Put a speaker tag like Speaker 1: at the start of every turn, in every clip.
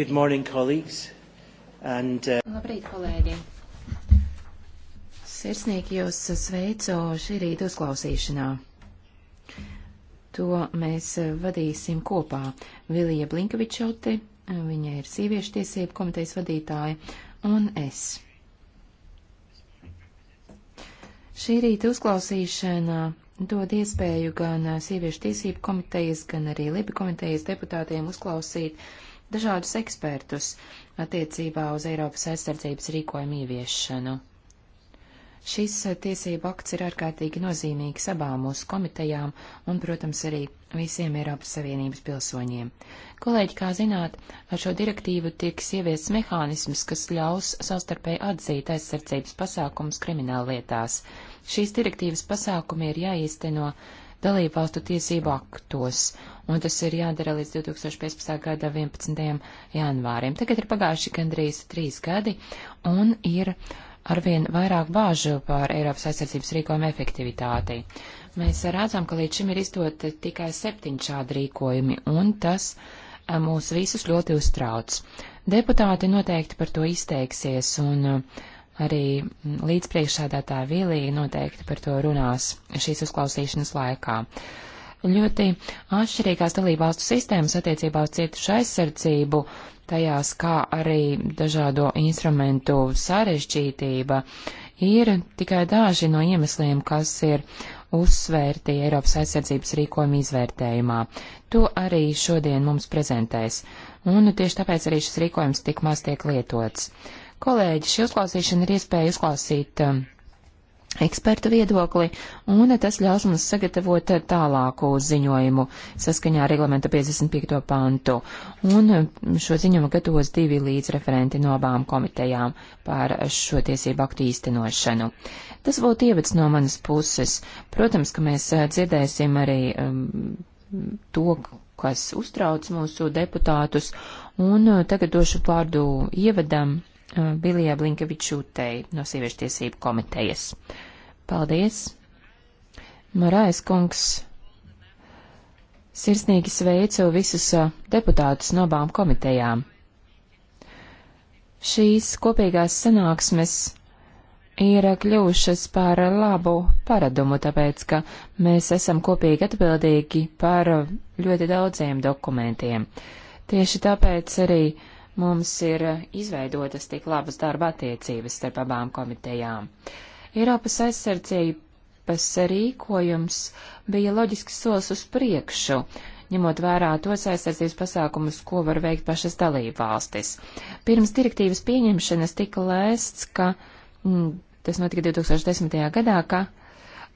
Speaker 1: Good morning, colleagues. And, uh...
Speaker 2: Labrīt, kolēģi. Sirsnīgi jūs sveicu šī rīta uzklausīšanā. To mēs vadīsim kopā. Vilija Blinkavičote, viņa ir sieviešu tiesību komitejas vadītāja, un es. Šī rīta uzklausīšana dod iespēju gan sieviešu tiesību komitejas, gan arī Libi komitejas deputātiem uzklausīt uh, dažādus ekspertus attiecībā uz Eiropas aizsardzības rīkojumu ieviešanu. Šis tiesību akts ir ārkārtīgi nozīmīgs abām mūsu komitejām un, protams, arī visiem Eiropas Savienības pilsoņiem. Kolēģi, kā zināt, ar šo direktīvu tieks ieviests mehānisms, kas ļaus savstarpēji atzīt aizsardzības pasākumus krimināllietās. Šīs direktīvas pasākumi ir jāīsteno dalībvalstu tiesību aktos, un tas ir jādara līdz 2015. gada 11. janvārim. Tagad ir pagājuši gandrīz trīs gadi, un ir arvien vairāk bāžu par Eiropas aizsardzības rīkojumu efektivitāti. Mēs redzam, ka līdz šim ir izdoti tikai septiņi šādi rīkojumi, un tas eh, mūs visus ļoti uztrauc. Deputāti noteikti par to izteiksies, un uh, Arī līdzpriekšādātāja Vilija noteikti par to runās šīs uzklausīšanas laikā. Ļoti atšķirīgās dalībvalstu sistēmas attiecībā uz cietušu aizsardzību, tajās kā arī dažādo instrumentu sarežģītība, ir tikai daži no iemesliem, kas ir uzsvērti Eiropas aizsardzības rīkojuma izvērtējumā. To arī šodien mums prezentēs, un tieši tāpēc arī šis rīkojums tik maz tiek lietots. Kolēģi, šī uzklausīšana ir iespēja uzklausīt um, ekspertu viedokli, un tas ļaus mums sagatavot tālāku ziņojumu saskaņā ar reglamenta 55. pantu. Un um, šo ziņojumu gatavos divi līdzreferenti no abām komitejām par šo tiesību aktu īstenošanu. Tas būtu ievads no manas puses. Protams, ka mēs uh, dzirdēsim arī um, to, kas uztrauc mūsu deputātus, un uh, tagad došu pārdu ievadam Uh, Bilijā Blinkevičūtei no Sieviešu tiesību komitejas. Paldies! Morais kungs, sirsnīgi sveicu visus uh, deputātus no abām komitejām. Šīs kopīgās sanāksmes ir kļuvušas par labu paradumu, tāpēc, ka mēs esam kopīgi atbildīgi par ļoti daudziem dokumentiem. Tieši tāpēc arī uh, mums ir izveidotas tik labas darba attiecības starp abām komitejām. Eiropas aizsardzības rīkojums bija loģisks solis uz priekšu, ņemot vērā tos aizsardzības pasākumus, ko var veikt pašas dalībvalstis. Pirms direktīvas pieņemšanas tika lēsts, ka, m, mm, tas notika 2010. gadā, ka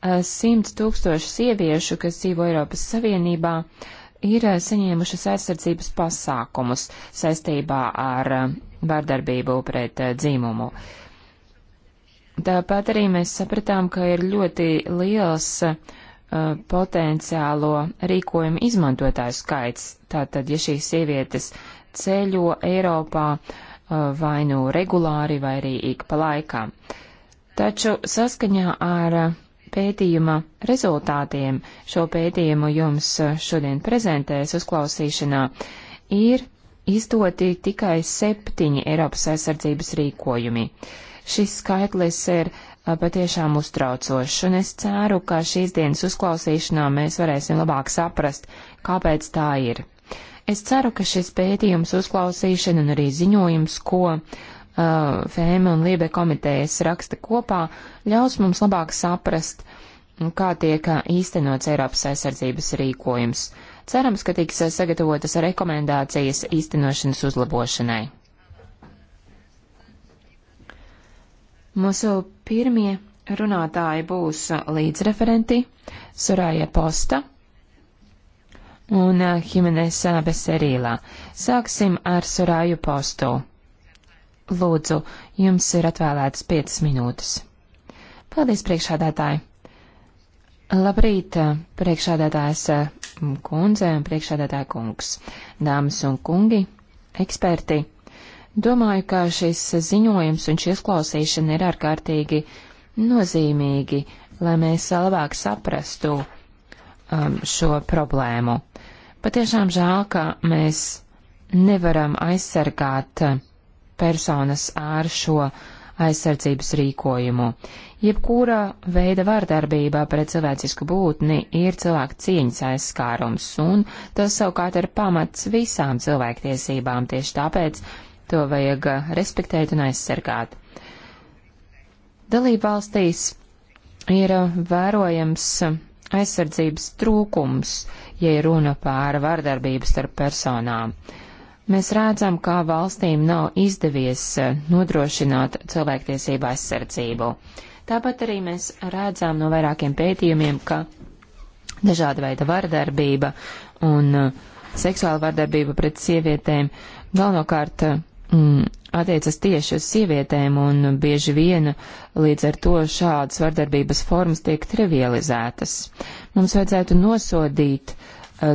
Speaker 2: 100 eh, tūkstoši sieviešu, kas dzīvo Eiropas Savienībā, uh, ir eh, saņēmušas aizsardzības pasākumus saistībā ar eh, vārdarbību pret eh, dzīmumu. Tāpat arī mēs sapratām, ka ir ļoti liels uh, potenciālo rīkojumu izmantotāju skaits. Tātad, ja šīs sievietes ceļo Eiropā uh, vai nu regulāri vai arī ik pa laikam. Taču saskaņā ar uh, pētījuma rezultātiem, šo pētījumu jums eh, šodien prezentēs uzklausīšanā, ir izdoti tikai septiņi Eiropas aizsardzības rīkojumi. Šis skaitlis ir eh, patiešām uztraucošs, un es ceru, ka šīs dienas uzklausīšanā mēs varēsim labāk saprast, kāpēc tā ir. Es ceru, ka šis pētījums uzklausīšana un arī ziņojums, ko uh, uh, Fēma un Liebe komitejas raksta kopā, ļaus mums labāk saprast, kā tiek īstenots Eiropas aizsardzības rīkojums. Cerams, ka tiks sagatavotas rekomendācijas īstenošanas uzlabošanai. Mūsu pirmie runātāji būs līdzreferenti Sorāja Posta un Himenesa Beserīlā. Sāksim ar Sorāju Postu. Lūdzu, jums ir atvēlētas 5 minūtes. Paldies, priekšādātāji! Labrīt, priekšādātājs mm, kundze un priekšādātāja kungs, dāmas un kungi, eksperti! Domāju, ka šis ziņojums un šī uzklausīšana ir ārkārtīgi nozīmīgi, lai mēs labāk saprastu um, šo problēmu. Patiešām žēl, ka mēs nevaram aizsargāt uh, personas ar šo aizsardzības rīkojumu. Jebkura veida vārdarbība pret cilvēcisku būtni ir cilvēka cieņas aizskārums, un tas savukārt ir pamats visām cilvēktiesībām, tieši tāpēc to vajag respektēt un aizsargāt. Dalība valstīs ir vērojams aizsardzības trūkums, ja runa pār vārdarbības starp personām. Uh, Mēs redzam, kā valstīm nav izdevies eh, nodrošināt cilvēktiesību aizsardzību. Tāpat arī mēs redzam no vairākiem pētījumiem, ka dažāda veida vardarbība un eh, seksuāla vardarbība pret sievietēm galvenokārt eh, mm, attiecas tieši uz sievietēm, un bieži vien līdz ar to šādas vardarbības formas tiek trivializētas. Mums vajadzētu nosodīt uh,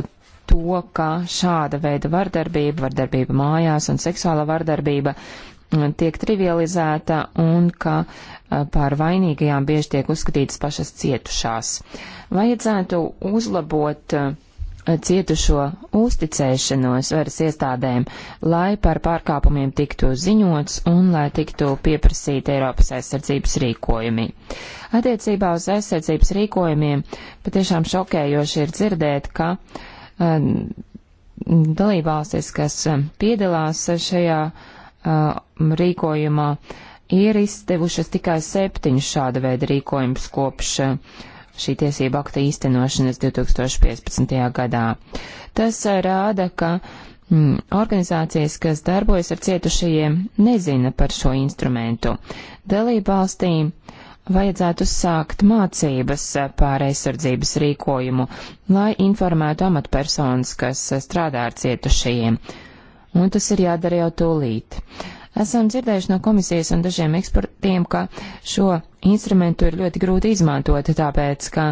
Speaker 2: to, ka šāda veida vardarbība, vardarbība mājās un seksuāla vardarbība mm, tiek trivializēta un ka pār vainīgajām bieži tiek uzskatītas pašas cietušās. Vajadzētu uzlabot cietušo uzticēšanos varas iestādēm, lai par pārkāpumiem tiktu ziņots un lai tiktu pieprasīti Eiropas aizsardzības rīkojumi. Attiecībā uz aizsardzības rīkojumiem patiešām šokējoši ir dzirdēt, ka uh, Ehm, dalībvalstis, kas ehm, piedalās šajā ehm, rīkojumā, ir izdevušas tikai septiņus šāda veida rīkojumus kopš šī tiesība akta īstenošanas 2015. gadā. Tas rāda, ka mm, Organizācijas, kas darbojas ar cietušajiem, nezina par šo instrumentu. Dalībvalstīm uh, vajadzētu sākt mācības par aizsardzības rīkojumu, lai informētu amatpersonas, kas strādā ar cietušajiem. Un tas ir jādara jau tūlīt. Esam dzirdējuši no komisijas un dažiem ekspertiem, ka šo instrumentu ir ļoti grūti izmantot, tāpēc, ka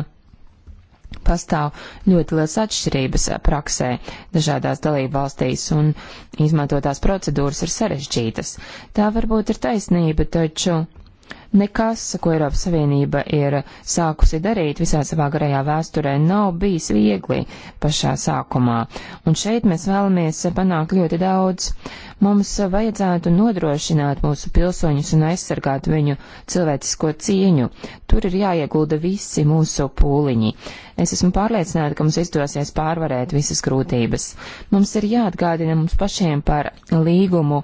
Speaker 2: pastāv ļoti liels atšķirības praksē dažādās dalību valstīs un izmantotās procedūras ir sarežģītas. Tā varbūt ir taisnība, taču Nekas, ko Eiropas Savienība ir sākusi darīt visā savā garajā vēsturē, nav bijis viegli pašā sākumā. Un šeit mēs vēlamies panākt ļoti daudz. Mums vajadzētu nodrošināt mūsu pilsoņus un aizsargāt viņu cilvēcisko cieņu. Tur ir jāiegulda visi mūsu pūliņi. Es esmu pārliecināta, ka mums izdosies pārvarēt visas grūtības. Mums ir jāatgādina mums pašiem par līgumu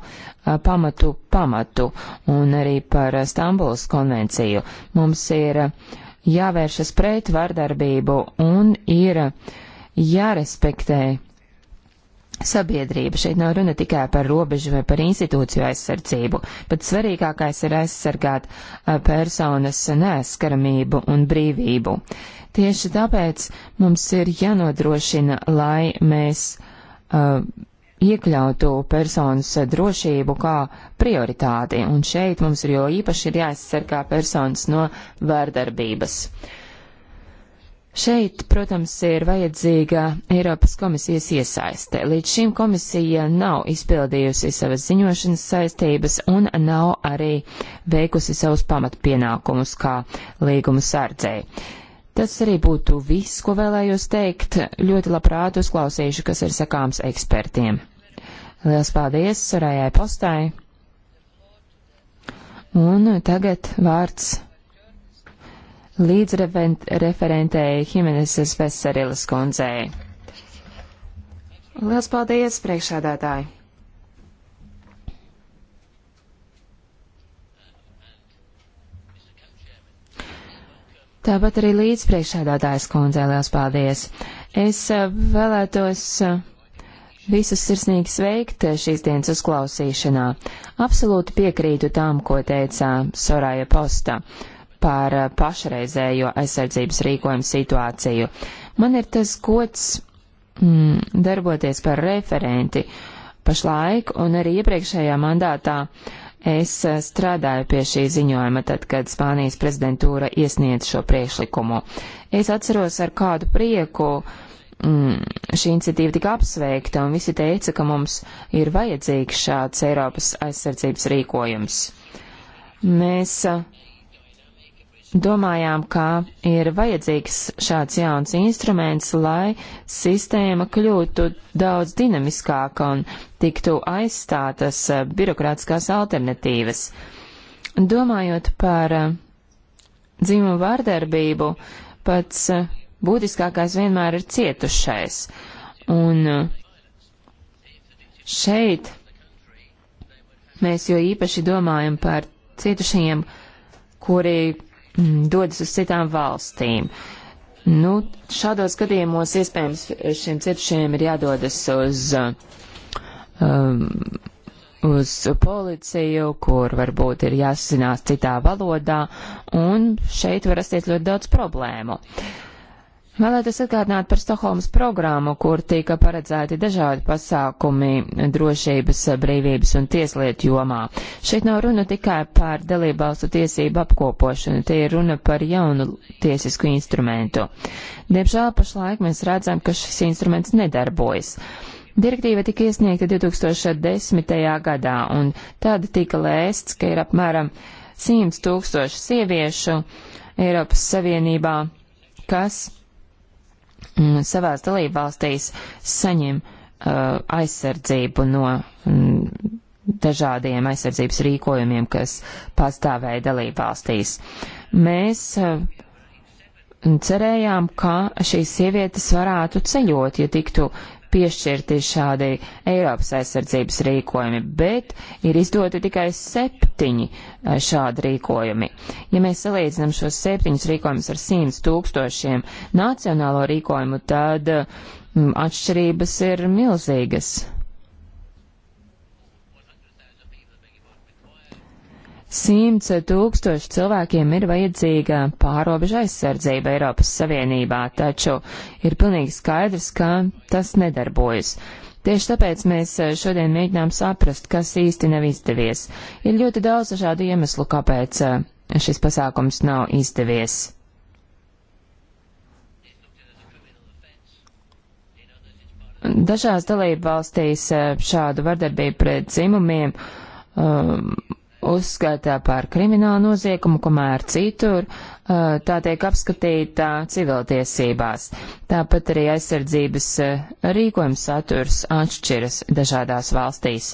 Speaker 2: pamatu pamatu un arī par Stambulas konvenciju. Mums ir jāvēršas pret vardarbību un ir jārespektē sabiedrība. Šeit nav runa tikai par robežu vai par institūciju aizsardzību, bet svarīgākais ir aizsargāt personas neskaramību un brīvību. Tieši tāpēc mums ir jānodrošina, lai mēs uh, iekļautu personas drošību kā prioritāti, un šeit mums ir jo īpaši ir jāaizsargā personas no vārdarbības. Šeit, protams, ir vajadzīga Eiropas komisijas iesaiste. Līdz šim komisija nav izpildījusi savas ziņošanas saistības un nav arī veikusi savus pamatpienākumus kā līgumu sardzēji. Tas arī būtu viss, ko vēlējos teikt. Ļoti labprāt uzklausīšu, kas ir sakāms ekspertiem. Lielas paldies Sarājai Postai. Un tagad vārds līdzreferentēji Himeneses Veserilas kundzei. Lielas paldies, priekšādātāji! Tāpat arī līdzpriekšādātājs kundze, liels paldies. Es eh, vēlētos eh, Visus sirsnīgi sveikt eh, šīs dienas uzklausīšanā. Absolūti piekrītu tām, ko teica Sorāja Posta par pašreizējo aizsardzības rīkojumu situāciju. Man ir tas gods mm, darboties par referenti pašlaik un arī iepriekšējā mandātā Es eh, strādāju pie šī ziņojuma tad, kad Spānijas prezidentūra iesniedz šo priekšlikumu. Es atceros ar kādu prieku mm, šī iniciatīva tika apsveikta, un visi teica, ka mums ir vajadzīgs šāds Eiropas aizsardzības rīkojums. Mēs eh, domājām, ka ir vajadzīgs šāds jauns instruments, lai sistēma kļūtu daudz dinamiskāka un tiktu aizstātas eh, birokrātiskās alternatīvas. Domājot par eh, dzimumu vārdarbību, pats eh, būtiskākais vienmēr ir cietušais. Un šeit mēs jo īpaši domājam par cietušajiem, kuri Mm, dodas uz citām valstīm. Nu, šādos gadījumos iespējams e, šiem cietušajiem ir jādodas uz, e, um, uz policiju, kur varbūt ir jāsazinās citā valodā, un šeit var rasties ļoti daudz problēmu. Uh, Vēlētos atgādināt par Stokholmas programmu, kur tika paredzēti dažādi pasākumi drošības, brīvības un tieslietu jomā. Šeit nav runa tikai par dalībvalstu tiesību apkopošanu, te ir runa par jaunu tiesisku instrumentu. Diemžēl pašlaik mēs redzam, ka šis instruments nedarbojas. Direktīva tika iesniegta 2010. gadā, un tad tika lēsts, ka ir apmēram 100 tūkstoši sieviešu Eiropas Savienībā, kas Mm, savās dalībvalstīs saņem uh, aizsardzību no mm, dažādiem aizsardzības rīkojumiem, kas pastāvēja dalībvalstīs. Mēs uh, cerējām, ka šīs sievietes varētu ceļot, ja tiktu piešķirti šādi Eiropas aizsardzības rīkojumi, bet ir izdoti tikai septiņi eh, šādi rīkojumi. Ja mēs salīdzinām šos septiņus rīkojumus ar simts tūkstošiem nacionālo rīkojumu, tad mm, atšķirības ir milzīgas. Simts tūkstoši cilvēkiem ir vajadzīga pārobeža aizsardzība Eiropas Savienībā, taču ir pilnīgi skaidrs, ka tas nedarbojas. Tieši tāpēc mēs eh, šodien mēģinām saprast, kas īsti nav izdevies. Ir ļoti daudz šādu iemeslu, kāpēc eh, šis pasākums nav izdevies. Dažās dalību valstīs eh, šādu vardarbību pret dzimumiem um, uzskata par kriminālu noziegumu, kamēr citur uh, tā tiek apskatīta civiltiesībās. Tāpat arī aizsardzības uh, rīkojuma saturs atšķiras dažādās valstīs.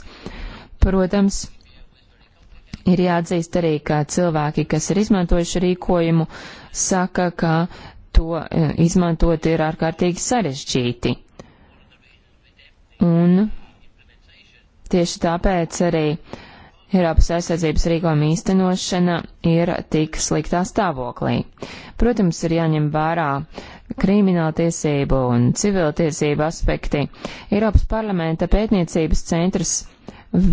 Speaker 2: Protams, ir jāatzīst arī, ka cilvēki, kas ir izmantojuši rīkojumu, saka, ka to uh, izmantot ir ārkārtīgi sarežģīti. Un tieši tāpēc arī uh, Eiropas aizsardzības rīkojuma īstenošana ir tik sliktā stāvoklī. Protams, ir jāņem vērā krimināltiesību un civiltiesību aspekti. Eiropas parlamenta pētniecības centrs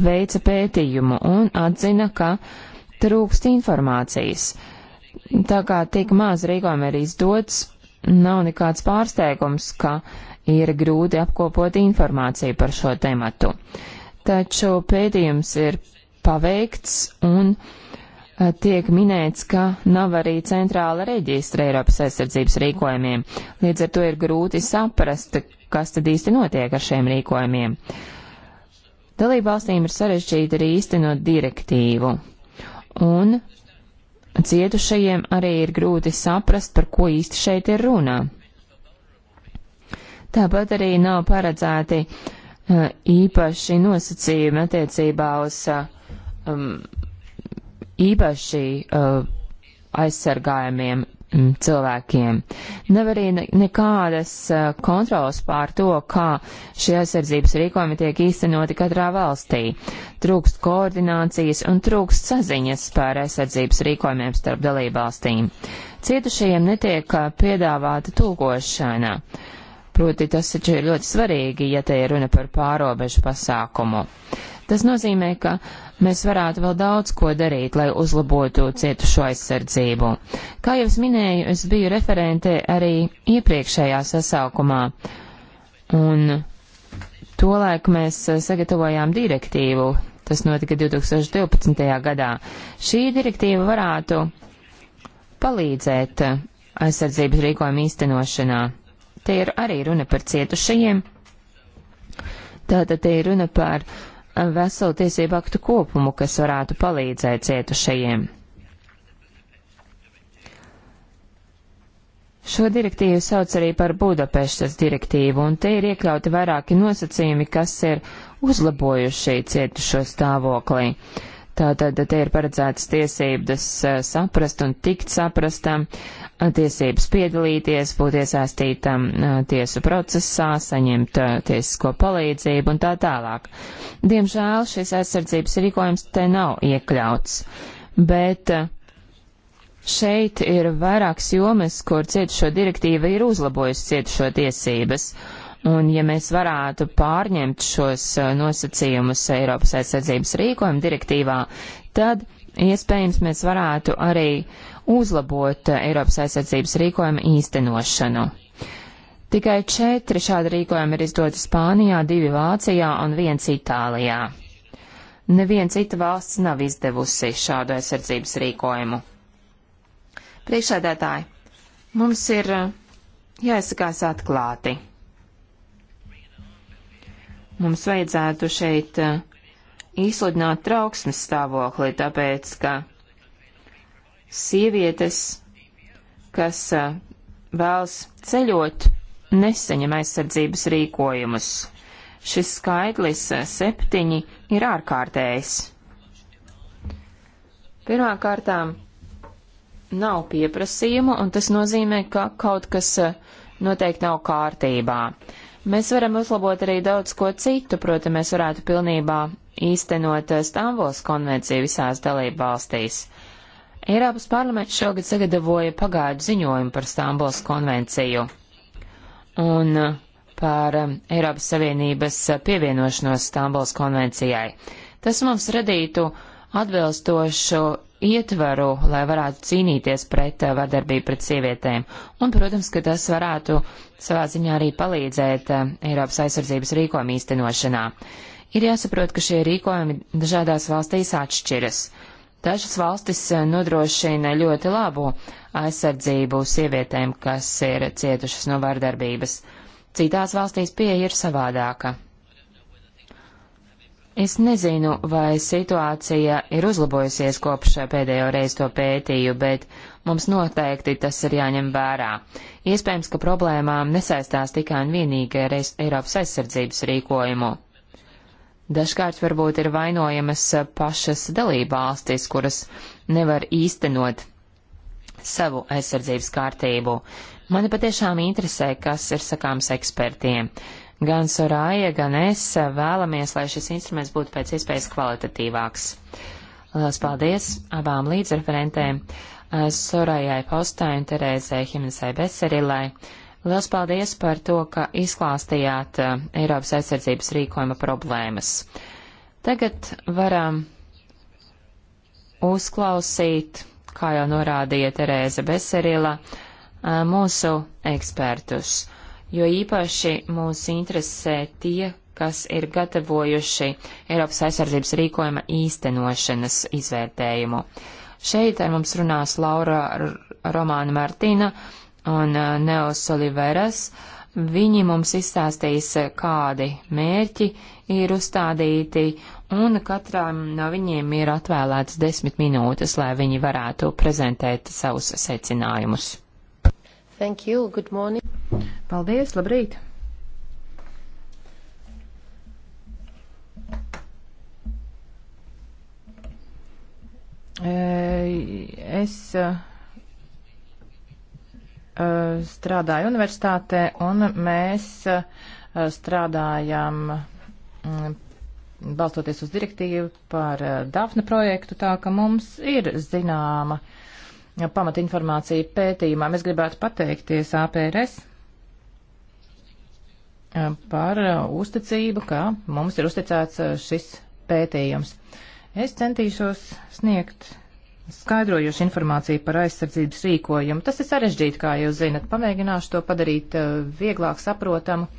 Speaker 2: veica pētījumu un atzina, ka trūkst informācijas. Tā kā tik maz rīkojumi ir izdots, nav nekāds pārsteigums, ka ir grūti apkopot informāciju par šo tematu. Taču pētījums ir paveikts un eh, tiek minēts, ka nav arī centrāla reģistra Eiropas aizsardzības rīkojumiem. Līdz ar to ir grūti saprast, kas tad īsti notiek ar šiem rīkojumiem. Dalībvalstīm ir sarežģīti arī īstenot direktīvu, un cietušajiem arī ir grūti saprast, par ko īsti šeit ir runā. Tāpat arī nav paredzēti uh, īpaši nosacījumi attiecībā uz uh, um, īpaši uh, aizsargājumiem mm, cilvēkiem. Nav arī nekādas uh, kontrolas pār to, kā šie aizsardzības rīkojumi tiek īstenoti katrā valstī. Trūkst koordinācijas un trūkst saziņas par aizsardzības rīkojumiem starp dalībvalstīm. Cietušajiem netiek uh, piedāvāta tulkošana. Proti tas taču ir ļoti svarīgi, ja te ir runa par pārobežu pasākumu. Tas nozīmē, ka uh, Mēs varētu vēl daudz ko darīt, lai uzlabotu cietušo aizsardzību. Kā jau es minēju, es biju referente arī iepriekšējā sasaukumā, un tolaik mēs eh, sagatavojām direktīvu. Tas notika 2012. gadā. Šī direktīva varētu palīdzēt aizsardzības rīkojuma īstenošanā. Te ir arī runa par cietušajiem. Tātad te ir runa par uh, veselu tiesību aktu kopumu, kas varētu palīdzēt cietušajiem. Šo direktīvu sauc arī par Budapeštas direktīvu, un te ir iekļauti vairāki nosacījumi, kas ir uzlabojuši cietušo stāvoklī. Uh, Tātad te ir paredzētas tiesības eh, saprast un tikt saprastam, eh, tiesības piedalīties, būt iesaistītam eh, tiesu procesā, saņemt tiesisko palīdzību un tā tālāk. Diemžēl šis aizsardzības rīkojums te nav iekļauts, bet šeit ir vairākas jomas, kur cietušo direktīva ir uzlabojusi cietušo tiesības Un ja mēs varētu pārņemt šos uh, nosacījumus Eiropas aizsardzības rīkojuma direktīvā, tad iespējams mēs varētu arī uzlabot uh, Eiropas aizsardzības rīkojuma īstenošanu. Tikai četri šādi rīkojumi ir izdoti Spānijā, divi Vācijā un viens Itālijā. Neviena cita valsts nav izdevusi šādu aizsardzības rīkojumu. Priekšsēdētāji, mums ir uh, jāizsakās atklāti. Mums vajadzētu šeit uh, izsludināt trauksmes stāvokli, tāpēc, ka sievietes, kas uh, vēlas ceļot, neseņem aizsardzības rīkojumus. Šis skaitlis uh, septiņi ir ārkārtējs. Pirmkārtām nav pieprasījumu, un tas nozīmē, ka kaut kas noteikti nav kārtībā. Mēs varam uzlabot arī daudz ko citu, proti mēs varētu pilnībā īstenot Stambuls konvenciju visās dalību valstīs. Eiropas parlaments šogad sagatavoja pagādu ziņojumu par Stambuls konvenciju un par Eiropas Savienības pievienošanos Stambuls konvencijai. Tas mums radītu uh, atbilstošu ietvaru, lai varētu cīnīties pret eh, vardarbību pret sievietēm. Un, protams, ka tas varētu savā ziņā arī palīdzēt eh, Eiropas aizsardzības rīkojumu īstenošanā. Ir jāsaprot, ka šie rīkojumi dažādās valstīs atšķiras. Dažas valstis eh, nodrošina ļoti labu aizsardzību sievietēm, kas ir cietušas no vardarbības. Citās valstīs pieeja ir savādāka. Es nezinu, vai situācija ir uzlabojusies kopš pēdējo reizi to pētīju, bet mums noteikti tas ir jāņem vērā. Iespējams, ka problēmām nesaistās tikai un vienīgi ar Eiropas aizsardzības rīkojumu. Dažkārt varbūt ir vainojamas pašas dalībvalstis, kuras nevar īstenot savu aizsardzības kārtību. Mani patiešām interesē, kas ir sakāms ekspertiem. Uh, Gan Sorāja, gan es vēlamies, lai šis instruments būtu pēc iespējas kvalitatīvāks. Lielas paldies abām līdzreferentēm, eh, Sorājai Postai un Terēzai Himnesai Beserilai. Lielas paldies par to, ka izklāstījāt eh, Eiropas aizsardzības rīkojuma problēmas. Tagad varam uzklausīt, kā jau norādīja Terēza Beserila, eh, mūsu ekspertus jo īpaši mūs interesē tie, kas ir gatavojuši Eiropas aizsardzības rīkojuma īstenošanas izvērtējumu. Šeit ar mums runās Laura Romāna Martina un uh, Neos Oliveras. Viņi mums izstāstīs, uh, kādi mērķi ir uzstādīti, un katram no viņiem ir atvēlēts desmit minūtes, lai viņi varētu prezentēt savus secinājumus.
Speaker 3: Thank you. Good morning. Paldies, labrīt!
Speaker 4: Eh, es eh, strādāju universitātē un mēs eh, strādājam mm, balstoties uz direktīvu par Dafne projektu, tā ka mums ir zināma pamatinformācija pētījumā. Mēs gribētu pateikties APRS Eh, par eh, uzticību, ka mums ir uzticēts eh, šis pētījums. Es centīšos sniegt skaidrojuši informāciju par aizsardzības rīkojumu. Tas ir sarežģīti, kā jūs zinat. Pamēģināšu to padarīt vieglāk saprotamu.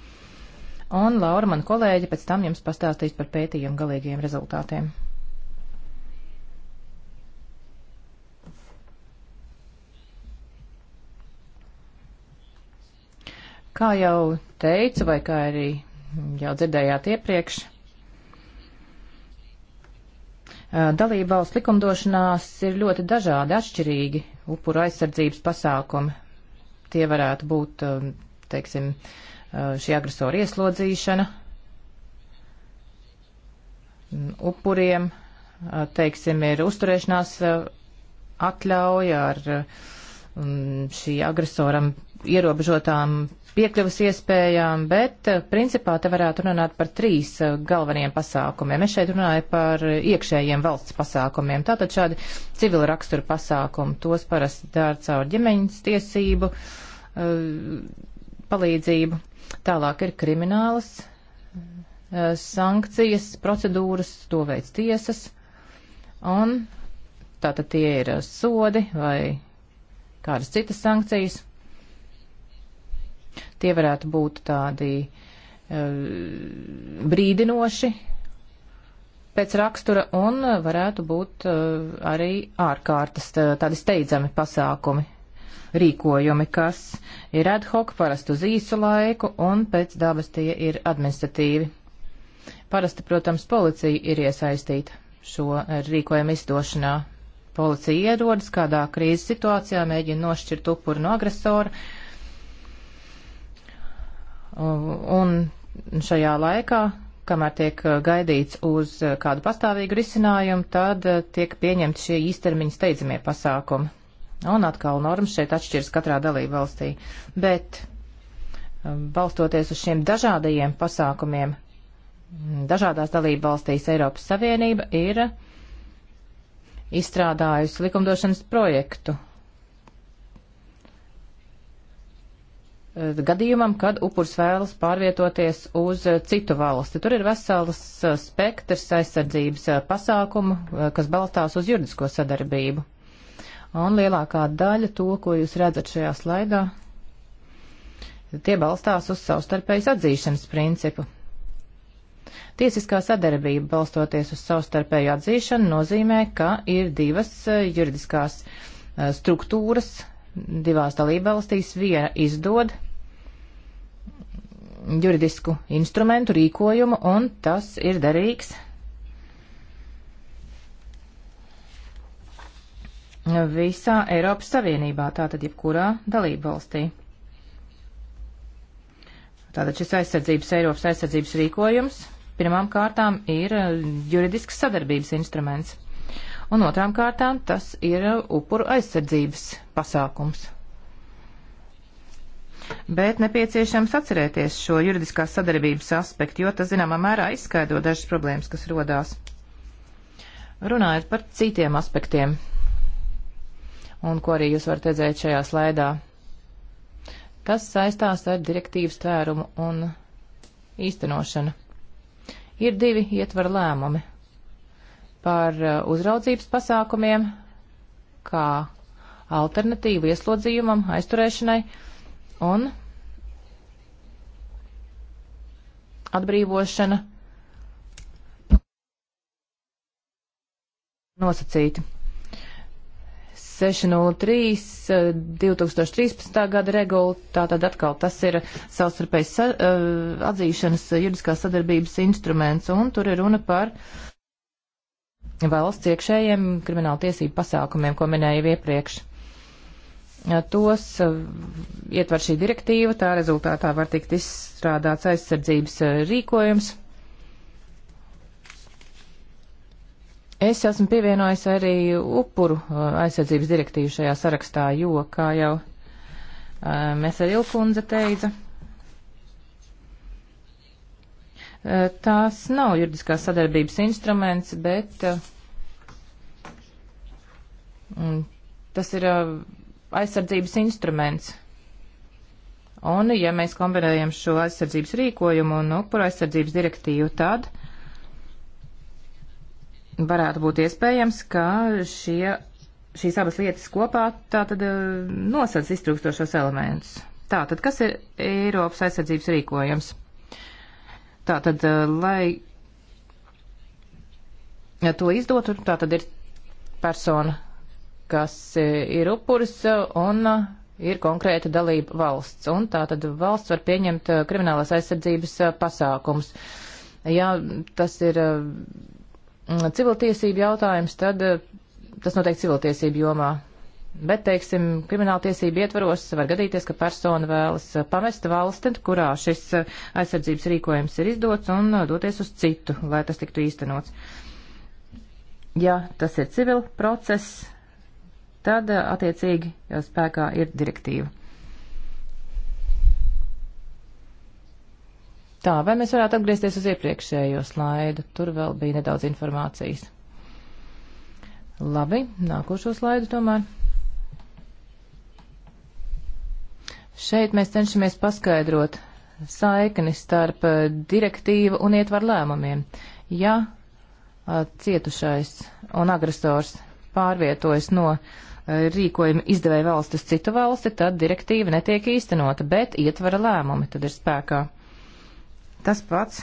Speaker 4: Un Laura, man kolēģi, pēc tam jums pastāstīs par pētījumu galīgiem rezultātiem. Kā jau teicu, vai kā arī jau dzirdējāt iepriekš, dalību valsts likumdošanās ir ļoti dažādi, atšķirīgi upuru aizsardzības pasākumi. Tie varētu būt, teiksim, šī agresora ieslodzīšana upuriem, teiksim, ir uzturēšanās atļauja ar šī agresoram ierobežotām piekļuvas iespējām, bet eh, principā te varētu runāt par trīs eh, galveniem pasākumiem. Es šeit runāju par iekšējiem valsts pasākumiem. Tātad šādi civila rakstura pasākumi, tos parasti dara caur ģimeņas tiesību eh, palīdzību. Tālāk ir kriminālas sankcijas, procedūras, to veids tiesas. Un tātad tie ir sodi vai kādas citas sankcijas. Tie varētu būt tādi eh, brīdinoši pēc rakstura un varētu būt eh, arī ārkārtas tādi steidzami pasākumi, rīkojumi, kas ir ad hoc parasti uz īsu laiku un pēc dabas tie ir administratīvi. Parasti, protams, policija ir iesaistīta šo eh, rīkojumu izdošanā. Policija ierodas kādā krīzes situācijā, mēģina nošķirt upuru no agresora Un šajā laikā, kamēr tiek uh, gaidīts uz uh, kādu pastāvīgu risinājumu, tad uh, tiek pieņemti šie īstermiņa steidzamie pasākumi. Un atkal normas šeit atšķiras katrā dalību valstī. Bet um, balstoties uz šiem dažādajiem pasākumiem, dažādās dalību valstīs Eiropas Savienība ir izstrādājusi likumdošanas projektu Eh, gadījumam, kad upurs vēlas pārvietoties uz eh, citu valsti. Tur ir vesels eh, spektrs aizsardzības pasākumu, kas balstās uz juridisko sadarbību. Un lielākā daļa to, ko jūs redzat šajā slaidā, tie balstās uz savstarpējas atzīšanas principu. Tiesiskā sadarbība balstoties uz savstarpēju atzīšanu nozīmē, ka ir divas juridiskās struktūras divās dalībvalstīs viena izdod juridisku instrumentu rīkojumu, un tas ir derīgs visā Eiropas Savienībā, tātad jebkurā dalība valstī. Tātad šis aizsardzības Eiropas aizsardzības rīkojums pirmām kārtām ir eh, juridisks sadarbības instruments, un otrām kārtām tas ir eh, upuru aizsardzības pasākums bet nepieciešams atcerēties šo juridiskās sadarbības aspektu, jo tas zināmā mērā izskaidro dažas problēmas, kas rodās. Runājot par citiem aspektiem, un ko arī jūs varat redzēt šajā slaidā, tas saistās ar direktīvas tērumu un īstenošanu. Ir divi ietvara lēmumi par uh, uzraudzības pasākumiem, kā alternatīvu ieslodzījumam, aizturēšanai, uh, un atbrīvošana nosacīti. 603 2013. gada regula, tātad atkal tas ir savstarpējas eh, atzīšanas juridiskās sadarbības instruments, un tur ir runa par valsts iekšējiem krimināla tiesību pasākumiem, ko minēju iepriekš tos eh, ietver šī direktīva, tā rezultātā var tikt izstrādāts aizsardzības eh, rīkojums. Es esmu pievienojis arī upuru eh, aizsardzības direktīvu šajā sarakstā, jo, kā jau Meseril kundze teica, tās nav juridiskās sadarbības instruments, bet tas ir aizsardzības instruments. Un, ja mēs kombinējam šo aizsardzības rīkojumu un upuru aizsardzības direktīvu, tad varētu būt iespējams, ka šie, šīs abas lietas kopā tātad eh, nosac iztrūkstošos elementus. Tātad, kas ir Eiropas aizsardzības rīkojums? Tātad, eh, lai to izdotu, tātad ir persona kas e, ir upuris e, un e, ir konkrēta dalība valsts. Un tā tad valsts var pieņemt kriminālās aizsardzības pasākums. Ja tas ir civiltiesību jautājums, tad tas notiek civiltiesību jomā. Bet, teiksim, krimināla tiesība ietvaros var gadīties, ka persona vēlas pamest valsti, kurā šis aizsardzības rīkojums ir izdots, un doties uz citu, lai tas tiktu īstenots. Ja tas ir civil process, tad eh, attiecīgi jau eh, spēkā ir direktīva. Tā, vai mēs varētu atgriezties uz iepriekšējo slaidu? Tur vēl bija nedaudz informācijas. Labi, nākošo slaidu tomēr. Šeit mēs cenšamies paskaidrot saikni starp eh, direktīvu un ietvaru lēmumiem. Ja cietušais un agresors pārvietojas no uh, rīkojumi izdevēja valsti uz citu valsti, tad direktīva netiek īstenota, bet ietvara lēmumi tad ir spēkā. Tas pats.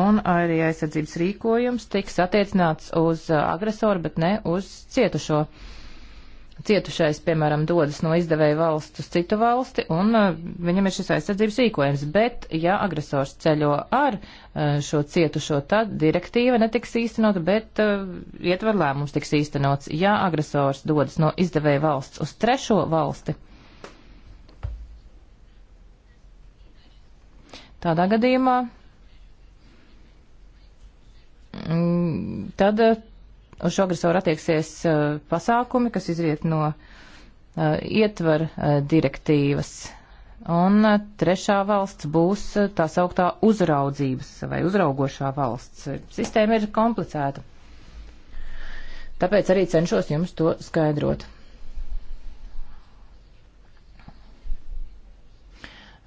Speaker 4: Un arī aizsardzības rīkojums tiks attiecināts uz uh, agresoru, bet ne uz cietušo. Uh, cietušais, piemēram, dodas no izdevēja valsts uz citu valsti, un uh, viņam ir šis aizsardzības rīkojums. Bet, ja agresors ceļo ar uh, šo cietušo, tad direktīva netiks īstenota, bet uh, ietver lēmums tiks īstenots. Ja agresors dodas no izdevēja valsts uz trešo valsti, tādā gadījumā. Mm, tad uh, uz šo agresoru attieksies uh, pasākumi, kas izriet no uh, ietver uh, direktīvas. Un trešā valsts būs tā sauktā uzraudzības vai uzraugošā valsts. Sistēma ir komplicēta. Tāpēc arī cenšos jums to skaidrot.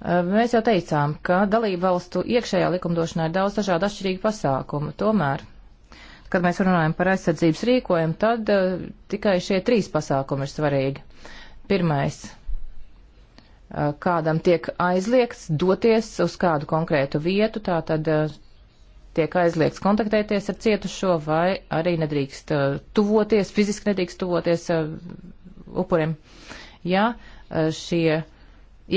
Speaker 4: Mēs jau teicām, ka dalību valstu iekšējā likumdošanā ir daudz dažādu atšķirīgu pasākumu. Tomēr kad mēs runājam par aizsardzības rīkojumu, tad uh, tikai šie trīs pasākumi ir svarīgi. Pirmais uh, kādam tiek aizliegts doties uz kādu konkrētu vietu, tā tad uh, tiek aizliegts kontaktēties ar cietušo vai arī nedrīkst tuvoties, fiziski nedrīkst tuvoties upurim. Ja šie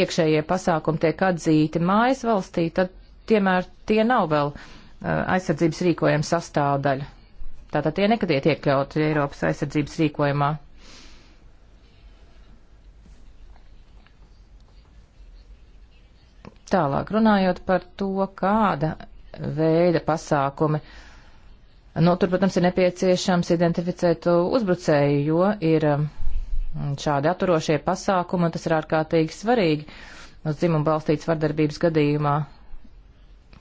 Speaker 4: iekšējie pasākumi tiek atzīti mājas valstī, tad tiemēr tie nav vēl aizsardzības rīkojuma sastāvdaļa. Tātad tie nekad iet iekļauti Eiropas aizsardzības rīkojumā. Tālāk runājot par to, kāda veida pasākumi. Nu, tur, protams, ir nepieciešams identificēt uzbrucēju, jo ir um, šādi aturošie pasākumi, un tas ir ārkārtīgi svarīgi uz dzimumu balstīts vardarbības gadījumā,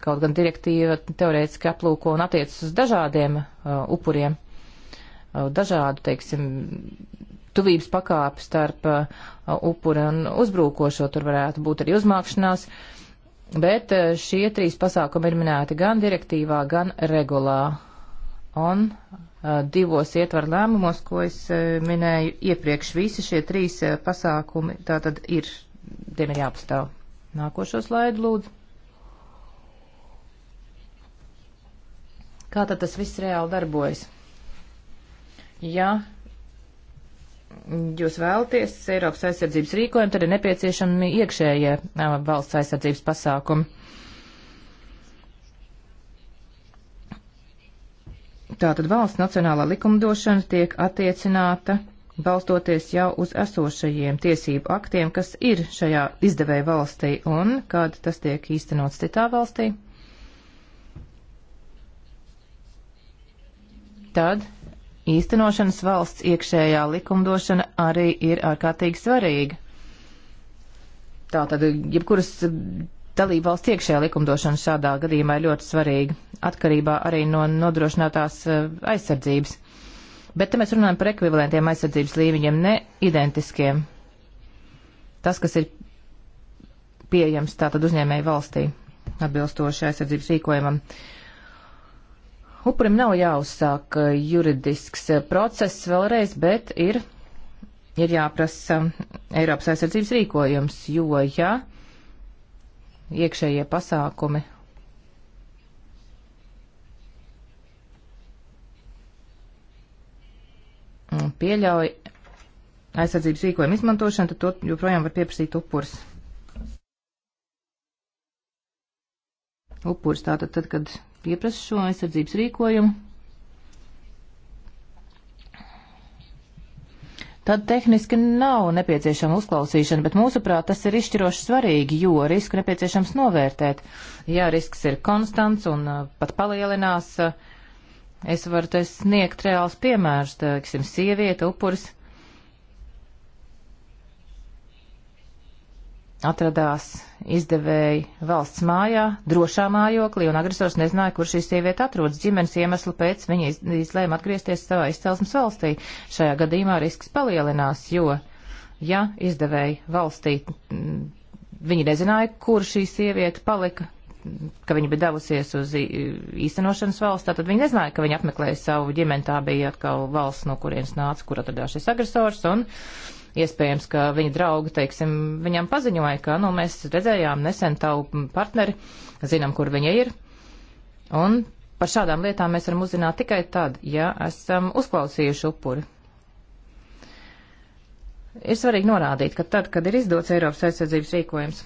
Speaker 4: Kaut gan direktīva teorētiski aplūko un attiecas uz dažādiem uh, upuriem, uh, dažādu, teiksim, tuvības pakāpi starp uh, upuri un uzbrūkošo, tur varētu būt arī uzmākšanās, bet uh, šie trīs pasākumi ir minēti gan direktīvā, gan regulā. Un uh, divos ietvaru lēmumos, ko es uh, minēju iepriekš, visi šie trīs uh, pasākumi tātad ir, tiem ir jāpastāv. Nākošo slaidu lūdzu. Kā tad tas viss reāli darbojas? Ja jūs vēlaties Eiropas aizsardzības rīkojumu, tad ir nepieciešami iekšējie valsts aizsardzības pasākumi. Tātad valsts nacionālā likumdošana tiek attiecināta balstoties jau uz esošajiem tiesību aktiem, kas ir šajā izdevēja valstī un kad tas tiek īstenots citā valstī. tad īstenošanas valsts iekšējā likumdošana arī ir ārkārtīgi svarīga. Tātad, jebkuras dalība valsts iekšējā likumdošana šādā gadījumā ir ļoti svarīga, atkarībā arī no nodrošinātās eh, aizsardzības. Bet te mēs runājam par ekvivalentiem aizsardzības līmeņiem, ne identiskiem. Tas, kas ir pieejams tātad uzņēmēju valstī, atbilstoši aizsardzības rīkojumam. Uh, Upurim nav jāuzsāk eh, juridisks eh, process vēlreiz, bet ir, ir jāprasa eh, Eiropas aizsardzības rīkojums, jo ja iekšējie pasākumi mm, pieļauj aizsardzības rīkojumu izmantošanu, tad to joprojām var pieprasīt upurs. Upurs tātad, tad, kad pieprasa šo aizsardzības rīkojumu. Tad tehniski nav nepieciešama uzklausīšana, bet mūsuprāt tas ir izšķiroši svarīgi, jo risku nepieciešams novērtēt. Ja risks ir konstants un uh, pat palielinās, es varu te sniegt reāls piemērs, teiksim, sieviete, upuris atradās izdevēji valsts mājā, drošā mājoklī, un agresors nezināja, kur šī sieviete atrodas. Ģimenes iemeslu pēc viņa izlēma atgriezties savā izcelsmes valstī. Šajā gadījumā risks palielinās, jo, ja izdevēji valstī, mm, viņi nezināja, kur šī sieviete palika, ka viņa bija devusies uz īstenošanas valsts, tad viņi nezināja, ka viņa apmeklēja savu ģimeni, tā bija atkal valsts, no kurienes nāca, kur atradās šis agresors, un uh, Iespējams, ka viņa draugi, teiksim, viņam paziņoja, ka, nu, mēs redzējām nesen tavu partneri, zinām, kur viņa ir. Un par šādām lietām mēs varam uzzināt tikai tad, ja esam uzklausījuši upuri. Ir svarīgi norādīt, ka tad, kad ir izdots Eiropas aizsardzības rīkojums,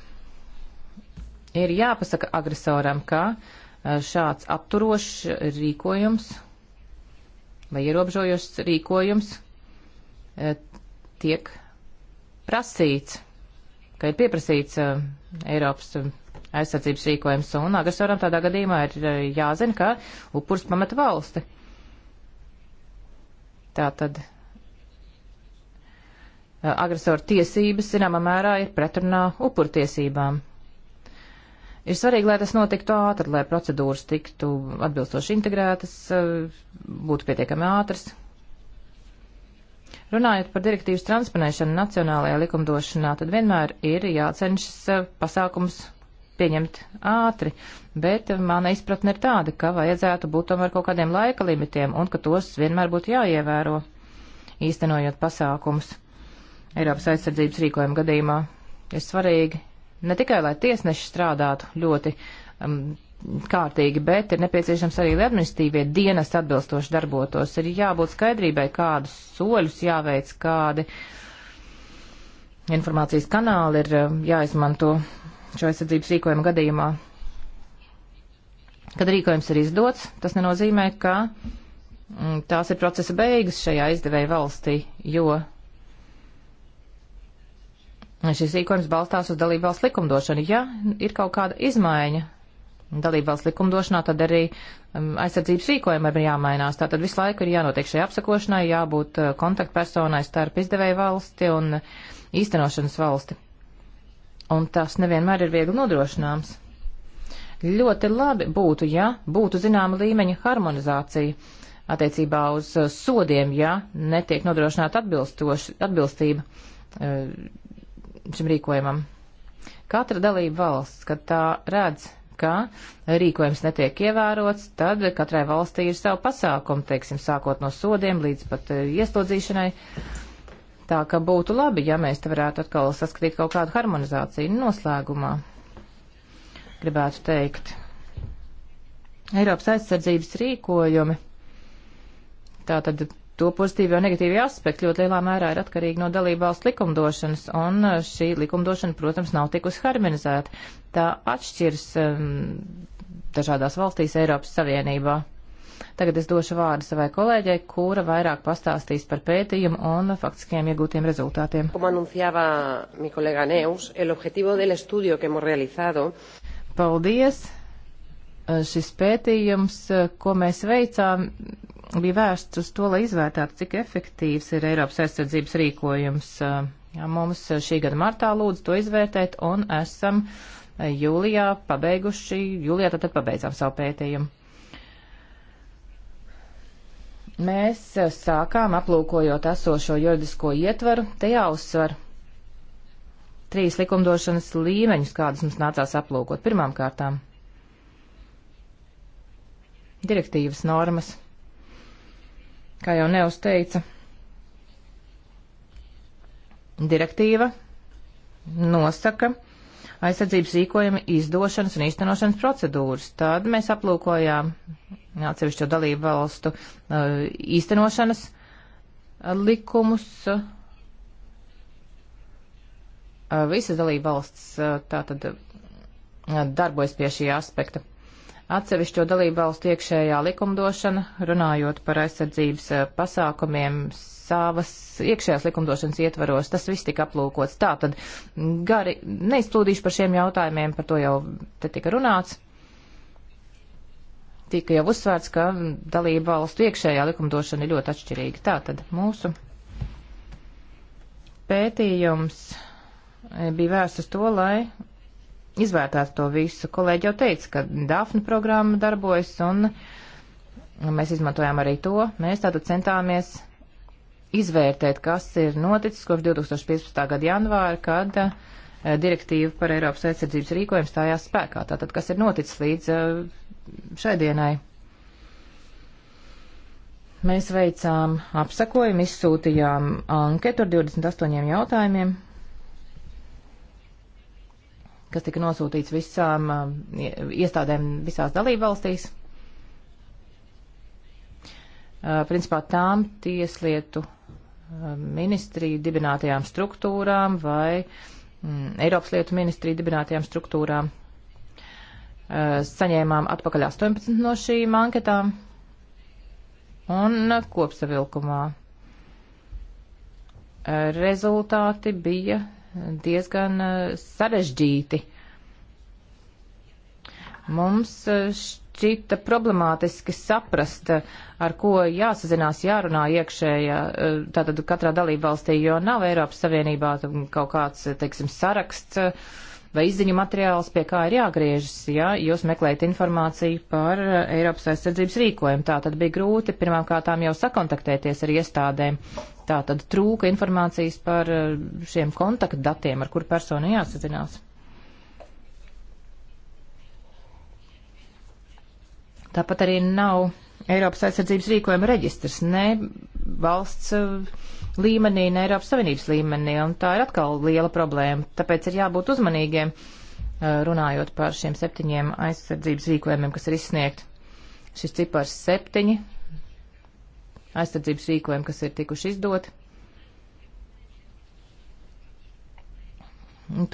Speaker 4: ir jāpasaka agresoram, ka eh, šāds apturošs rīkojums vai ierobežojošs rīkojums eh, tiek prasīts, ka ir pieprasīts uh, Eiropas um, aizsardzības rīkojums, un agresoram tādā gadījumā ir uh, jāzina, ka upurs pamet valsti. Tātad uh, agresoru tiesības, zināmā mērā, ir pretrunā upurtiesībām. Ir svarīgi, lai tas notiktu ātri, lai procedūras tiktu atbilstoši integrētas, uh, būtu pietiekami ātras, Runājot par direktīvas transponēšanu nacionālajā likumdošanā, tad vienmēr ir jācenšas eh, pasākums pieņemt ātri, bet eh, mana izpratne ir tāda, ka vajadzētu būt tomēr kaut kādiem laika limitiem un ka tos vienmēr būtu jāievēro, īstenojot pasākums Eiropas aizsardzības rīkojuma gadījumā. Ir svarīgi ne tikai, lai tiesneši strādātu ļoti um, kārtīgi, bet ir nepieciešams arī, lai administratīvie dienas atbilstoši darbotos. Ir jābūt skaidrībai, kādus soļus jāveic, kādi informācijas kanāli ir eh, jāizmanto šo aizsardzības rīkojumu gadījumā. Kad rīkojums ir izdots, tas nenozīmē, ka mm, tās ir procesa beigas šajā izdevēja valstī, jo šis rīkojums balstās uz dalību valsts likumdošanu. Ja ir kaut kāda izmaiņa dalībvalsts likumdošanā, tad arī um, aizsardzības rīkojumam ir jāmainās. Tātad visu laiku ir jānotiek šai apsakošanai, jābūt uh, kontaktpersonai starp izdevēju valsti un uh, īstenošanas valsti. Un tas nevienmēr ir viegli nodrošināms. Ļoti labi būtu, ja būtu zināma līmeņa harmonizācija attiecībā uz uh, sodiem, ja netiek nodrošināta atbilstība uh, šim rīkojumam. Katra dalība valsts, kad tā redz ka rīkojums netiek ievērots, tad katrai valstī ir savu pasākumu, teiksim, sākot no sodiem līdz pat e, ieslodzīšanai. Tā ka būtu labi, ja mēs te varētu atkal saskatīt kaut kādu harmonizāciju noslēgumā. Gribētu teikt. Eiropas aizsardzības rīkojumi tātad to pozitīvi un negatīvi aspekti ļoti lielā mērā ir atkarīgi no dalību valsts likumdošanas, un uh, šī likumdošana, protams, nav tikusi harmonizēta. Tā atšķiras um, dažādās valstīs Eiropas Savienībā. Tagad es došu vārdu savai kolēģei, kura vairāk pastāstīs par pētījumu un faktiskiem iegūtiem rezultātiem. Paldies! Uh, šis pētījums, uh, ko mēs veicām, bija vērsts uz to, lai izvērtātu, cik efektīvs ir Eiropas aizsardzības rīkojums. Eh, jā, mums eh, šī gada martā lūdzu to izvērtēt un esam eh, jūlijā pabeiguši, jūlijā tad pabeidzām savu pētījumu. Mēs sākām aplūkojot esošo juridisko ietvaru, te jāuzsver trīs likumdošanas līmeņus, kādus mums nācās aplūkot. Pirmām kārtām direktīvas normas kā jau neuzteica, direktīva nosaka aizsardzības rīkojuma izdošanas un īstenošanas procedūras. Tad mēs aplūkojām atsevišķo dalību valstu eh, īstenošanas eh, likumus. Eh, visas dalība valsts tātad darbojas pie šī aspekta atsevišķo dalībvalstu iekšējā likumdošana, runājot par aizsardzības eh, pasākumiem savas iekšējās likumdošanas ietvaros. Tas viss tika aplūkots. Tā tad gari neizplūdīšu par šiem jautājumiem, par to jau te tika runāts. Tika jau uzsvērts, ka dalība valstu iekšējā likumdošana ir ļoti atšķirīga. Tā tad mūsu pētījums eh, bija vērsts uz to, lai izvērtētu to visu. Kolēģi jau teica, ka Dāfna programma darbojas un mēs izmantojām arī to. Mēs tātad centāmies izvērtēt, kas ir noticis kopš 2015. gada janvāra, kad uh, direktīva par Eiropas aizsardzības rīkojumu stājās spēkā. Tātad, kas ir noticis līdz uh, šai dienai? Mēs veicām apsakojumu, izsūtījām anketu ar 28 jautājumiem, kas tika nosūtīts visām um, iestādēm visās dalībvalstīs. Uh, principā tām tieslietu uh, ministriju dibinātajām struktūrām vai mm, Eiropas lietu ministriju dibinātajām struktūrām. Uh, saņēmām atpakaļ 18 no šīm anketām un kopsavilkumā rezultāti bija diezgan eh, sarežģīti. Mums eh, šķita problemātiski saprast, eh, ar ko jāsazinās, jārunā iekšējā, tātad katrā dalībvalstī, jo nav Eiropas Savienībā kaut kāds, teiksim, saraksts vai izziņu materiāls, pie kā ir jāgriežas, ja jūs meklējat informāciju par Eiropas aizsardzības rīkojumu. Tā tad bija grūti pirmām kārtām jau sakontaktēties ar iestādēm, Tā tad trūka informācijas par eh, šiem kontaktdatiem, ar kur persona jāsazinās. Tāpat arī nav Eiropas aizsardzības rīkojuma reģistrs, ne valsts eh, līmenī, ne Eiropas Savienības līmenī, un tā ir atkal liela problēma. Tāpēc ir jābūt uzmanīgiem eh, runājot par šiem septiņiem aizsardzības rīkojumiem, kas ir izsniegti. Šis cipars septiņi aizsardzības rīkojumi, kas ir tikuši izdoti.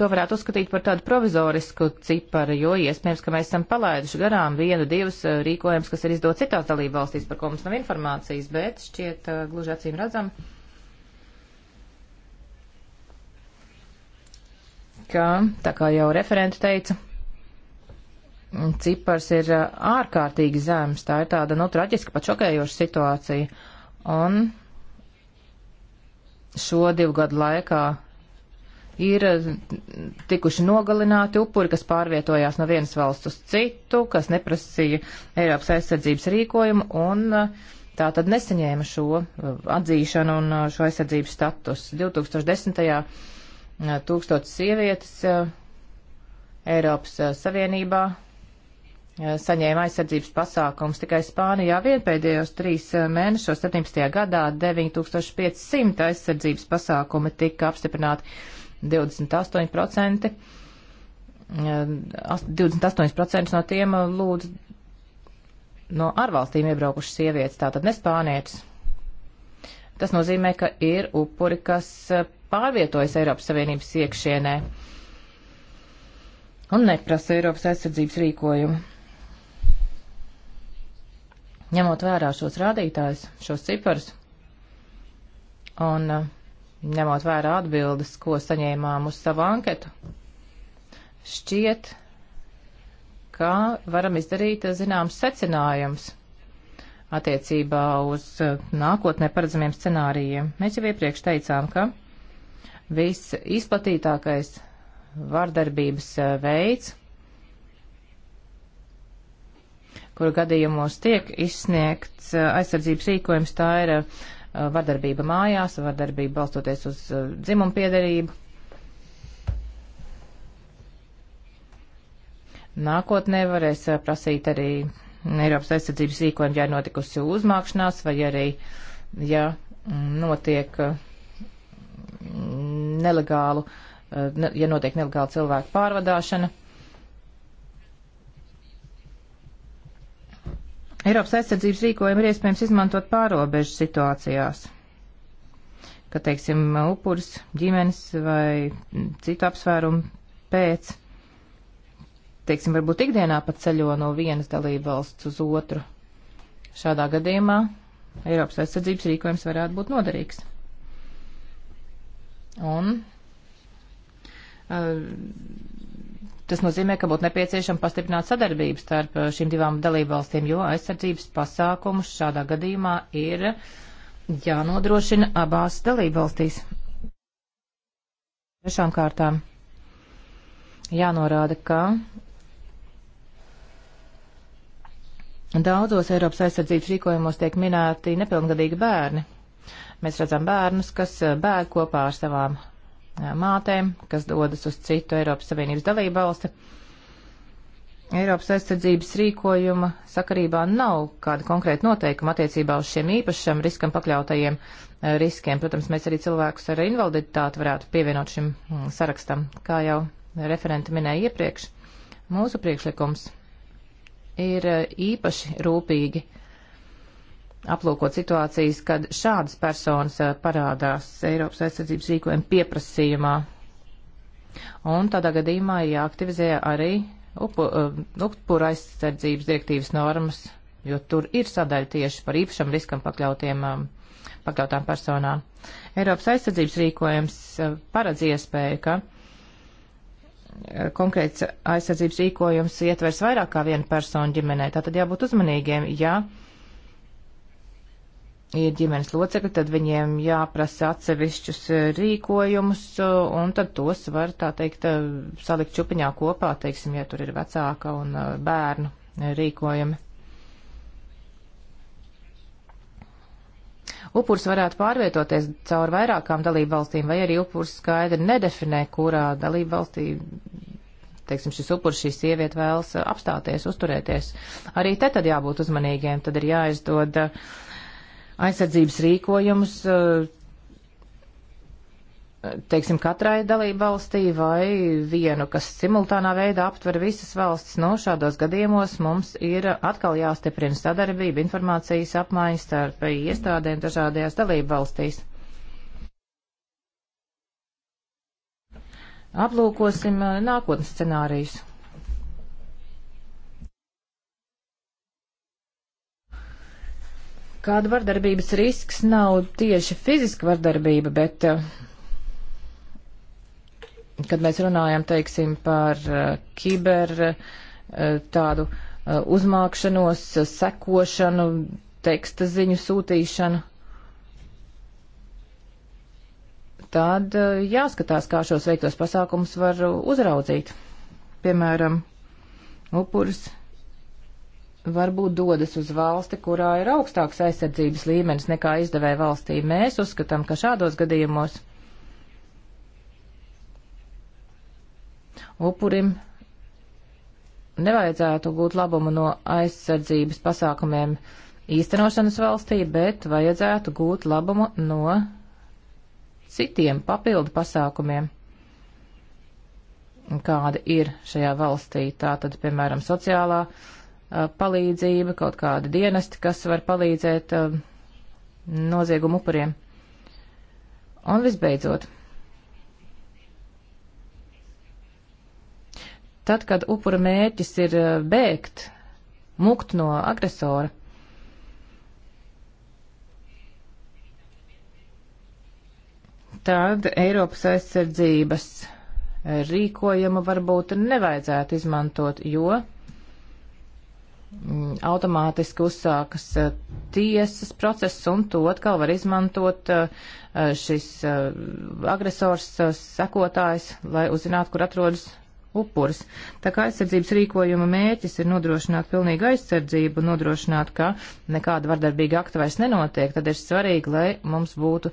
Speaker 4: To varētu uzskatīt par tādu provizorisku ciparu, jo iespējams, ka mēs esam palaiduši garām vienu, divus eh, rīkojumus, kas ir izdot citās dalību valstīs, par ko mums nav informācijas, bet šķiet uh, gluži acīm redzam, ka, tā kā jau referenti teica, cipars ir eh, ārkārtīgi zems. Tā ir tāda, nu, traģiska, pat šokējoša situācija. Un šo divu gadu laikā ir eh, tikuši nogalināti upuri, kas pārvietojās no vienas valsts uz citu, kas neprasīja Eiropas aizsardzības rīkojumu un eh, tā tad nesaņēma šo atzīšanu un šo aizsardzības status. 2010. tūkstotis sievietes Eiropas Savienībā saņēma aizsardzības pasākums. Tikai Spānijā vien pēdējos trīs eh, mēnešos 17. gadā 9500 aizsardzības pasākumi tika apstiprināti 28%. 28% no tiem eh, lūdz no ārvalstīm iebraukušas sievietes, tātad ne spānietis. Tas nozīmē, ka ir upuri, kas eh, pārvietojas Eiropas Savienības iekšienē un neprasa Eiropas aizsardzības rīkojumu. Ņemot vērā šos rādītājus, šos ciparus, un uh, ņemot vērā atbildes, ko saņēmām uz savu anketu, šķiet, ka varam izdarīt uh, zināms secinājums attiecībā uz uh, nākotnē paredzamiem scenārijiem. Mēs jau iepriekš teicām, ka visizplatītākais vardarbības veids kur gadījumos tiek izsniegts eh, aizsardzības rīkojums, tā ir eh, vardarbība mājās, vardarbība balstoties uz eh, dzimumu piedarību. Nākotnē varēs prasīt arī Eiropas aizsardzības rīkojumu, ja ir notikusi uzmākšanās vai arī, ja mm, notiek mm, nelegālu, ja notiek nelegāla cilvēku pārvadāšana. Eiropas aizsardzības rīkojumu ir iespējams izmantot pārobežu situācijās, kad, teiksim, upurs, ģimenes vai citu apsvērumu pēc, teiksim, varbūt ikdienā pat ceļo no vienas dalība valsts uz otru. Šādā gadījumā Eiropas aizsardzības rīkojums varētu būt noderīgs. Un uh, Tas nozīmē, ka būtu nepieciešama pastiprināt sadarbību starp uh, šīm divām dalībvalstīm, jo aizsardzības pasākumus šādā gadījumā ir jānodrošina abās dalībvalstīs. Trešām kārtām jānorāda, ka daudzos Eiropas aizsardzības rīkojumos tiek minēti nepilngadīgi bērni. Mēs redzam bērnus, kas uh, bēg kopā ar savām mātēm, kas dodas uz citu Eiropas Savienības dalību valsti. Eiropas aizsardzības rīkojuma sakarībā nav kāda konkrēta noteikuma attiecībā uz šiem īpašiem riskam pakļautajiem eh, riskiem. Protams, mēs arī cilvēkus ar invaliditāti varētu pievienot šim mm, sarakstam, kā jau referenti minēja iepriekš. Mūsu priekšlikums ir eh, īpaši rūpīgi aplūkot situācijas, kad šādas personas eh, parādās Eiropas aizsardzības rīkojuma pieprasījumā. Un tādā gadījumā ir jāaktivizē arī eh, upura aizsardzības direktīvas normas, jo tur ir sadaļa tieši par īpašam riskam pakļautiem, eh, pakļautām personām. Eiropas aizsardzības rīkojums paredz iespēju, ka konkrēts aizsardzības rīkojums ietvers vairāk kā vienu personu ģimenē. Tātad jābūt uzmanīgiem, ja ir ģimenes locekļi, tad viņiem jāprasa atsevišķus eh, rīkojumus, eh, un tad tos var, tā teikt, eh, salikt čupiņā kopā, teiksim, ja tur ir vecāka un bērnu rīkojumi. Upurs varētu pārvietoties caur vairākām dalību valstīm, vai arī upurs skaidri nedefinē, kurā dalību valstī teiksim, šis upurs, šī sieviete vēlas apstāties, uzturēties. Arī te tad jābūt uzmanīgiem, tad ir jāizdod uh, aizsardzības rīkojumus, eh, teiksim, katrai dalību valstī vai vienu, kas simultānā veidā aptver visas valstis. No nu, šādos gadījumos mums ir atkal jāstiprina sadarbība, informācijas apmaiņas starp iestādēm dažādajās dalību valstīs. Aplūkosim eh, nākotnes scenārijus. kāda vardarbības risks nav tieši fiziska vardarbība, bet, eh, kad mēs runājam, teiksim, par eh, kiber eh, tādu uzmākšanos, sekošanu, teksta ziņu sūtīšanu, tad jāskatās, kā šos veiktos pasākumus var uzraudzīt. Piemēram, upurs varbūt dodas uz valsti, kurā ir augstāks aizsardzības līmenis nekā izdevēja valstī. Mēs uzskatām, ka šādos gadījumos upurim nevajadzētu gūt labumu no aizsardzības pasākumiem īstenošanas valstī, bet vajadzētu gūt labumu no citiem papildu pasākumiem kāda ir šajā valstī. Tā tad, piemēram, sociālā uh, Uh, palīdzība, kaut kādi dienesti, kas var palīdzēt uh, noziegumu upuriem. Un visbeidzot, tad, kad upura mērķis ir uh, bēgt, mukt no agresora, tad Eiropas aizsardzības rīkojumu varbūt nevajadzētu izmantot, jo Mm, automātiski uzsākas eh, tiesas process un to atkal var izmantot eh, eh, šis agresors, sekotājs, lai uzzinātu, kur atrodas upuris. Tā kā aizsardzības rīkojuma mērķis ir nodrošināt pilnīgu aizsardzību, nodrošināt, ka nekāda vardarbīga akta vairs nenotiek, tad ir svarīgi, lai mums būtu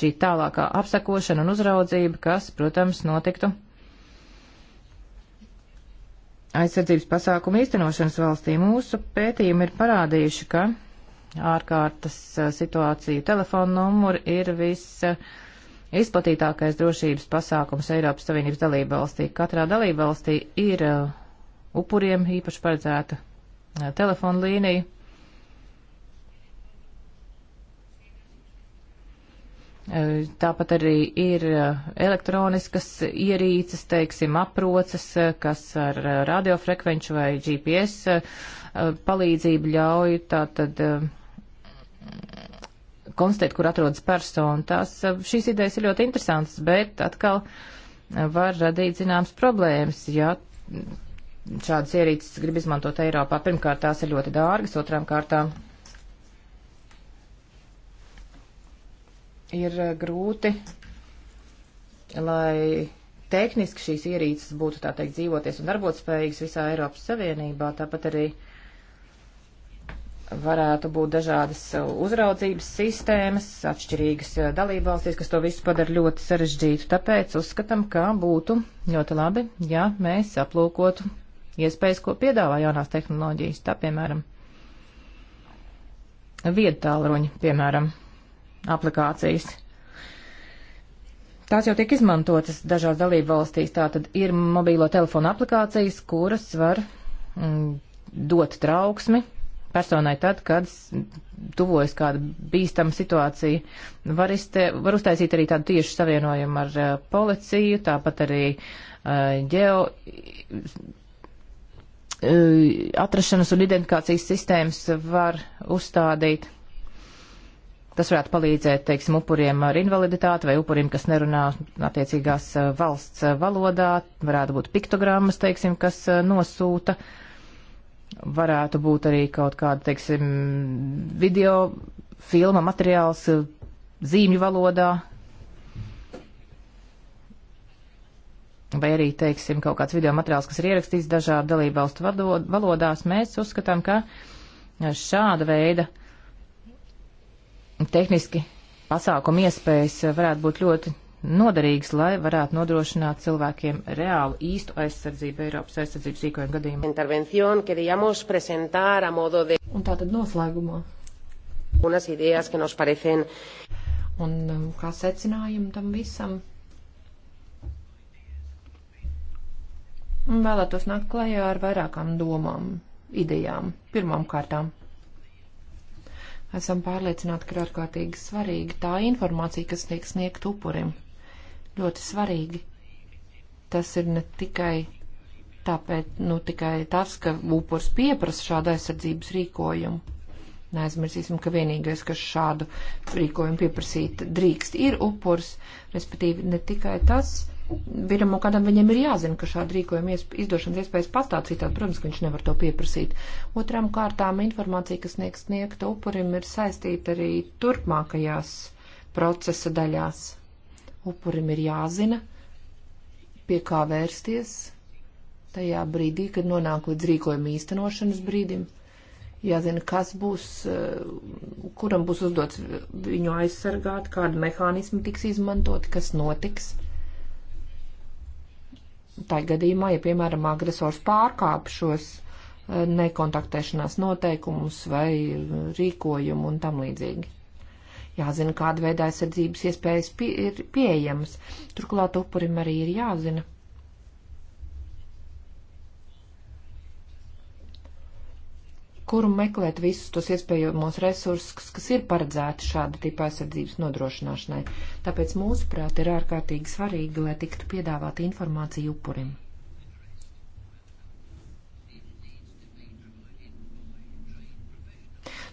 Speaker 4: šī tālākā apsakošana un uzraudzība, kas, protams, notiktu aizsardzības pasākumu īstenošanas valstī. Mūsu pētījumi ir parādījuši, ka ārkārtas situāciju telefonu numuri ir viss izplatītākais drošības pasākums Eiropas Savienības dalība valstī. Katrā dalība valstī ir upuriem īpaši paredzēta telefonu līnija. Tāpat arī ir e, elektroniskas ierīces, teiksim, aproces, e, kas ar e, radiofrekvenču vai GPS palīdzību ļauj tātad konstatēt, kur atrodas persona. Tās, šīs idejas ir ļoti interesantas, bet atkal var radīt zināmas problēmas, ja šādas ierīces grib izmantot Eiropā. Pirmkārt, tās ir ļoti dārgas, otrām kārtām ir eh, grūti, lai tehniski šīs ierīces būtu, tā teikt, dzīvoties un darbotspējīgas visā Eiropas Savienībā, tāpat arī varētu būt dažādas eh, uzraudzības sistēmas, atšķirīgas eh, dalībvalstīs, kas to visu padara ļoti sarežģītu. Tāpēc uzskatām, ka būtu ļoti labi, ja mēs aplūkotu iespējas, ko piedāvā jaunās tehnoloģijas, tā piemēram, viedtālruņi, piemēram aplikācijas. Tās jau tiek izmantotas dažās dalību valstīs. Tātad ir mobīlo telefonu aplikācijas, kuras var mm, dot trauksmi personai tad, kad tuvojas kāda bīstama situācija. Var, izte, var uztaisīt arī tādu tiešu savienojumu ar uh, policiju, tāpat arī uh, ģeo eh, atrašanas un identifikācijas sistēmas var uzstādīt. Tas varētu palīdzēt, teiksim, upuriem ar invaliditāti vai upuriem, kas nerunā attiecīgās eh, valsts eh, valodā. Varētu būt piktogrammas, teiksim, kas eh, nosūta. Varētu būt arī kaut kāda, teiksim, video, filma materiāls zīmju valodā. Vai arī, teiksim, kaut kāds video materiāls, kas ir ierakstīts dažādu dalībvalstu valodās. Mēs uzskatām, ka šāda veida tehniski pasākumi iespējas varētu būt ļoti noderīgs, lai varētu nodrošināt cilvēkiem reālu īstu aizsardzību Eiropas aizsardzības rīkojuma gadījumā. De... Un tā tad noslēgumā. Unas idejas, ka nos parecen.
Speaker 3: Un um, kā secinājumu tam visam? Un vēlētos nākt klajā ar vairākām domām, idejām, pirmām kārtām. Esam pārliecināti, ka ir ārkārtīgi svarīga tā informācija, kas tiek sniegt upurim. Ļoti svarīgi. Tas ir ne tikai tāpēc, nu, tikai tas, ka upurs pieprasa šādu aizsardzības rīkojumu. Neaizmirsīsim, ka vienīgais, kas šādu rīkojumu pieprasīt drīkst, ir upurs, respektīvi ne tikai tas, vienam un kādam viņam ir jāzina, ka šāda rīkojuma izdošanas iespējas pastāv citādi, protams, ka viņš nevar to pieprasīt. Otram kārtām informācija, kas sniegta sniegta upurim, ir saistīta arī turpmākajās procesa daļās. Upurim ir jāzina, pie kā vērsties tajā brīdī, kad nonāk līdz rīkojuma īstenošanas brīdim jāzina, kas būs, eh, kuram būs uzdots viņu aizsargāt, kāda mehānismi tiks izmantoti, kas notiks tā gadījumā, ja, piemēram, agresors pārkāp šos e, nekontaktēšanās noteikumus vai rīkojumu un tam līdzīgi. Jāzina, kāda veida aizsardzības iespējas pie, ir pieejamas. Turklāt upurim arī ir jāzina, kuru meklēt visus tos iespējamos resursus, kas ir paredzēti šāda tipa aizsardzības nodrošināšanai. Tāpēc mūsuprāt ir ārkārtīgi svarīgi, lai tiktu piedāvāta informācija upurim.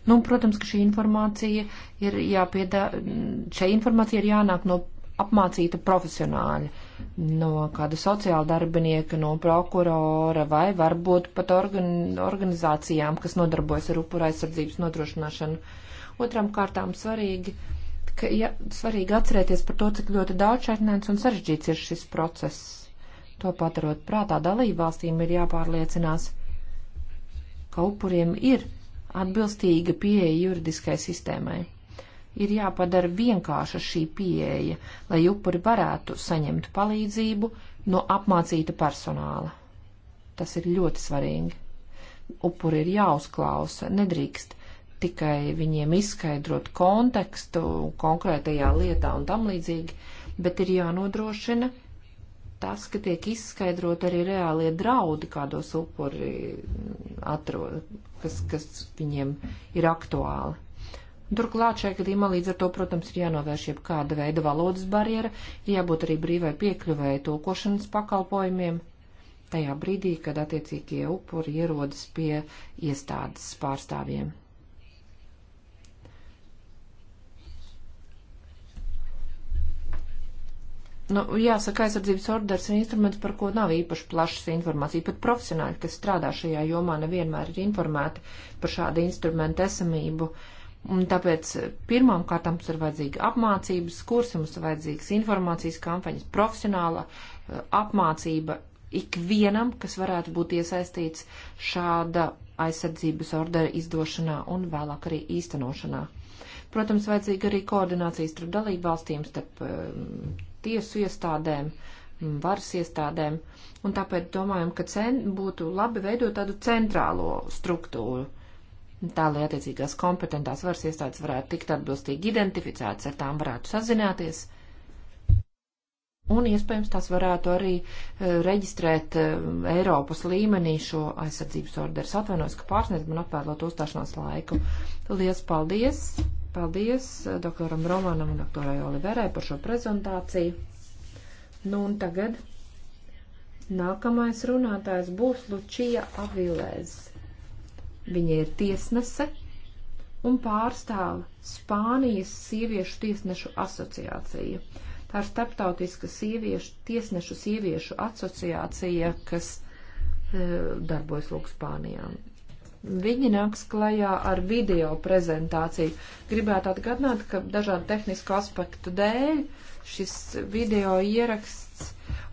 Speaker 3: Nu, protams, ka šī informācija ir jāpiedā, šai informācija ir jānāk no apmācīta profesionāļa no kāda sociāla darbinieka, no prokurora vai varbūt pat organ, organizācijām, kas nodarbojas ar upura aizsardzības nodrošināšanu. Otram kārtām svarīgi, ka, ja, svarīgi atcerēties par to, cik ļoti daudzšķaitnēns un sarežģīts ir šis process. To paturot prātā dalībvalstīm ir jāpārliecinās, ka upuriem ir atbilstīga pieeja juridiskai sistēmai ir jāpadara vienkārša šī pieeja, lai upuri varētu saņemt palīdzību no apmācīta personāla. Tas ir ļoti svarīgi. Upuri ir jāuzklausa, nedrīkst tikai viņiem izskaidrot kontekstu konkrētajā lietā un tam līdzīgi, bet ir jānodrošina tas, ka tiek izskaidrot arī reālie draudi, kādos upuri atrod, kas, kas viņiem ir aktuāli. Turklāt šajā gadījumā līdz ar to, protams, ir jānovērš jebkāda veida valodas barjera, jābūt arī brīvai piekļuvēji tulkošanas pakalpojumiem tajā brīdī, kad attiecīgie upuri ierodas pie iestādes pārstāvjiem. Nu, jāsaka, aizsardzības orders ir instruments, par ko nav īpaši plašas informācija. Pat profesionāļi, kas strādā šajā jomā, nevienmēr ir informēti par šādu instrumentu esamību. Uh, Un tāpēc eh, pirmām kārtām mums ir vajadzīga apmācības kursi, mums ir vajadzīgas informācijas kampaņas, profesionāla eh, apmācība ikvienam, kas varētu būt iesaistīts šāda aizsardzības ordera izdošanā un vēlāk arī īstenošanā. Protams, vajadzīga arī koordinācija starp dalību valstīm, starp um, tiesu iestādēm, mm, varas iestādēm, un tāpēc domājam, ka cen, būtu labi veidot tādu centrālo struktūru tā, lai attiecīgās kompetentās varas iestādes varētu tikt atbilstīgi identificētas, ar tām varētu sazināties. Un iespējams tās varētu arī eh, reģistrēt eh, Eiropas līmenī šo aizsardzības orderu. Atvainojos, ka pārsniedz man atvēlot uzstāšanās laiku. Lielas paldies! Paldies eh, doktoram Romanam un doktorai Oliverai par šo prezentāciju. Nu un tagad nākamais runātājs būs Lučija Avilēze. Viņa ir tiesnese un pārstāv Spānijas sieviešu tiesnešu asociāciju. Tā ir starptautiska sieviešu, tiesnešu sieviešu asociācija, kas e, darbojas Lūk Spānijā. Viņi nāks klajā ar video prezentāciju. Gribētu atgādināt, ka dažādu tehnisku aspektu dēļ šis video ieraksts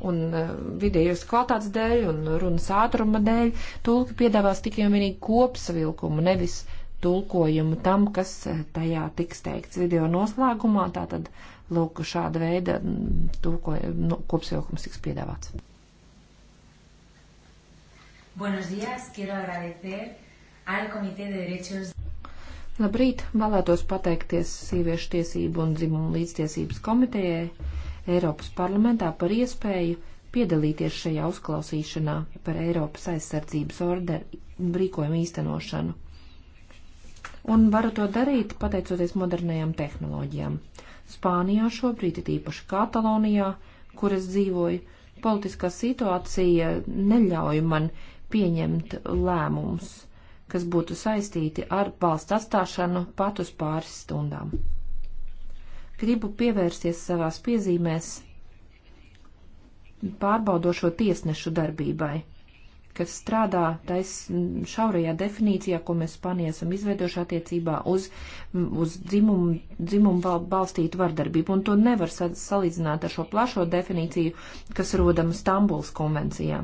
Speaker 3: un e, vidējas kvalitātes dēļ un runas ātruma dēļ tulki piedāvās tikai un vienīgi kopsavilkumu, nevis tulkojumu tam, kas e, tajā tiks teikts video noslēgumā. Tātad, lūk, šāda veida tulkojumu nu, kopsavilkums tiks piedāvāts.
Speaker 5: Buenos días, quiero agradecer al Comité de Derechos.
Speaker 3: Labrīt! Vēlētos pateikties Sieviešu tiesību un dzimumu līdztiesības komitejai Eiropas parlamentā par iespēju piedalīties šajā uzklausīšanā par Eiropas aizsardzības orderu rīkojumu īstenošanu. Un varu to darīt pateicoties modernajām tehnoloģijām. Spānijā šobrīd, it īpaši Katalonijā, kur es dzīvoju, politiskā situācija neļauj man pieņemt lēmumus, kas būtu saistīti ar valsts atstāšanu pat uz pāris stundām gribu pievērsties savās piezīmēs pārbaudošo tiesnešu darbībai, kas strādā tais šaurajā definīcijā, ko mēs Spānijā esam izveidojuši attiecībā uz, uz dzimumu, dzimumu balstītu vardarbību, un to nevar salīdzināt ar šo plašo definīciju, kas rodama Stambuls konvencijā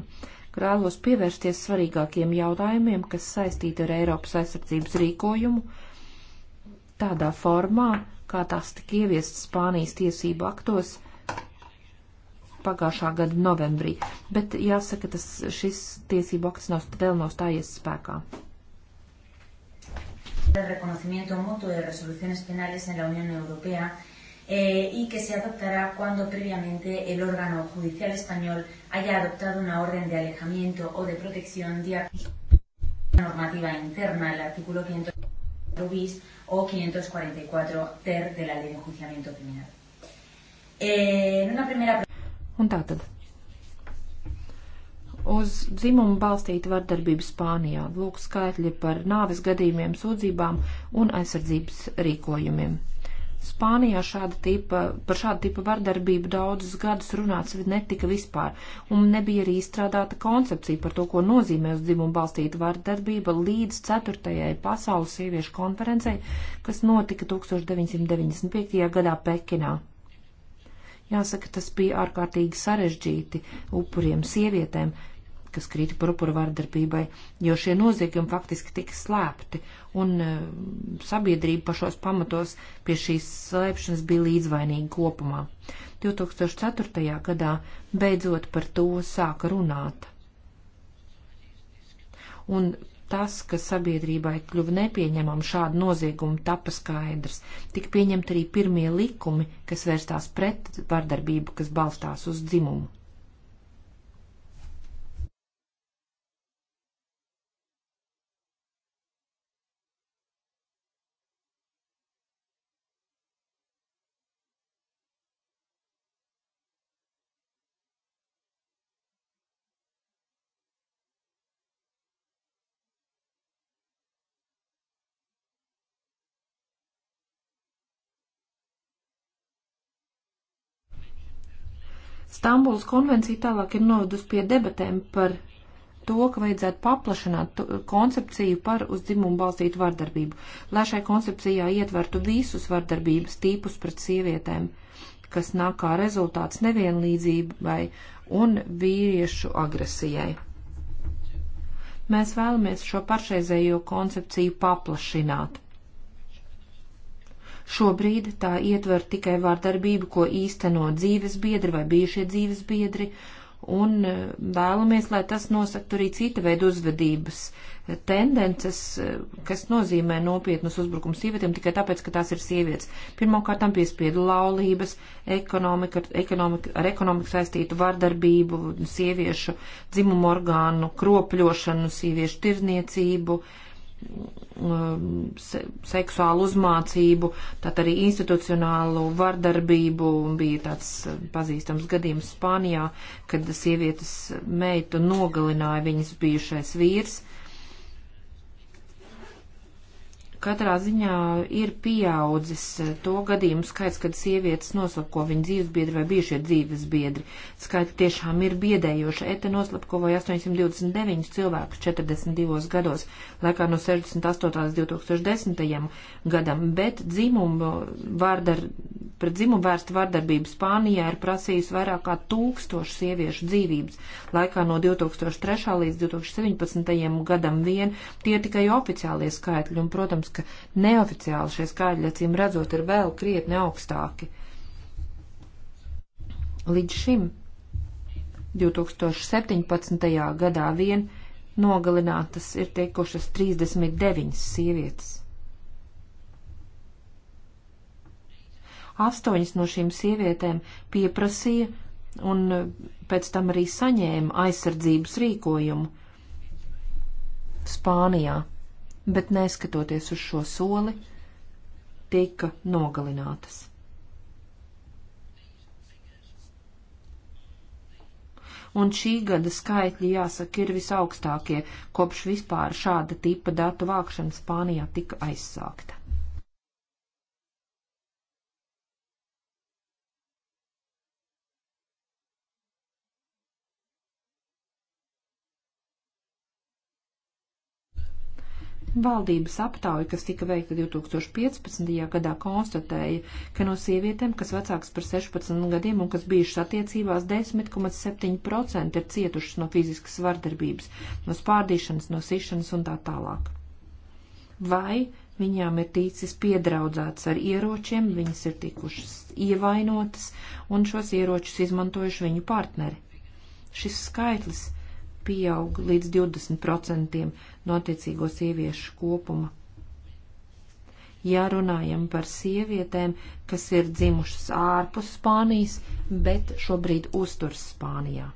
Speaker 3: vēlos pievērsties svarīgākiem jautājumiem, kas saistīti ar Eiropas aizsardzības rīkojumu, tādā formā, kā tās tika ieviests Spānijas tiesību aktos pagājušā gada novembrī, bet jāsaka, tas šis tiesību akts nav vēl nav stājies spēkā.
Speaker 5: El reconocimiento mutuo de resoluciones penales en la Unión Europea eh, y que se adoptará cuando previamente el órgano judicial español haya adoptado una orden de alejamiento o de protección de normativa interna, el artículo 500 bis o 544 ter de la Ley de Enjuiciamiento Criminal.
Speaker 3: Eh, en una primera... Un tātad. Uz dzimumu balstīta vardarbība Spānijā. Lūk skaitļi par nāves gadījumiem, sūdzībām un aizsardzības rīkojumiem. Spānijā šāda tipa, par šādu tipu vardarbību daudzus gadus runāts netika vispār, un nebija arī izstrādāta koncepcija par to, ko nozīmē uz dzimumu balstīta vardarbība līdz 4. pasaules sieviešu konferencei, kas notika 1995. gadā Pekinā. Jāsaka, tas bija ārkārtīgi sarežģīti upuriem sievietēm, kas krīt purpura vardarbībai, jo šie noziegumi faktiski tika slēpti, un eh, sabiedrība pašos pamatos pie šīs slēpšanas bija līdzvainīga kopumā. 2004. gadā beidzot par to sāka runāt. Un tas, ka sabiedrībai kļuva nepieņemama šāda nozieguma, tapa skaidrs. Tik pieņemti arī pirmie likumi, kas vērstās pret vardarbību, kas balstās uz dzimumu. Stambuls konvencija tālāk ir novedus pie debatēm par to, ka vajadzētu paplašināt koncepciju par uz dzimumu balstītu vardarbību, lai šai koncepcijā ietvertu visus vardarbības tīpus pret sievietēm, kas nāk kā rezultāts nevienlīdzībai un vīriešu agresijai. Mēs vēlamies šo pašreizējo koncepciju paplašināt Šobrīd tā ietver tikai vārdarbību, ko īsteno dzīves biedri vai bijušie dzīves biedri, un e, vēlamies, lai tas nosaktu arī cita veida uzvedības e, tendences, e, kas nozīmē nopietnus uzbrukums sievietēm tikai tāpēc, ka tās ir sievietes. Pirmkārt, piespiedu laulības, ekonomika, ekonomika, ar ekonomiku saistītu vardarbību, sieviešu dzimumu orgānu, kropļošanu, sieviešu tirzniecību. Uh, Um, se, seksuālu uzmācību, tad arī institucionālu vardarbību. Bija tāds uh, pazīstams gadījums Spānijā, kad sievietes uh, meitu nogalināja viņas bijušais vīrs. Uh, katrā ziņā ir pieaudzis eh, to gadījumu skaits, kad sievietes noslapko viņu dzīvesbiedri vai bijušie dzīvesbiedri. Skaits tiešām ir biedējoši. Ete noslapkoja 829 cilvēkus 42 gados, laikā no 68. līdz 2010. gadam, bet dzimumu vārdar, pret dzimumu vērsta vārdarbība Spānijā ir prasījusi vairāk kā tūkstošu sieviešu dzīvības, laikā no 2003. līdz 2017. gadam vien. Tie tikai oficiālie skaitļi, un, protams, būs, ka neoficiāli šie skaidri, acīm redzot, ir vēl krietni augstāki. Līdz šim 2017. gadā vien nogalinātas ir tikušas 39 sievietes. Astoņas no šīm sievietēm pieprasīja un pēc tam arī saņēma aizsardzības rīkojumu Spānijā bet neskatoties uz šo soli, tika nogalinātas. Un šī gada skaitļi, jāsaka, ir visaugstākie, kopš vispār šāda tipa datu vākšana Spānijā tika aizsākta. Valdības aptauja, kas tika veikta 2015. gadā, konstatēja, ka no sievietēm, kas vecākas par 16 gadiem un kas bijušas attiecībās, 10,7% ir cietušas no fiziskas vardarbības, no spārdīšanas, no sišanas un tā tālāk. Vai viņām ir ticis piedraudzēts ar ieročiem, viņas ir tikušas ievainotas un šos ieročus izmantojuši viņu partneri. Šis skaitlis pieaug līdz 20%, no attiecīgo sieviešu kopuma. Ja runājam par sievietēm, kas ir dzimušas ārpus Spānijas, bet šobrīd uzturas Spānijā.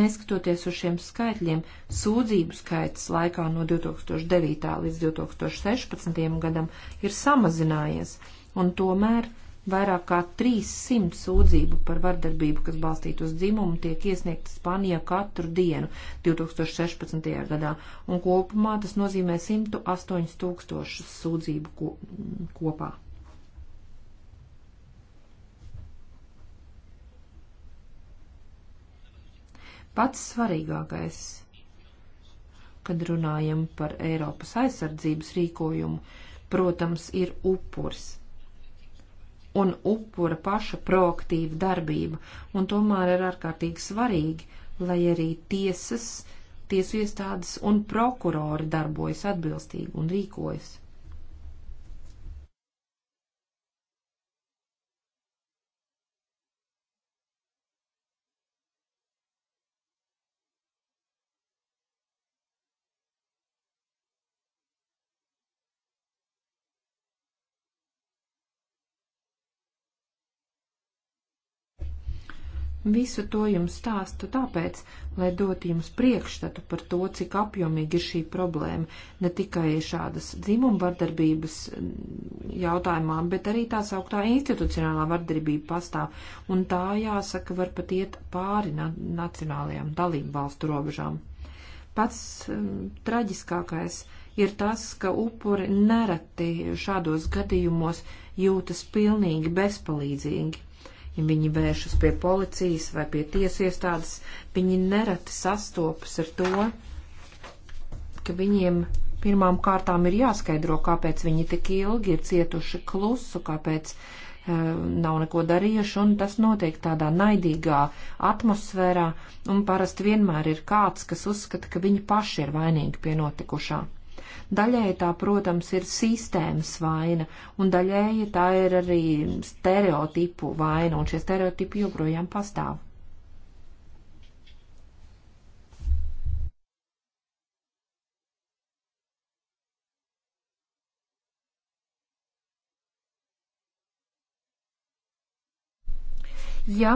Speaker 3: Neskatoties uz šiem skaitļiem, sūdzību skaits laikā no 2009. līdz 2016. gadam ir samazinājies, un tomēr Vairāk kā 300 sūdzību par vardarbību, kas balstīta uz dzimumu, tiek iesniegta Spanijā katru dienu 2016. gadā, un kopumā tas nozīmē 108 tūkstošus sūdzību ko, kopā. Pats svarīgākais, kad runājam par Eiropas aizsardzības rīkojumu, protams, ir upurs un upura paša proaktīva darbība, un tomēr ir ārkārtīgi svarīgi, lai arī tiesas, tiesu iestādes un prokurori darbojas atbilstīgi un rīkojas. Visu to jums stāstu tāpēc, lai dotu jums priekšstatu par to, cik apjomīgi ir šī problēma, ne tikai šādas dzimuma vardarbības mm, jautājumā, bet arī tā sauktā institucionālā vardarbība pastāv, un tā jāsaka var pat iet pāri na nacionālajām dalību valstu robežām. Pats um, traģiskākais ir tas, ka upuri nereti šādos gadījumos jūtas pilnīgi bezpalīdzīgi viņi vēršas pie policijas vai pie tiesu iestādes, viņi nereti sastopas ar to, ka viņiem pirmām kārtām ir jāskaidro, kāpēc viņi tik ilgi ir cietuši klusu, kāpēc eh, nav neko darījuši, un tas notiek tādā naidīgā atmosfērā, un parasti vienmēr ir kāds, kas uzskata, ka viņi paši ir vainīgi pie notikušā. Daļēji tā, protams, ir sistēmas vaina, un daļēji tā ir arī stereotipu vaina, un šie stereotipi joprojām pastāv. Ja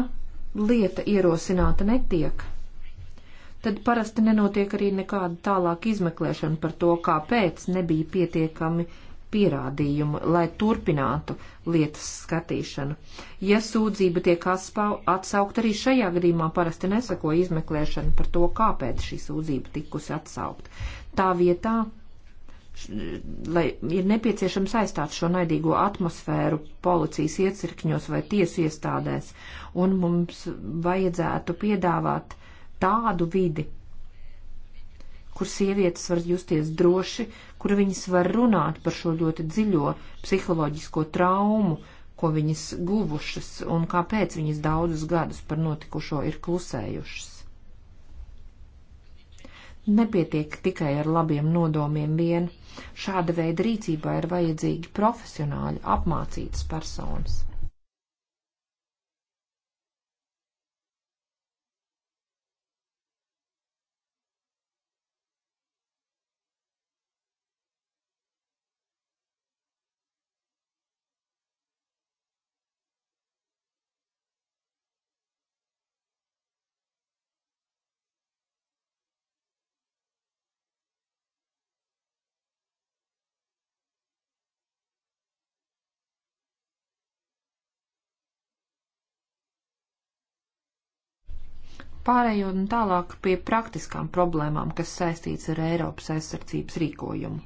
Speaker 3: lieta ierosināta netiek, tad parasti nenotiek arī nekāda tālāka izmeklēšana par to, kāpēc nebija pietiekami pierādījumu, lai turpinātu lietas skatīšanu. Ja sūdzība tiek atsaukt, arī šajā gadījumā parasti nesako izmeklēšana par to, kāpēc šī sūdzība tikusi atsaukt. Tā vietā, lai ir nepieciešams aizstāt šo naidīgo atmosfēru policijas iecirkņos vai tiesu iestādēs, un mums vajadzētu piedāvāt tādu vidi, kur sievietes var justies droši, kur viņas var runāt par šo ļoti dziļo psiholoģisko traumu, ko viņas guvušas un kāpēc viņas daudzus gadus par notikušo ir klusējušas. Nepietiek tikai ar labiem nodomiem vien. Šāda veida rīcībā ir vajadzīgi profesionāļi, apmācītas personas. pārējot un nu, tālāk pie praktiskām problēmām, kas saistīts ar Eiropas aizsardzības rīkojumu.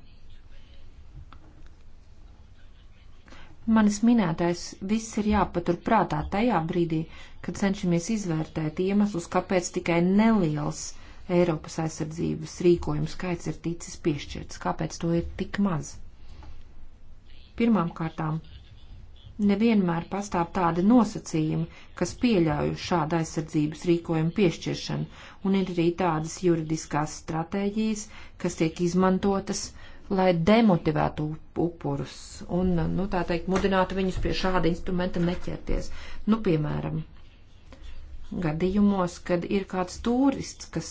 Speaker 3: Manis minētais viss ir jāpatur prātā tajā brīdī, kad cenšamies izvērtēt iemeslus, kāpēc tikai neliels Eiropas aizsardzības rīkojumu skaits ir ticis piešķirts, kāpēc to ir tik maz. Pirmām kārtām nevienmēr pastāv tādi nosacījumi, kas pieļauj šādu aizsardzības rīkojumu piešķiršanu, un ir arī tādas juridiskās stratēģijas, kas tiek izmantotas, lai demotivētu upurus un, nu, tā teikt, mudinātu viņus pie šāda instrumenta neķerties. Nu, piemēram, gadījumos, kad ir kāds turists, kas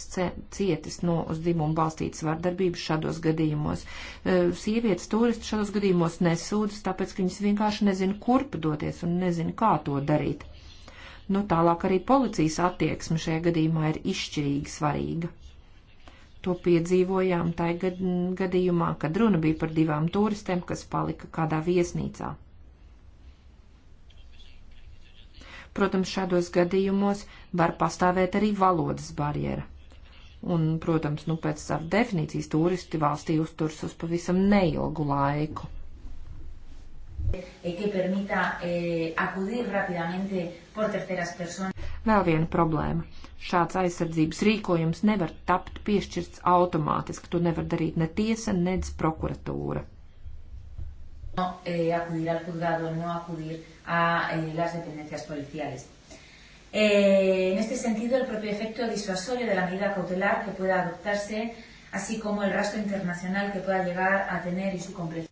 Speaker 3: cietis no uz dzimumu balstītas vardarbības šādos gadījumos. E, sievietes turisti šādos gadījumos nesūdzas, tāpēc, ka viņas vienkārši nezina, kurp doties un nezina, kā to darīt. Nu, tālāk arī policijas attieksme šajā gadījumā ir izšķirīgi svarīga. To piedzīvojām tajā gadījumā, kad runa bija par divām turistēm, kas palika kādā viesnīcā. Protams, šādos gadījumos var pastāvēt arī valodas barjera. Un, protams, nu pēc savu definīcijas turisti valstī uzturs uz pavisam neilgu laiku.
Speaker 5: E eh,
Speaker 3: Vēl viena problēma. Šāds aizsardzības rīkojums nevar tapt piešķirts automātiski. To nevar darīt ne tiesa, nedz prokuratūra
Speaker 5: no eh, acudir al juzgado, no acudir a eh, las dependencias policiales. Eh, en este sentido, el propio efecto disuasorio de la medida cautelar que pueda adoptarse, así como el rastro internacional que pueda llegar a tener y su complejidad.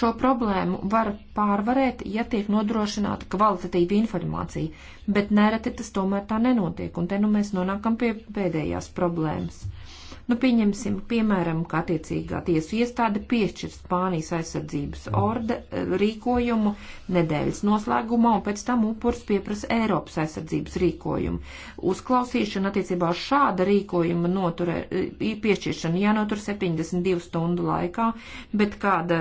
Speaker 3: Šo problēmu var pārvarēt, ja tiek nodrošināta kvalitatīva informācija, bet nereti tas tomēr tā nenotiek, un te nu mēs nonākam pie pēdējās problēmas. Nu, pieņemsim, piemēram, ka attiecīgā tiesu iestāde piešķir Spānijas aizsardzības orde eh, rīkojumu nedēļas noslēgumā, un pēc tam upurs pieprasa Eiropas aizsardzības rīkojumu. Uzklausīšana attiecībā uz šāda rīkojuma noturē, eh, piešķiršana jānotur 72 stundu laikā, bet kāda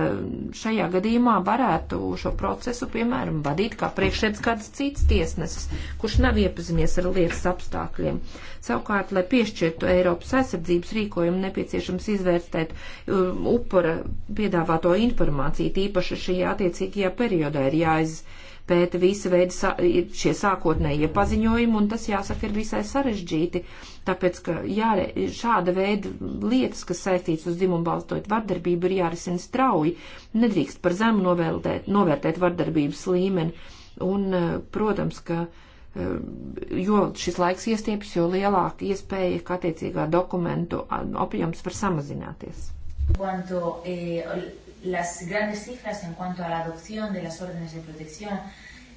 Speaker 3: šajā gadījumā varētu šo procesu, piemēram, vadīt kā priekšēdz kāds cits tiesnesis, kurš nav iepazinies ar lietas apstākļiem. Savukārt, lai piešķirtu Eiropas aizsardzības rīkojumu, rīkojumu nepieciešams izvērtēt um, upura piedāvāto informāciju, tīpaši šajā attiecīgajā periodā ir jāiz jāpēta visa veida šie sākotnējie paziņojumi, un tas jāsaka ir visai sarežģīti, tāpēc, ka jā, šāda veida lietas, kas saistīts uz dzimumu balstot vardarbību, ir jārisina strauji, nedrīkst par zemu novērtēt, novērtēt vardarbības līmeni, un, uh, protams, ka uh, jo šis laiks iestiepjas, jo lielāka iespēja, ka attiecīgā dokumentu apjoms var samazināties.
Speaker 5: Cuanto, eh, las grandes cifras en cuanto a la adopción de las órdenes de protección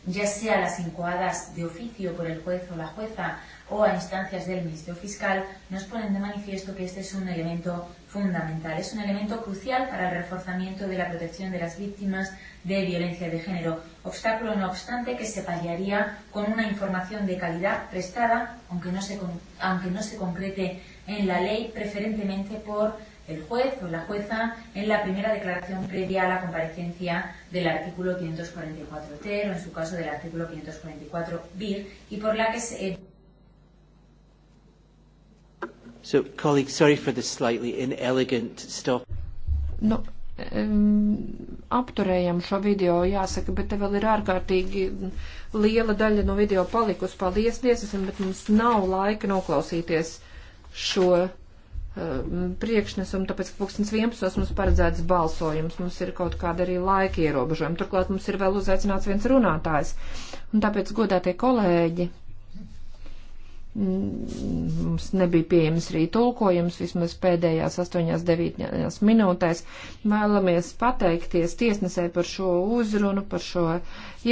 Speaker 5: ya sea las incoadas de oficio por el juez o la jueza o a instancias del Ministerio Fiscal, nos ponen de manifiesto que este es un elemento fundamental, es un elemento crucial para el reforzamiento de la protección de las víctimas de violencia de género, obstáculo no obstante que se paliaría con una información de calidad prestada, aunque no se, aunque no se concrete en la ley, preferentemente por el juez o la jueza en la primera declaración previa a la comparecencia del artículo 544 ter o en su caso del artículo 544 bir y por la que se eh,
Speaker 1: So, colleagues, sorry for the slightly inelegant stop.
Speaker 3: No, nu, um, apturējam šo video, jāsaka, bet te vēl ir ārkārtīgi liela daļa no video palikusi. Paldies, Dievs, bet mums nav laika noklausīties šo Ehm, priekšnesumu, tāpēc, ka 2011. mums paredzēts balsojums, mums ir kaut kāda arī laika ierobežojuma. Turklāt mums ir vēl uzaicināts viens runātājs. Un tāpēc, godātie kolēģi, Mm, mums nebija pieejams arī tulkojums vismaz pēdējās 8-9 minūtēs. Vēlamies pateikties tiesnesē par šo uzrunu, par šo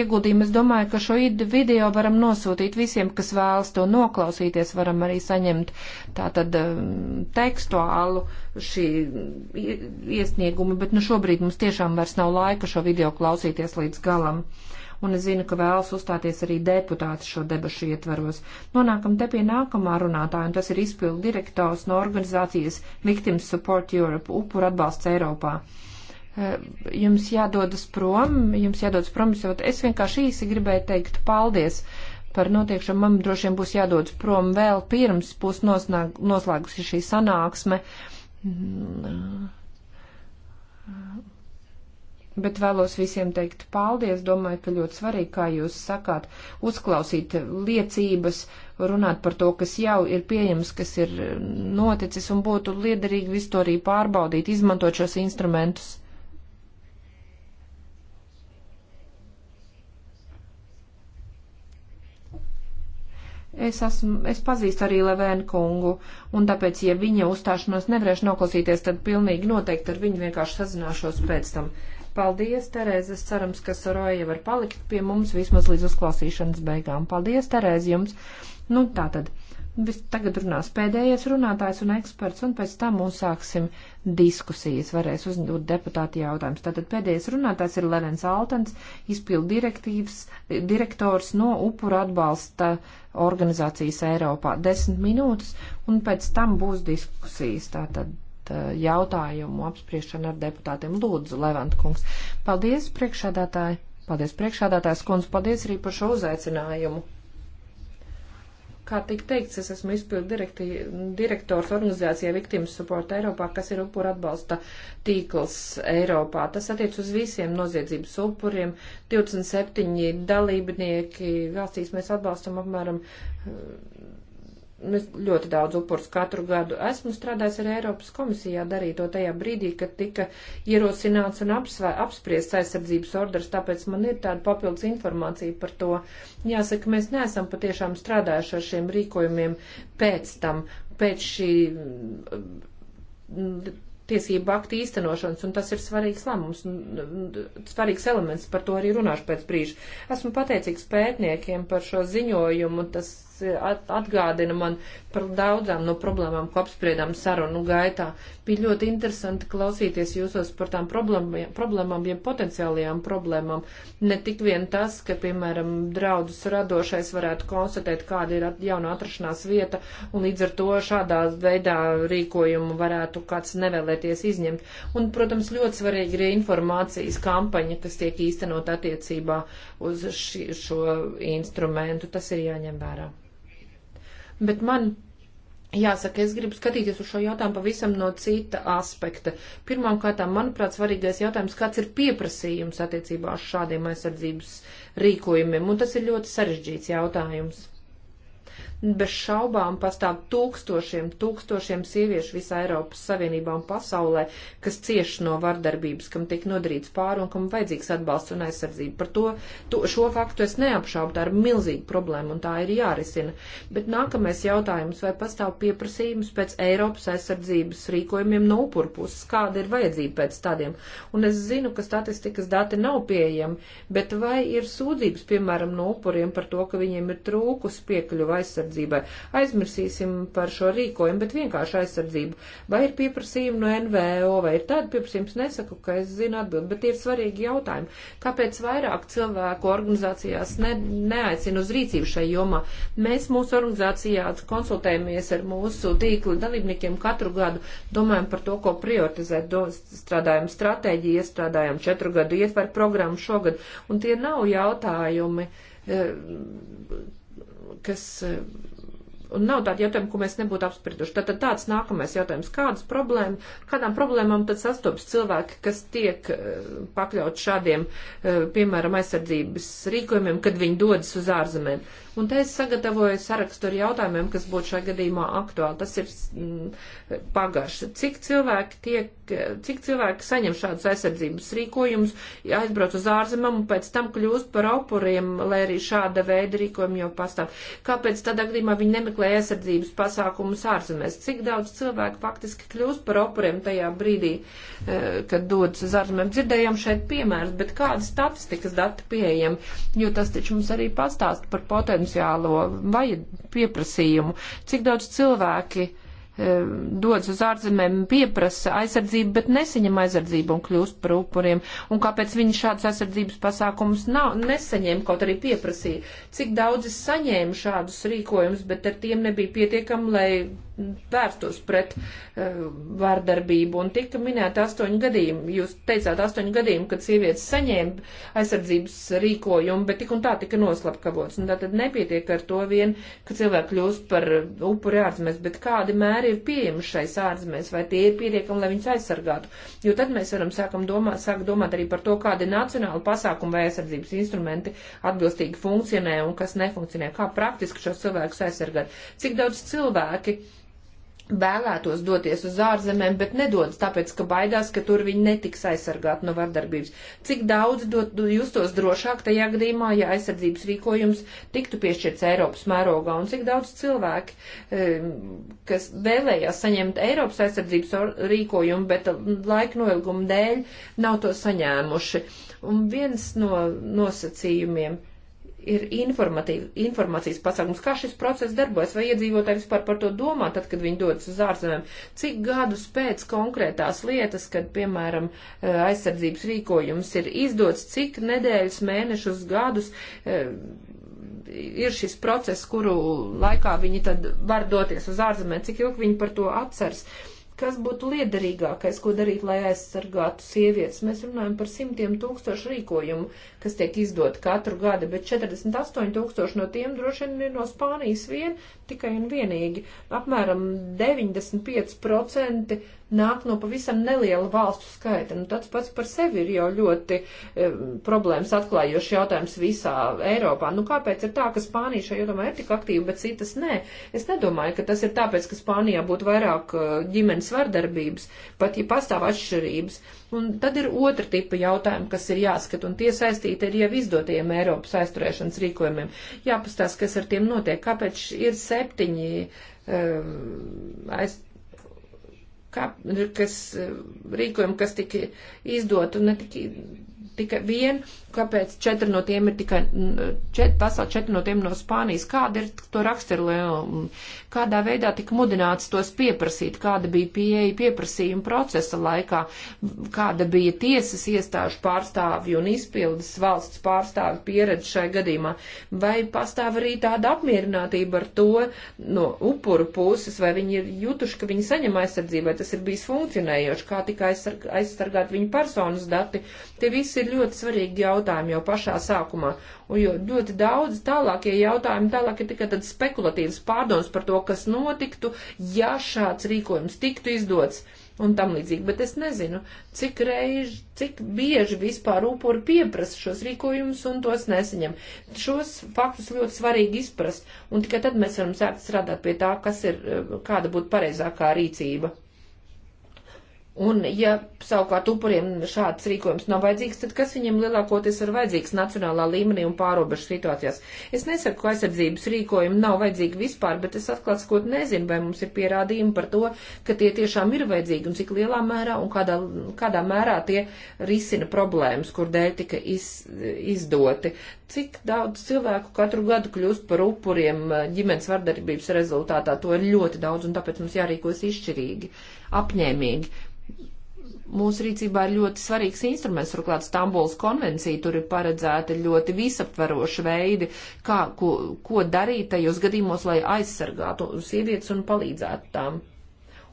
Speaker 3: ieguldījumu. Es domāju, ka šo video varam nosūtīt visiem, kas vēlas to noklausīties, varam arī saņemt tātad um, tekstuālu šī iesniegumu, bet nu šobrīd mums tiešām vairs nav laika šo video klausīties līdz galam un es zinu, ka vēlas uzstāties arī deputāti šo debašu ietvaros. Nonākam te pie nākamā runātāja, un tas ir izpildu direktors no organizācijas Victims Support Europe, upur atbalsts Eiropā. Eh, jums jādodas prom, jums jādodas prom, jo es vienkārši īsi gribēju teikt paldies par notiekšanu. Man droši vien būs jādodas prom vēl pirms būs noslēgusi šī sanāksme. Mm. Eh, Bet vēlos visiem teikt paldies. Domāju, ka ļoti svarīgi, kā jūs sakāt, uzklausīt liecības, runāt par to, kas jau ir pieejams, kas ir noticis, un būtu liederīgi visu to arī pārbaudīt, izmantot šos instrumentus. Es, esmu, es pazīstu arī Levēnu kungu, un tāpēc, ja viņa uzstāšanos nevarēšu noklausīties, tad pilnīgi noteikti ar viņu vienkārši sazināšos pēc tam. Paldies, Terēze. Es cerams, ka Soroja var palikt pie mums vismaz līdz uzklausīšanas beigām. Paldies, Terēze, jums. Nu, tā tad. Vis, tagad runās pēdējais runātājs un eksperts, un pēc tam uzsāksim diskusijas. Varēs uzdot deputāti jautājumus. Tātad pēdējais runātājs ir Levens Altens, izpildu direktors no upura atbalsta organizācijas Eiropā. Desmit minūtes, un pēc tam būs diskusijas. Tātad Eh, jautājumu apspriešanu ar deputātiem. Lūdzu, Levant kungs. Paldies, priekšādātāji. Paldies, priekšādātājs kundze. Paldies arī par šo uzaicinājumu kā tika teikts, es esmu izpildu direktors organizācijā Victims Support Eiropā, kas ir upura atbalsta tīkls Eiropā. Tas attiec uz visiem noziedzības upuriem. 27 dalībnieki valstīs mēs atbalstam apmēram Nu, es ļoti daudz upurs katru gadu esmu strādājis ar Eiropas komisijā darīto tajā brīdī, kad tika ierosināts un apsvē, apspriests aizsardzības orders, tāpēc man ir tāda papildus informācija par to. Jāsaka, mēs neesam patiešām strādājuši ar šiem rīkojumiem pēc tam, pēc šī mm, tiesību aktu īstenošanas, un tas ir svarīgs lēmums, svarīgs elements, par to arī runāšu pēc brīža. Esmu pateicīgs pētniekiem par šo ziņojumu, tas atgādina man par daudzām no problēmām, ko apspriedām sarunu gaitā. Bija ļoti interesanti klausīties jūsos par tām problēmām, problēmām ja potenciālajām problēmām. Ne tik vien tas, ka, piemēram, draudus radošais varētu konstatēt, kāda ir jauna atrašanās vieta, un līdz ar to šādā veidā rīkojumu varētu kāds nevēlēties izņemt. Un, protams, ļoti svarīgi ir informācijas kampaņa, kas tiek īstenot attiecībā uz ši, šo instrumentu. Tas ir jāņem vērā bet man Jāsaka, es gribu skatīties uz šo jautājumu pavisam no cita aspekta. Pirmkārt, manuprāt, svarīgais jautājums, kāds ir pieprasījums attiecībā uz šādiem aizsardzības rīkojumiem, un tas ir ļoti sarežģīts jautājums bez šaubām pastāv tūkstošiem, tūkstošiem sieviešu visā Eiropas Savienībā un pasaulē, kas cieši no vardarbības, kam tiek nodarīts pāri un kam vajadzīgs atbalsts un aizsardzība. Par to, to šo faktu es neapšaubu, tā ir milzīga problēma un tā ir jārisina. Bet nākamais jautājums, vai pastāv pieprasījums pēc Eiropas aizsardzības rīkojumiem no upuru puses, kāda ir vajadzība pēc tādiem. Un es zinu, ka statistikas dati nav pieejami, bet vai ir sūdzības, piemēram, no upuriem par to, ka viņiem ir trūkus piekļuva aizsardzības? aizsardzībai. Aizmirsīsim par šo rīkojumu, bet vienkārši aizsardzību. Vai ir pieprasījumi no NVO, vai ir tāda pieprasījums, nesaku, ka es zinu atbild, bet ir svarīgi jautājumi. Kāpēc vairāk cilvēku organizācijās ne, neaicina uz rīcību šai jomā? Mēs mūsu organizācijās konsultējamies ar mūsu tīkla dalībniekiem katru gadu, domājam par to, ko prioritizēt, strādājam stratēģiju, iestrādājam četru gadu ietvaru programmu šogad, un tie nav jautājumi, eh, kas Un nav tāda jautājuma, ko mēs nebūtu apsprieduši. Tad, tad tāds nākamais jautājums. Kādas problēma, kādām problēmām tad sastopas cilvēki, kas tiek eh, pakļaut šādiem, eh, piemēram, aizsardzības rīkojumiem, kad viņi dodas uz ārzemēm? Un te es sagatavoju sarakstu ar jautājumiem, kas būtu šajā gadījumā aktuāli. Tas ir mm, pagājuši. Cik cilvēki tiek, eh, cik cilvēki saņem šādus aizsardzības rīkojumus, aizbrauc uz ārzemēm un pēc tam kļūst par aupuriem, lai arī šāda veida rīkojumi jau pastāv? Kāpēc tādā gadījumā viņi nemeklē apmeklē aizsardzības pasākumus ārzemēs. Cik daudz cilvēku faktiski kļūst par upuriem tajā brīdī, eh, kad dodas uz ārzemēm? Dzirdējām šeit piemērus, bet kāda statistikas dati pieejam, jo tas taču mums arī pastāst par potenciālo vajad pieprasījumu. Cik daudz cilvēki Um, dodas uz ārzemēm, pieprasa aizsardzību, bet nesaņem aizsardzību un kļūst par upuriem. Un kāpēc viņi šādus aizsardzības pasākumus nav, nesaņēma, kaut arī pieprasīja? Cik daudzi saņēma šādus rīkojumus, bet ar tiem nebija pietiekami, lai vērstos pret uh, eh, vārdarbību un tika minēta astoņu gadījumu. Jūs teicāt astoņu gadījumu, kad sievietes saņēma aizsardzības rīkojumu, bet tik un tā tika noslapkavots. Un tātad nepietiek ar to vien, ka cilvēki kļūst par upuri ārzemēs, bet kādi mēri ir pieejami šais ārzemēs, vai tie ir pietiekami, lai viņus aizsargātu. Jo tad mēs varam sākam domāt, sāk domāt arī par to, kādi nacionāli pasākumi vai aizsardzības instrumenti atbilstīgi funkcionē un kas nefunkcionē, kā praktiski šos cilvēkus aizsargāt. Cik daudz cilvēki vēlētos doties uz ārzemēm, bet nedodas, tāpēc, ka baidās, ka tur viņi netiks aizsargāti no vardarbības. Cik daudz dot, justos drošāk tajā gadījumā, ja aizsardzības rīkojums tiktu piešķirts Eiropas mērogā, un cik daudz cilvēki, kas vēlējās saņemt Eiropas aizsardzības rīkojumu, bet um, laika noilguma dēļ nav to saņēmuši. Un viens no nosacījumiem ir informācijas pasākums, kā šis process darbojas, vai iedzīvotāji vispār par to domā, tad, kad viņi dodas uz ārzemēm, cik gadus pēc konkrētās lietas, kad, piemēram, eh, aizsardzības rīkojums ir izdots, cik nedēļas, mēnešus, gadus eh, ir šis process, kuru laikā viņi tad var doties uz ārzemēm, cik ilgi viņi par to atceras kas būtu liederīgākais, ko darīt, lai aizsargātu sievietes. Mēs runājam par simtiem tūkstošu rīkojumu, kas tiek izdot katru gadu, bet 48 tūkstoši no tiem droši vien ir no Spānijas vien, tikai un vienīgi. Apmēram 95% nāk no pavisam neliela valstu skaita. Nu, tāds pats par sevi ir jau ļoti e, problēmas atklājošs jautājums visā Eiropā. Nu, kāpēc ir tā, ka Spānija šajā jomā ir tik aktīva, bet citas nē? Es nedomāju, ka tas ir tāpēc, ka Spānijā būtu vairāk e, ģimenes vardarbības, pat ja pastāv atšķirības. Un tad ir otra tipa jautājumi, kas ir jāskat, un tie saistīti ar jau izdotajiem Eiropas aizturēšanas rīkojumiem. Jāpastās, kas ar tiem notiek, kāpēc ir septiņi um, aiz, kā, kas eh, rīkojumi, kas tika izdot un netika tikai vien, kāpēc četri no tiem ir tikai, čet, veseli četri no tiem no Spānijas, kāda ir to raksturlieluma, kādā veidā tika mudināts tos pieprasīt, kāda bija pieeja pieprasījuma procesa laikā, kāda bija tiesas iestāžu pārstāvju un izpildes valsts pārstāvju pieredze šai gadījumā, vai pastāv arī tāda apmierinātība ar to no upuru puses, vai viņi ir jutuši, ka viņi saņem aizsardzību, vai tas ir bijis funkcionējoši, kā tika aizsargāt viņu personas dati. Tie visi ir ļoti svarīgi jautājumi jautājumi jau pašā sākumā. Un jo ļoti daudz tālākie jautājumi tālāk ir tikai tāds spekulatīvs pārdoms par to, kas notiktu, ja šāds rīkojums tiktu izdots un tam līdzīgi, bet es nezinu, cik reiz, cik bieži vispār upuri pieprasa šos rīkojumus un tos nesaņem. Šos faktus ļoti svarīgi izprast, un tikai tad mēs varam sākt strādāt pie tā, kas ir, kāda būtu pareizākā rīcība. Un, ja savukārt upuriem šāds rīkojums nav vajadzīgs, tad kas viņiem lielākoties ir vajadzīgs nacionālā līmenī un pārobežu situācijās? Es nesaku, ka aizsardzības rīkojumi nav vajadzīgi vispār, bet es atklāts, ko nezinu, vai mums ir pierādījumi par to, ka tie tiešām ir vajadzīgi un cik lielā mērā un kādā, kādā mērā tie risina problēmas, kur dēļ tika iz, izdoti. Cik daudz cilvēku katru gadu kļūst par upuriem ģimenes vardarbības rezultātā, to ir ļoti daudz un tāpēc mums jārīkos izšķirīgi, apņēmīgi Mūsu rīcībā ir ļoti svarīgs instruments, turklāt Stambuls konvencija tur ir paredzēta ļoti visaptvaroši veidi, kā, ko, ko darīt tajos gadījumos, lai aizsargātu sievietes un palīdzētu tām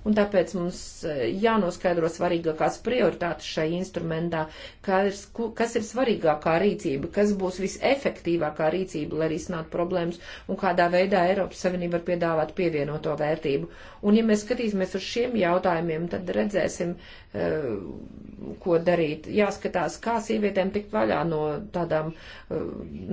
Speaker 3: un tāpēc mums eh, jānoskaidro svarīgākās prioritātes šai instrumentā, kas, kas ir svarīgākā rīcība, kas būs visefektīvākā rīcība, lai risinātu problēmas un kādā veidā Eiropas Savienība var piedāvāt pievienoto vērtību. Un ja mēs skatīsimies uz šiem jautājumiem, tad redzēsim, eh, ko darīt. Jāskatās, kā sievietēm tikt vaļā no tādām eh,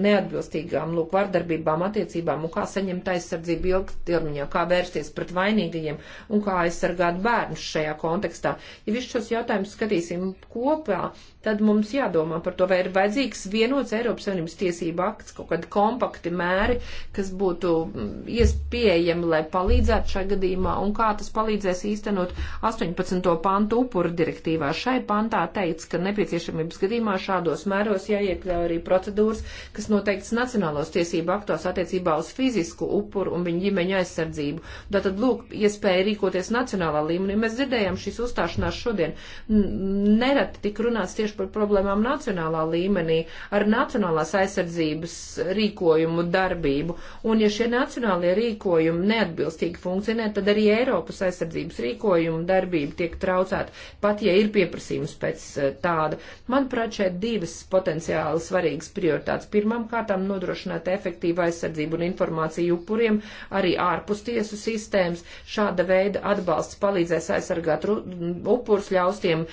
Speaker 3: neatbilstīgām, lūk, vardarbībām, attiecībām un kā saņemt aizsardzību ilgtermiņā, kā vērsties pret vainīgajiem un kā aizsargāt aizsargāt bērnus šajā kontekstā. Ja visus šos jautājumus skatīsim kopā, tad mums jādomā par to, vai ir vajadzīgs vienots Eiropas Savienības tiesība akts, kaut kādi kompakti mēri, kas būtu mm, iespējami, lai palīdzētu šai gadījumā, un kā tas palīdzēs īstenot 18. pantu upuru direktīvā. Šai pantā teica, ka nepieciešamības gadījumā šādos mēros jāiekļauj arī procedūras, kas noteikts nacionālos tiesību aktos attiecībā uz fizisku upuru un viņa ģimeņa aizsardzību. Tātad, lūk, iespēja rīkoties nacionālā līmenī. Mēs dzirdējām šīs uzstāšanās šodien. Nereti tik runāts tieši tieši par problēmām nacionālā līmenī ar nacionālās aizsardzības rīkojumu darbību. Un ja šie nacionālie rīkojumi neatbilstīgi funkcionē, tad arī Eiropas aizsardzības rīkojumu darbība tiek traucēta, pat ja ir pieprasījums pēc eh, tāda. Manuprāt, šeit divas potenciāli svarīgas prioritātes. Pirmām kārtām nodrošināt efektīvu aizsardzību un informāciju upuriem arī ārpus tiesu sistēmas. Šāda veida atbalsts palīdzēs aizsargāt upurus, ļaus tiem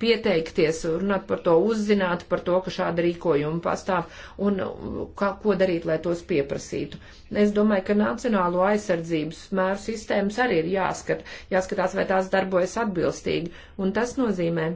Speaker 3: pieteikties runāt par to, uzzināt par to, ka šāda rīkojuma pastāv un uh, kā, ko darīt, lai tos pieprasītu. Es domāju, ka nacionālo aizsardzības mēru sistēmas arī ir jāskat, jāskatās, vai tās darbojas atbilstīgi, un tas nozīmē,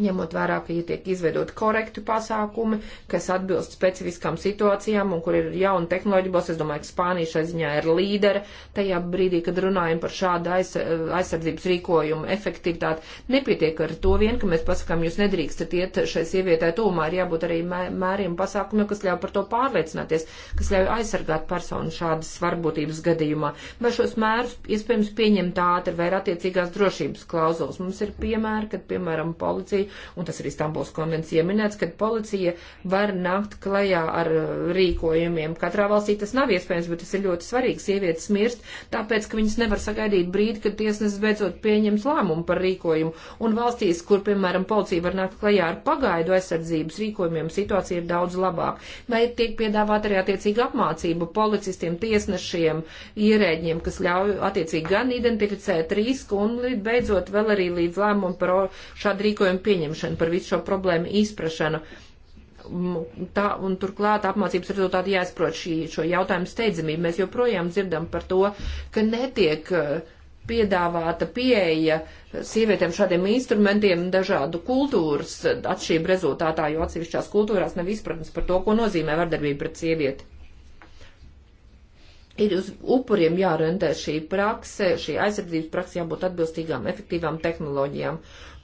Speaker 3: ņemot vērā, ka ja tiek izveidot korektu pasākumi, kas atbilst specifiskām situācijām un kur ir jauna tehnoloģija, es domāju, ka Spānija šai ziņā ir līdere. Tajā brīdī, kad runājam par šādu aizsardzības rīkojumu efektivitāti, nepietiek ar to vien, ka mēs pasakām, jūs nedrīkstat iet šai sievietai tūmā, ir jābūt arī mēriem pasākumiem, kas ļauj par to pārliecināties, kas ļauj aizsargāt personu šādas svarbūtības gadījumā. Vai šos mērus iespējams pieņemt ātri vai ir attiecīgās drošības klauzulas? Mums ir piemēri, kad, piemēram, policija policiju, un tas ir Istambuls konvencija minēts, kad policija var nākt klajā ar uh, rīkojumiem. Katrā valstī tas nav iespējams, bet tas ir ļoti svarīgi. Sievietes mirst, tāpēc, ka viņas nevar sagaidīt brīdi, kad tiesnesis beidzot pieņems lēmumu par rīkojumu. Un valstīs, kur, piemēram, policija var nākt klajā ar pagaidu aizsardzības rīkojumiem, situācija ir daudz labāka. Vai tiek piedāvāta arī attiecīga apmācība policistiem, tiesnešiem, ierēģiem, kas ļauj attiecīgi gan identificēt risku un, beidzot, vēl arī līdz lēmumu par šādu rīkojumu pieņemšanu pieņemšanu, par visu šo problēmu izprašanu. Tā, un turklāt apmācības rezultāti jāizprot šī, šo jautājumu steidzamību. Mēs joprojām dzirdam par to, ka netiek uh, piedāvāta pieeja sievietēm šādiem instrumentiem dažādu kultūras atšķību rezultātā, jo atsevišķās kultūrās nav izpratnes par to, ko nozīmē vardarbība pret sievieti ir uz upuriem jārendē šī prakse, šī aizsardzības prakse jābūt atbilstīgām, efektīvām tehnoloģijām.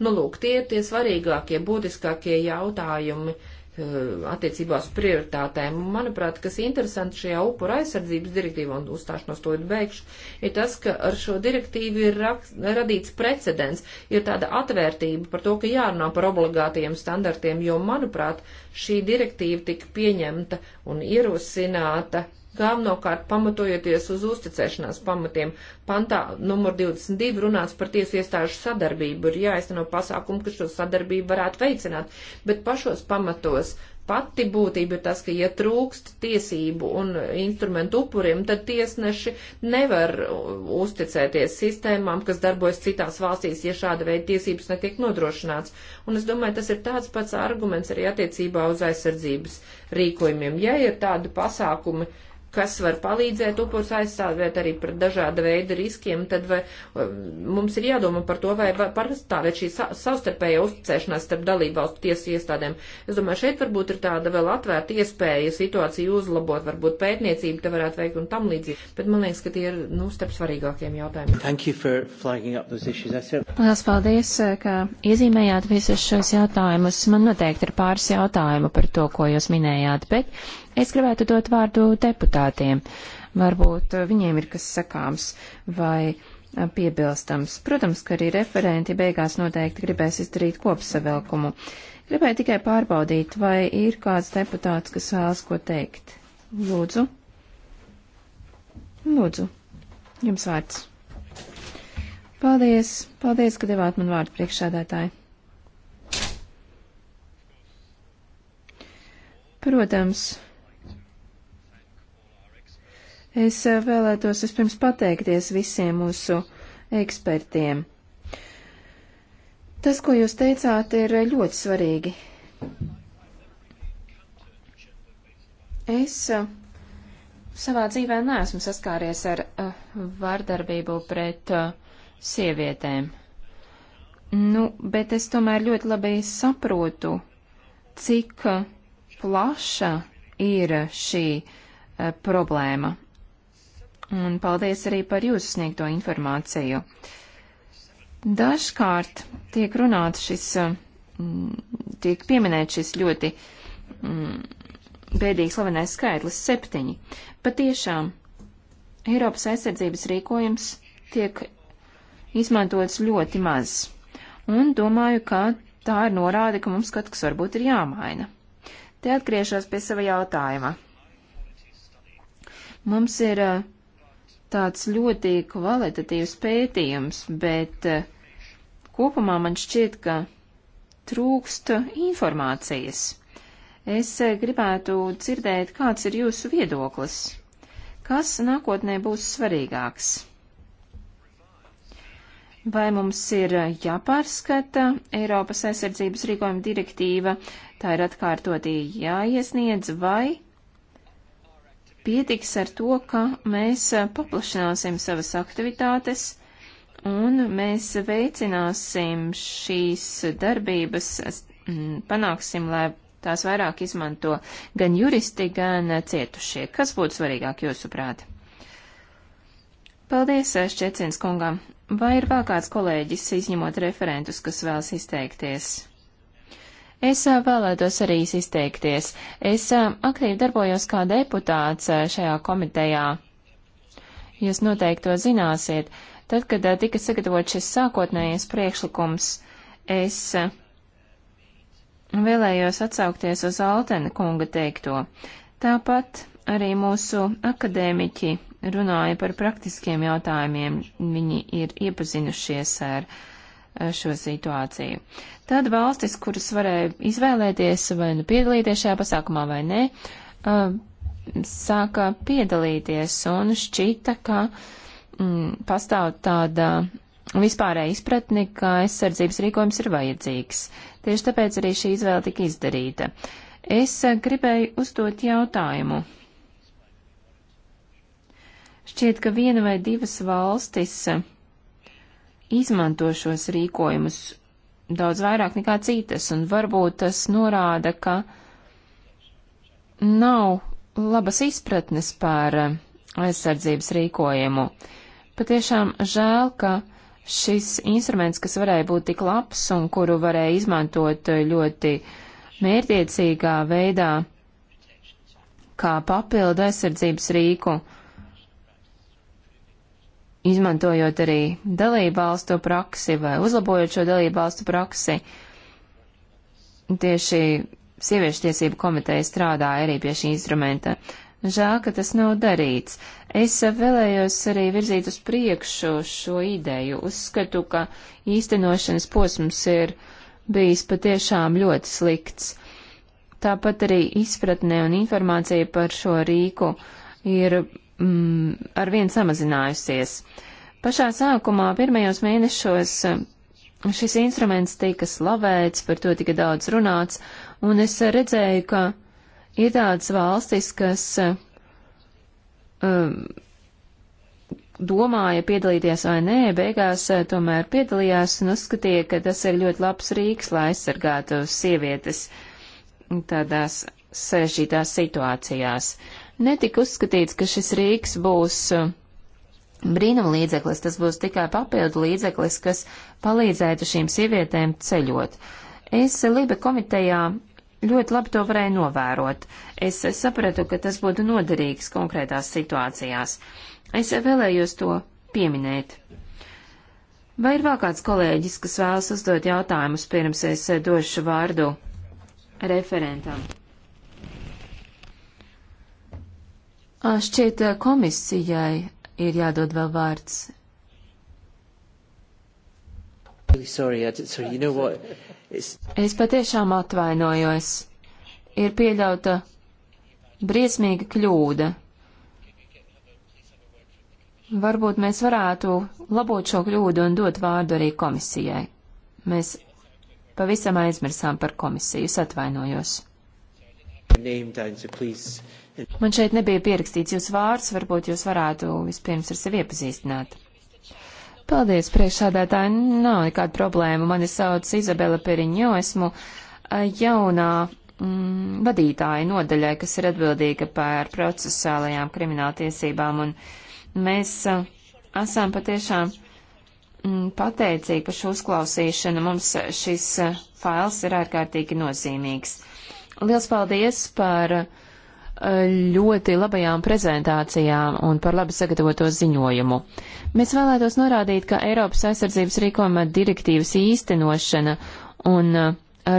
Speaker 3: Nu, lūk, tie ir tie svarīgākie, būtiskākie jautājumi eh, attiecībās prioritātēm. Un, manuprāt, kas interesanti šajā upura aizsardzības direktīvā, un uzstāšanos to ir beigšu, ir tas, ka ar šo direktīvu ir raks, radīts precedents, ir tāda atvērtība par to, ka jārunā par obligātajiem standartiem, jo, manuprāt, šī direktīva tika pieņemta un ierosināta galvenokārt pamatojoties uz uzticēšanās pamatiem. Pantā numur 22 runāts par tiesu iestāžu sadarbību, ir jāizteno pasākumu, ka šo sadarbību varētu veicināt, bet pašos pamatos pati būtība ir tas, ka, ja trūkst tiesību un instrumentu upuriem, tad tiesneši nevar uzticēties sistēmām, kas darbojas citās valstīs, ja šāda veida tiesības netiek nodrošināts. Un es domāju, tas ir tāds pats arguments arī attiecībā uz aizsardzības rīkojumiem. Ja ir tādi pasākumi, uh, kas var palīdzēt upurus aizstāvēt arī par dažāda veida riskiem, tad vai, um, mums ir jādomā par to, vai pastāvēt šī sa savstarpējā uzticēšanās starp dalībvalstu tiesu iestādēm. Es domāju, šeit varbūt ir tāda vēl atvērta iespēja situāciju uzlabot, varbūt pētniecību te varētu veikt un tam līdzīgi, bet man liekas, ka tie ir, nu, starp svarīgākiem jautājumiem.
Speaker 2: Lielas paldies, eh, ka iezīmējāt visus šos jautājumus. Man noteikti ir pāris jautājumu par to, ko jūs minējāt, bet Es gribētu dot vārdu deputātiem. Varbūt eh, viņiem ir kas sakāms vai eh, piebilstams. Protams, ka arī referenti beigās noteikti gribēs izdarīt kopsavilkumu. Gribēju tikai pārbaudīt, vai ir kāds deputāts, kas vēlas ko teikt. Lūdzu. Lūdzu. Jums vārds. Paldies. Paldies, ka devāt man vārdu priekšsēdētāji. Protams, Es eh, vēlētos vispirms pateikties visiem mūsu ekspertiem. Tas, ko jūs teicāt, ir ļoti svarīgi. Es eh, savā dzīvē neesmu saskāries ar eh, vardarbību pret sievietēm. Nu, bet es tomēr ļoti labi saprotu, cik plaša ir šī problēma un paldies arī par jūsu sniegto informāciju. Dažkārt tiek runāts šis, mm, tiek pieminēts šis ļoti mm, bēdīgi slavenais skaitlis - septiņi. Patiešām Eiropas aizsardzības rīkojums tiek izmantots ļoti maz, un domāju, ka tā ir norāde, ka mums kaut kas varbūt ir jāmaina. Te atgriežos pie sava jautājuma. Mums ir uh, tāds ļoti kvalitatīvs pētījums, bet eh, kopumā man šķiet, ka trūkst informācijas. Es eh, gribētu dzirdēt, kāds ir jūsu viedoklis. Kas nākotnē būs svarīgāks? Vai mums ir jāpārskata Eiropas aizsardzības rīkojuma direktīva, tā ir atkārtotī jāiesniedz, vai pietiks ar to, ka mēs eh, paplašināsim savas aktivitātes un mēs veicināsim šīs darbības, mm, panāksim, lai tās vairāk izmanto gan juristi, gan cietušie. Kas būtu svarīgāk jūsuprāt? Paldies, eh, Šķecins kungam. Vai ir vēl kāds kolēģis, izņemot referentus, kas vēlas izteikties? Es vēlētos arī izteikties. Es aktīvi darbojos kā deputāts šajā komitejā. Jūs noteikti to zināsiet. Tad, kad tika sagatavots šis sākotnējais priekšlikums, es vēlējos atsaukties uz Altena kunga teikto. Tāpat arī mūsu akadēmiķi runāja par praktiskiem jautājumiem. Viņi ir iepazinušies ar uh, Eh, šo situāciju. Tad valstis, kuras varēja izvēlēties vai nu piedalīties šajā pasākumā vai nē, eh, sāka piedalīties un šķita, ka mm, pastāv tāda vispārēja izpratne, ka aizsardzības rīkojums ir vajadzīgs. Tieši tāpēc arī šī izvēle tika izdarīta. Es eh, gribēju uzdot jautājumu. Šķiet, ka viena vai divas valstis izmanto šos rīkojumus daudz vairāk nekā citas, un varbūt tas norāda, ka nav labas izpratnes par eh, aizsardzības rīkojumu. Patiešām žēl, ka šis instruments, kas varēja būt tik labs un kuru varēja izmantot eh, ļoti mērtiecīgā veidā kā papildu aizsardzības rīku, uh, izmantojot arī dalībvalstu praksi vai uzlabojot šo dalībvalstu praksi. Tieši sieviešu tiesību komiteja strādāja arī pie šī instrumenta. Žēl, ka tas nav darīts. Es vēlējos arī virzīt uz priekšu šo ideju. Uzskatu, ka īstenošanas posms ir bijis patiešām ļoti slikts. Tāpat arī izpratne un informācija par šo rīku ir mm, ar vien samazinājusies. Pašā sākumā, pirmajos mēnešos, eh, šis instruments tika slavēts, par to tika daudz runāts, un es eh, redzēju, ka ir tādas valstis, kas eh, um, domāja piedalīties vai nē, beigās tomēr piedalījās un uzskatīja, ka tas ir ļoti labs rīks, lai aizsargātu sievietes tādās sarežģītās situācijās. Uh, netika uzskatīts, ka šis rīks būs uh, brīnuma līdzeklis, tas būs tikai papildu līdzeklis, kas palīdzētu šīm sievietēm ceļot. Es Libe komitejā ļoti labi to varēju novērot. Es sapratu, ka tas būtu noderīgs konkrētās situācijās. Es vēlējos to pieminēt. Vai ir vēl kāds kolēģis, kas vēlas uzdot jautājumus pirms es došu vārdu referentam? Šķiet, eh, komisijai ir jādod vēl vārds.
Speaker 1: Sorry, sorry, you know what? It's...
Speaker 2: Es patiešām atvainojos. Ir pieļauta briesmīga kļūda. Varbūt mēs varētu labot šo kļūdu un dot vārdu arī komisijai. Mēs pavisam aizmirsām par komisiju. Es atvainojos.
Speaker 1: Name down, so
Speaker 2: please Man šeit nebija pierakstīts jūsu vārds, varbūt jūs varētu vispirms ar sevi iepazīstināt. Paldies, priekšādātāji, nav nekāda problēma. Mani sauc Izabela Periņo, esmu jaunā mm, vadītāja nodaļai, kas ir atbildīga par procesālajām krimināltiesībām, un mēs a, esam patiešām mm, pateicīgi par šo uzklausīšanu. Mums šis a, fails ir ārkārtīgi nozīmīgs. Liels paldies par uh, ļoti labajām prezentācijām un par labi sagatavoto ziņojumu. Mēs vēlētos norādīt, ka Eiropas aizsardzības rīkojuma direktīvas īstenošana un uh,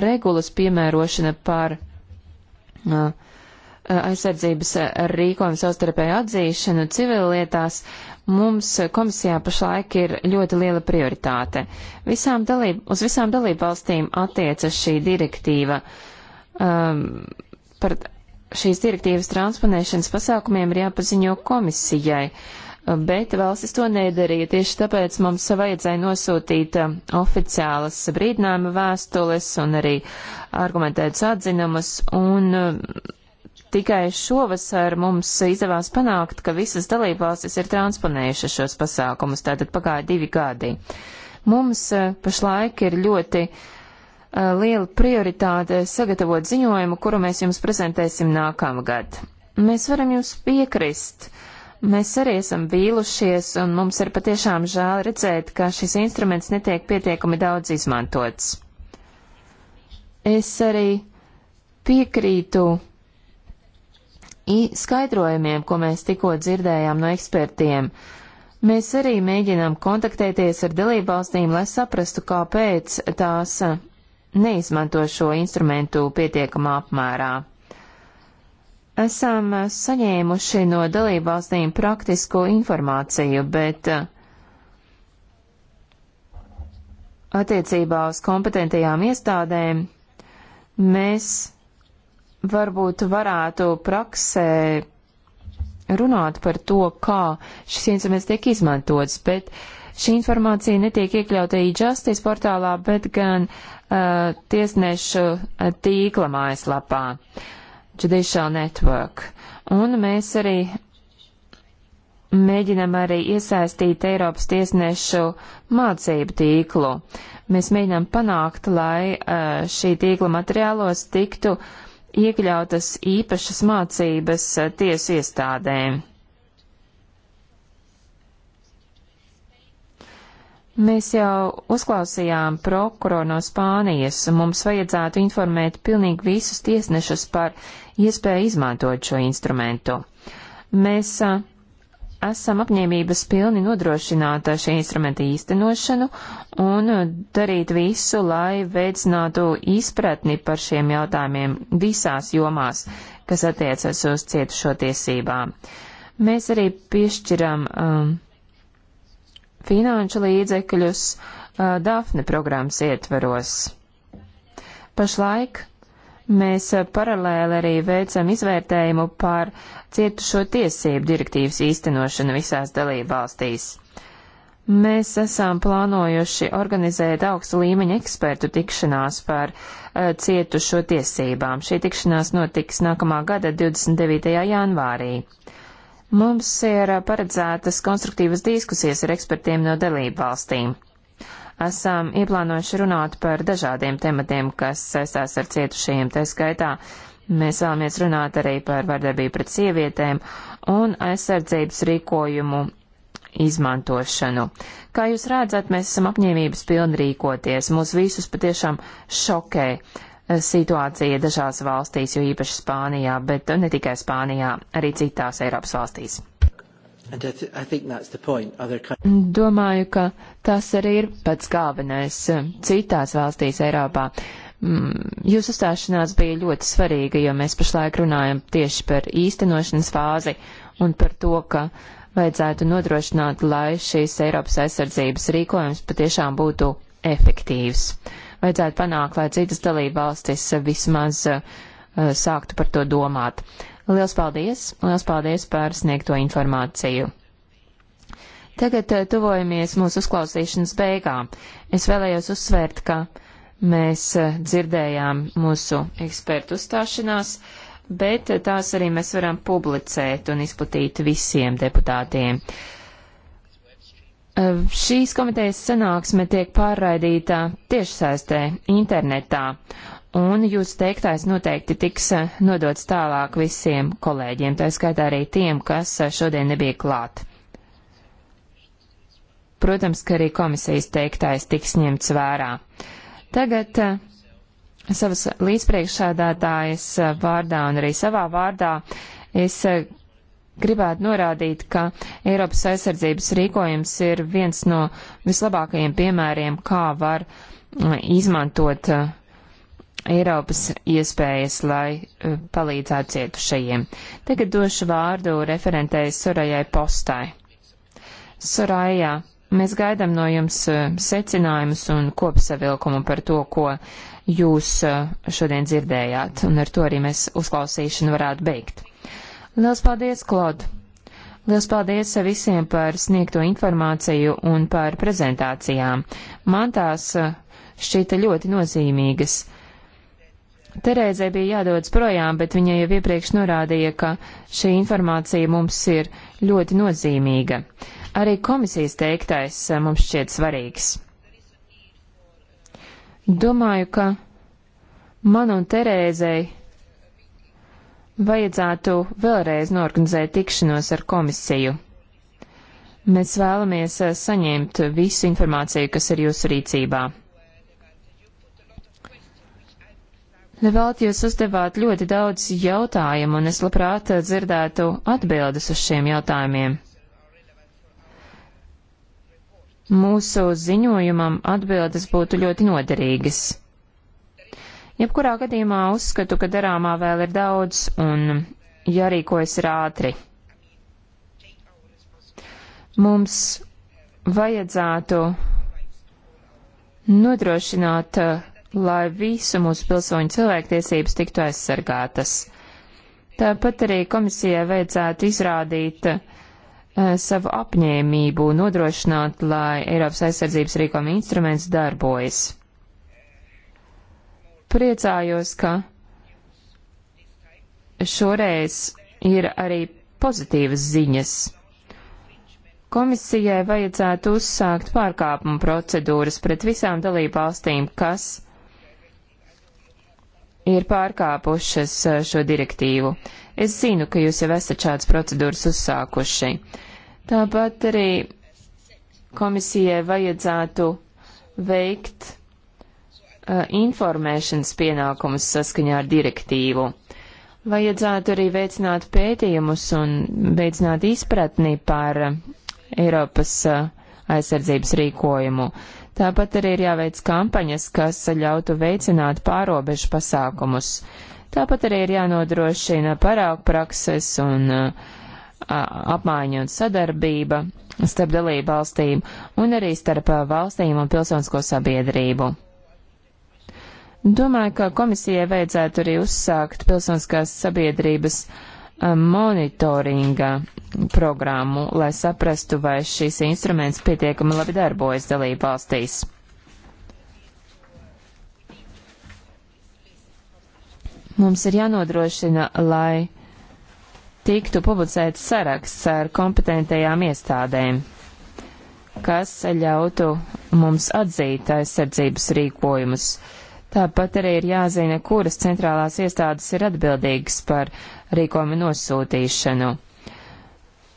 Speaker 2: regulas piemērošana par uh, aizsardzības rīkojumu savstarpēju atzīšanu civilietās mums komisijā pašlaik ir ļoti liela prioritāte. Visām dalību, uz visām dalību valstīm attiecas šī direktīva. Um, par šīs direktīvas transponēšanas pasākumiem ir jāpaziņo komisijai, bet valstis to nedarīja. Tieši tāpēc mums vajadzēja nosūtīt um, oficiālas brīdinājuma vēstules un arī argumentētas atzinumus, un um, tikai šovasar mums izdevās panākt, ka visas dalībvalstis ir transponējušas šos pasākumus, tātad pagāja divi gadi. Mums uh, pašlaik ir ļoti uh, Uh, liela prioritāte sagatavot ziņojumu, kuru mēs jums prezentēsim nākamgad. Mēs varam jums piekrist. Mēs arī esam vīlušies, un mums ir patiešām žēl redzēt, ka šis instruments netiek pietiekami daudz izmantots. Es arī piekrītu skaidrojumiem, ko mēs tikko dzirdējām no ekspertiem. Mēs arī mēģinām kontaktēties ar dalībvalstīm, lai saprastu, kāpēc tās neizmanto šo instrumentu pietiekamā apmērā. Esam saņēmuši no dalībvalstīm praktisko informāciju, bet uh, attiecībā uz kompetentajām iestādēm mēs varbūt varētu praksē runāt par to, kā šis instruments tiek izmantots, bet šī informācija netiek iekļauta e-justice portālā, bet gan Uh, tiesnešu uh, tīkla mājaslapā Judicial Network. Un mēs arī mēģinam arī iesaistīt Eiropas tiesnešu mācību tīklu. Mēs mēģinām panākt, lai uh, šī tīkla materiālos tiktu iekļautas īpašas mācības tiesu iestādēm. Mēs jau uzklausījām prokuroru no Spānijas, un mums vajadzētu informēt pilnīgi visus tiesnešus par iespēju izmantot šo instrumentu. Mēs a, esam apņēmības pilni nodrošināt šī instrumenta īstenošanu un darīt visu, lai veicinātu izpratni par šiem jautājumiem visās jomās, kas attiecas uz cietušo tiesībām. Mēs arī piešķiram um, finanšu līdzekļus Dafne programmas ietveros. Pašlaik Mēs paralēli arī veicam izvērtējumu par cietušo tiesību direktīvas īstenošanu visās dalībvalstīs. Mēs esam plānojuši organizēt augsta līmeņa ekspertu tikšanās par uh, cietušo tiesībām. Šī tikšanās notiks nākamā gada 29. janvārī. Mums ir paredzētas konstruktīvas diskusijas ar ekspertiem no dalību valstīm. Esam ieplānojuši runāt par dažādiem tematiem, kas saistās ar cietušajiem, tā skaitā Mēs vēlamies runāt arī par vardarbību pret sievietēm un aizsardzības rīkojumu izmantošanu. Kā jūs redzat, mēs esam apņēmības pilni rīkoties. Mūs visus patiešām šokē situācija dažās valstīs, jo īpaši Spānijā, bet ne tikai Spānijā, arī citās Eiropas valstīs. I th I kind... Domāju, ka tas arī ir pats galvenais um, citās valstīs Eiropā. Mm, jūsu uzstāšanās bija ļoti svarīga, jo mēs pašlaik runājam tieši par īstenošanas fāzi un par to, ka vajadzētu nodrošināt, lai šīs Eiropas aizsardzības rīkojums patiešām būtu efektīvs. Uh, vajadzētu panākt, lai citas dalībvalstis vismaz uh, sāktu par to domāt. Liels paldies! Liels paldies par sniegto informāciju! Tagad uh, tuvojamies mūsu uzklausīšanas beigām. Es vēlējos uzsvērt, ka mēs uh, dzirdējām mūsu ekspertu uzstāšanās, bet tās arī mēs varam publicēt un izplatīt visiem deputātiem. Uh, Šīs komitejas sanāksme tiek pārraidīta tiešsaistē, internetā, un jūsu teiktais noteikti tiks eh, nodots tālāk visiem kolēģiem, tā skaitā arī tiem, kas eh, šodien nebija klāt. Protams, ka arī komisijas teiktais tiks ņemts vērā. Tagad eh, savas līdzpriekšādātājas vārdā un arī savā vārdā es gribētu norādīt, ka Eiropas aizsardzības rīkojums ir viens no vislabākajiem piemēriem, kā var mm, izmantot eh, Eiropas iespējas, lai eh, palīdzētu cietušajiem. Tagad došu vārdu referentēji Sorajai Postai. Sorajā, mēs gaidām no jums eh, secinājumus un kopsavilkumu par to, ko jūs šodien dzirdējāt, un ar to arī mēs uzklausīšanu varētu beigt. Liels paldies, Klod! Liels paldies visiem par sniegto informāciju un par prezentācijām. Man tās eh, šķita ļoti nozīmīgas. Terēzē bija jādodas projām, bet viņa jau iepriekš norādīja, ka šī informācija mums ir ļoti nozīmīga. Arī komisijas teiktais eh, mums šķiet svarīgs. Domāju, ka man un Terēzei vajadzētu vēlreiz norganizēt tikšanos ar komisiju. Mēs vēlamies eh, saņemt visu informāciju, kas ir jūsu rīcībā. Levalt, jūs uzdevāt ļoti daudz jautājumu, un es labprāt eh, dzirdētu atbildes uz šiem jautājumiem. Mūsu ziņojumam atbildes būtu ļoti noderīgas. Jebkurā gadījumā uzskatu, ka darāmā vēl ir daudz un jārīkojas ir ātri. Mums vajadzētu nodrošināt, lai visu mūsu pilsoņu cilvēktiesības tiktu aizsargātas. Tāpat arī komisijai vajadzētu izrādīt uh, savu apņēmību nodrošināt, lai Eiropas aizsardzības rīkojuma instruments darbojas priecājos, ka šoreiz ir arī pozitīvas ziņas. Komisijai vajadzētu uzsākt pārkāpumu procedūras pret visām dalībvalstīm, kas ir pārkāpušas uh, šo direktīvu. Es zinu, ka jūs jau esat šādas procedūras uzsākuši. Tāpat arī komisijai vajadzētu veikt informēšanas pienākumus saskaņā ar direktīvu. Vajadzētu arī veicināt pētījumus un veicināt izpratni par Eiropas aizsardzības rīkojumu. Tāpat arī ir jāveic kampaņas, kas ļautu veicināt pārobežu pasākumus. Tāpat arī ir jānodrošina parāku prakses un uh, apmaiņa un sadarbība starp dalību valstīm un arī starp valstīm un pilsonsko sabiedrību. Domāju, ka komisijai vajadzētu arī uzsākt pilsoniskās sabiedrības eh, monitoringa programmu, lai saprastu, vai šis instruments pietiekami labi darbojas dalību valstīs. Mums ir jānodrošina, lai tiktu publicēts saraksts ar kompetentajām iestādēm, kas ļautu mums atzīt aizsardzības rīkojumus. Uh, Tāpat arī ir jāzina, kuras centrālās iestādes ir atbildīgas par rīkojumu nosūtīšanu.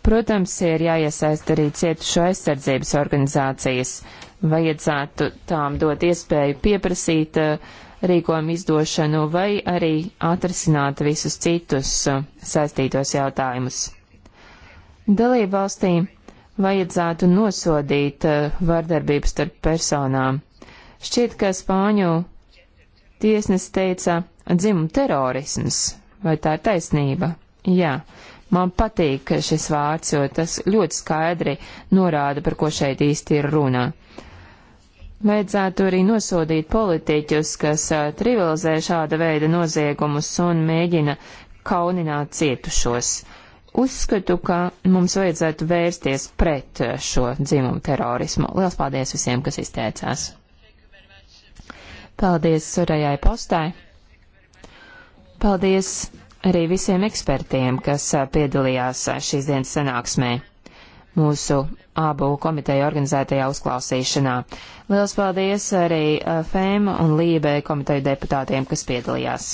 Speaker 2: Protams, ir jāiesaist arī cietušo aizsardzības organizācijas. Vajadzētu tām dot iespēju pieprasīt eh, rīkojumu izdošanu vai arī atrisināt visus citus eh, saistītos jautājumus. Dalību valstīm vajadzētu nosodīt eh, vardarbības starp personām. Šķiet, ka Spāņu Tiesnesis teica dzimumu terorisms, vai tā ir taisnība? Jā, man patīk šis vārds, jo tas ļoti skaidri norāda, par ko šeit īsti ir runā. Vajadzētu arī nosodīt politiķus, kas trivializē šāda veida noziegumus un mēģina kaunināt cietušos. Uzskatu, ka mums vajadzētu vērsties pret šo dzimumu terorismu. Lielas paldies visiem, kas izteicās! Paldies Sorajai Postai. Paldies arī visiem ekspertiem, kas piedalījās šīs dienas sanāksmē mūsu abu komiteju organizētajā uzklausīšanā. Liels paldies arī FEM un LībE komiteju deputātiem, kas piedalījās.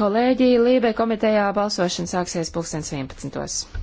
Speaker 2: Kolēģi, Lībe komitejā balsošana sāksies 2011.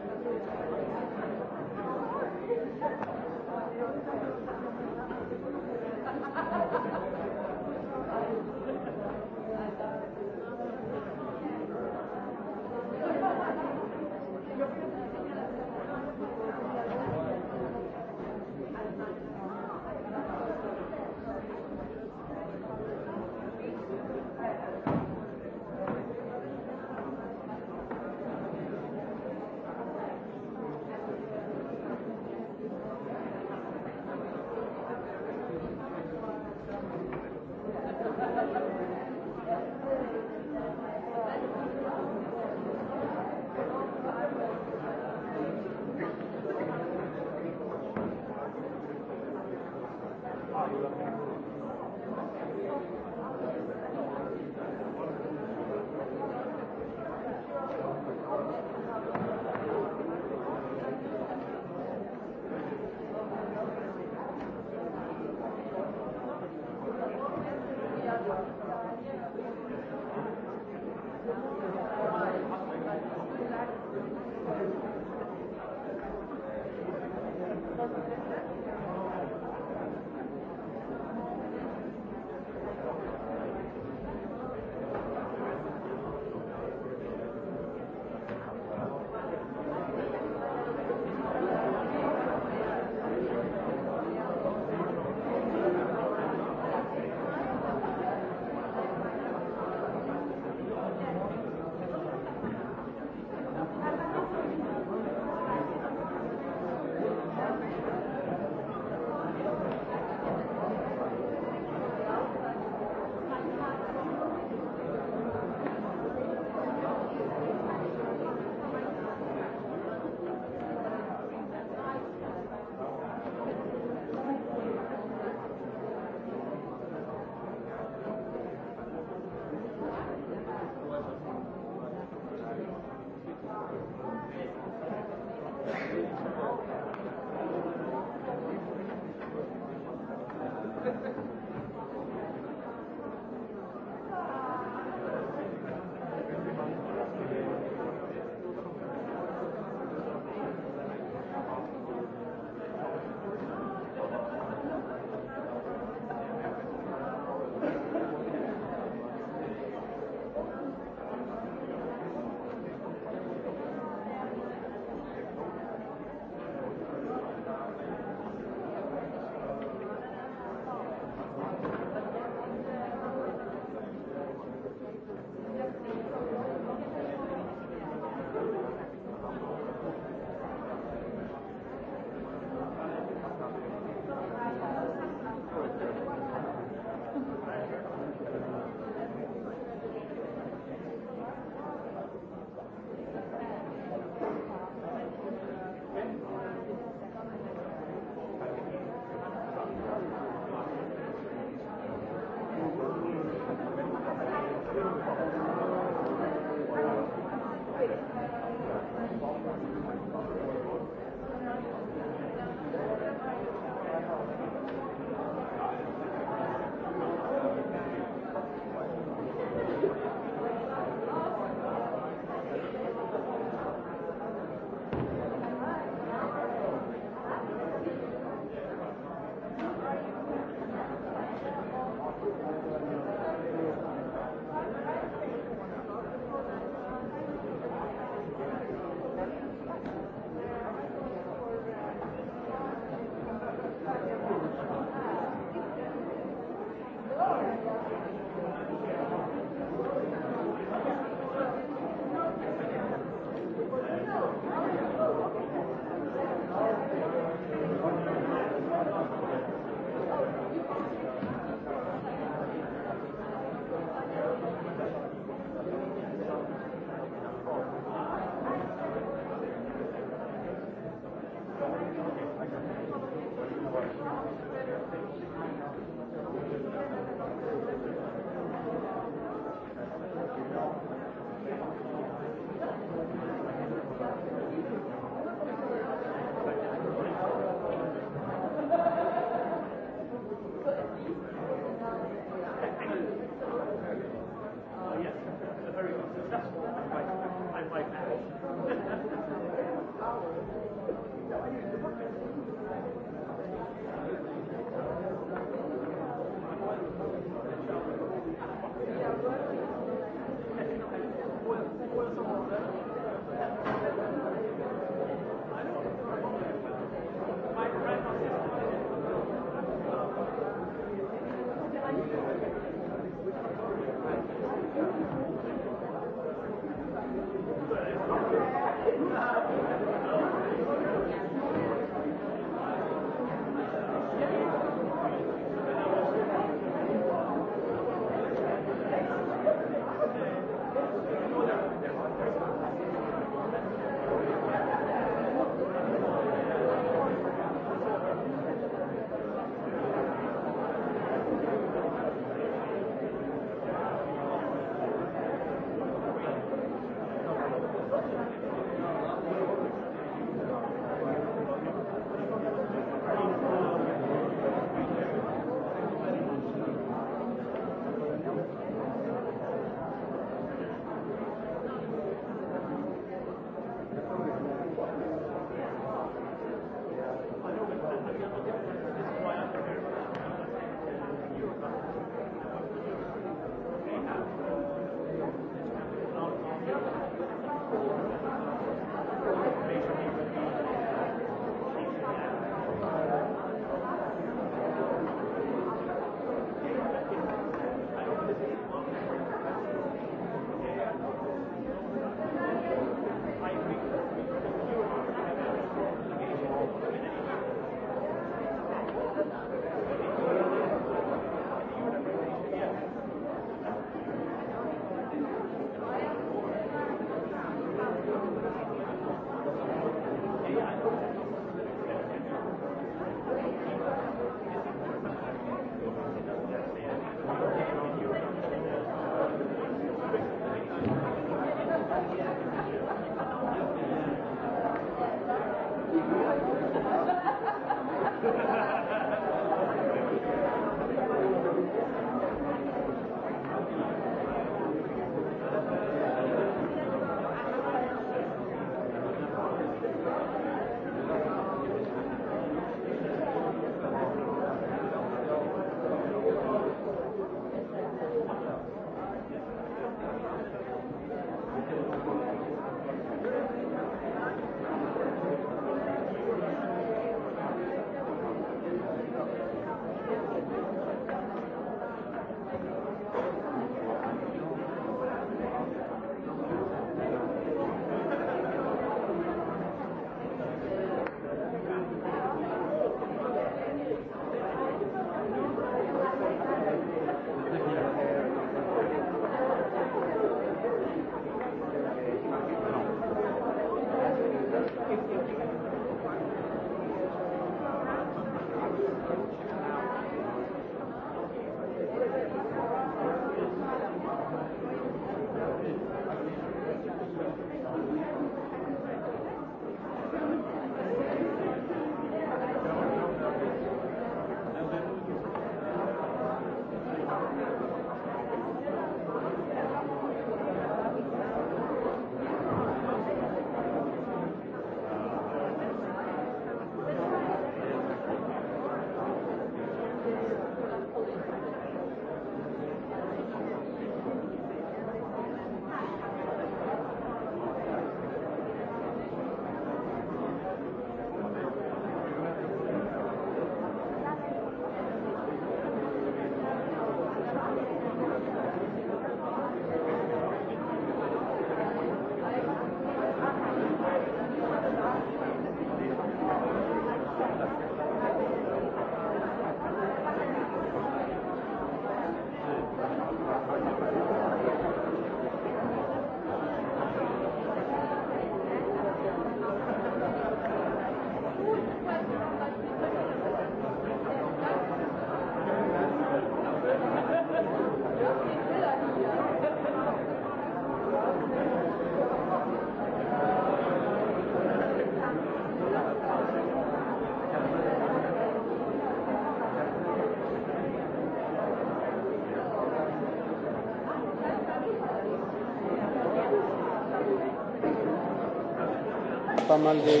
Speaker 6: mal de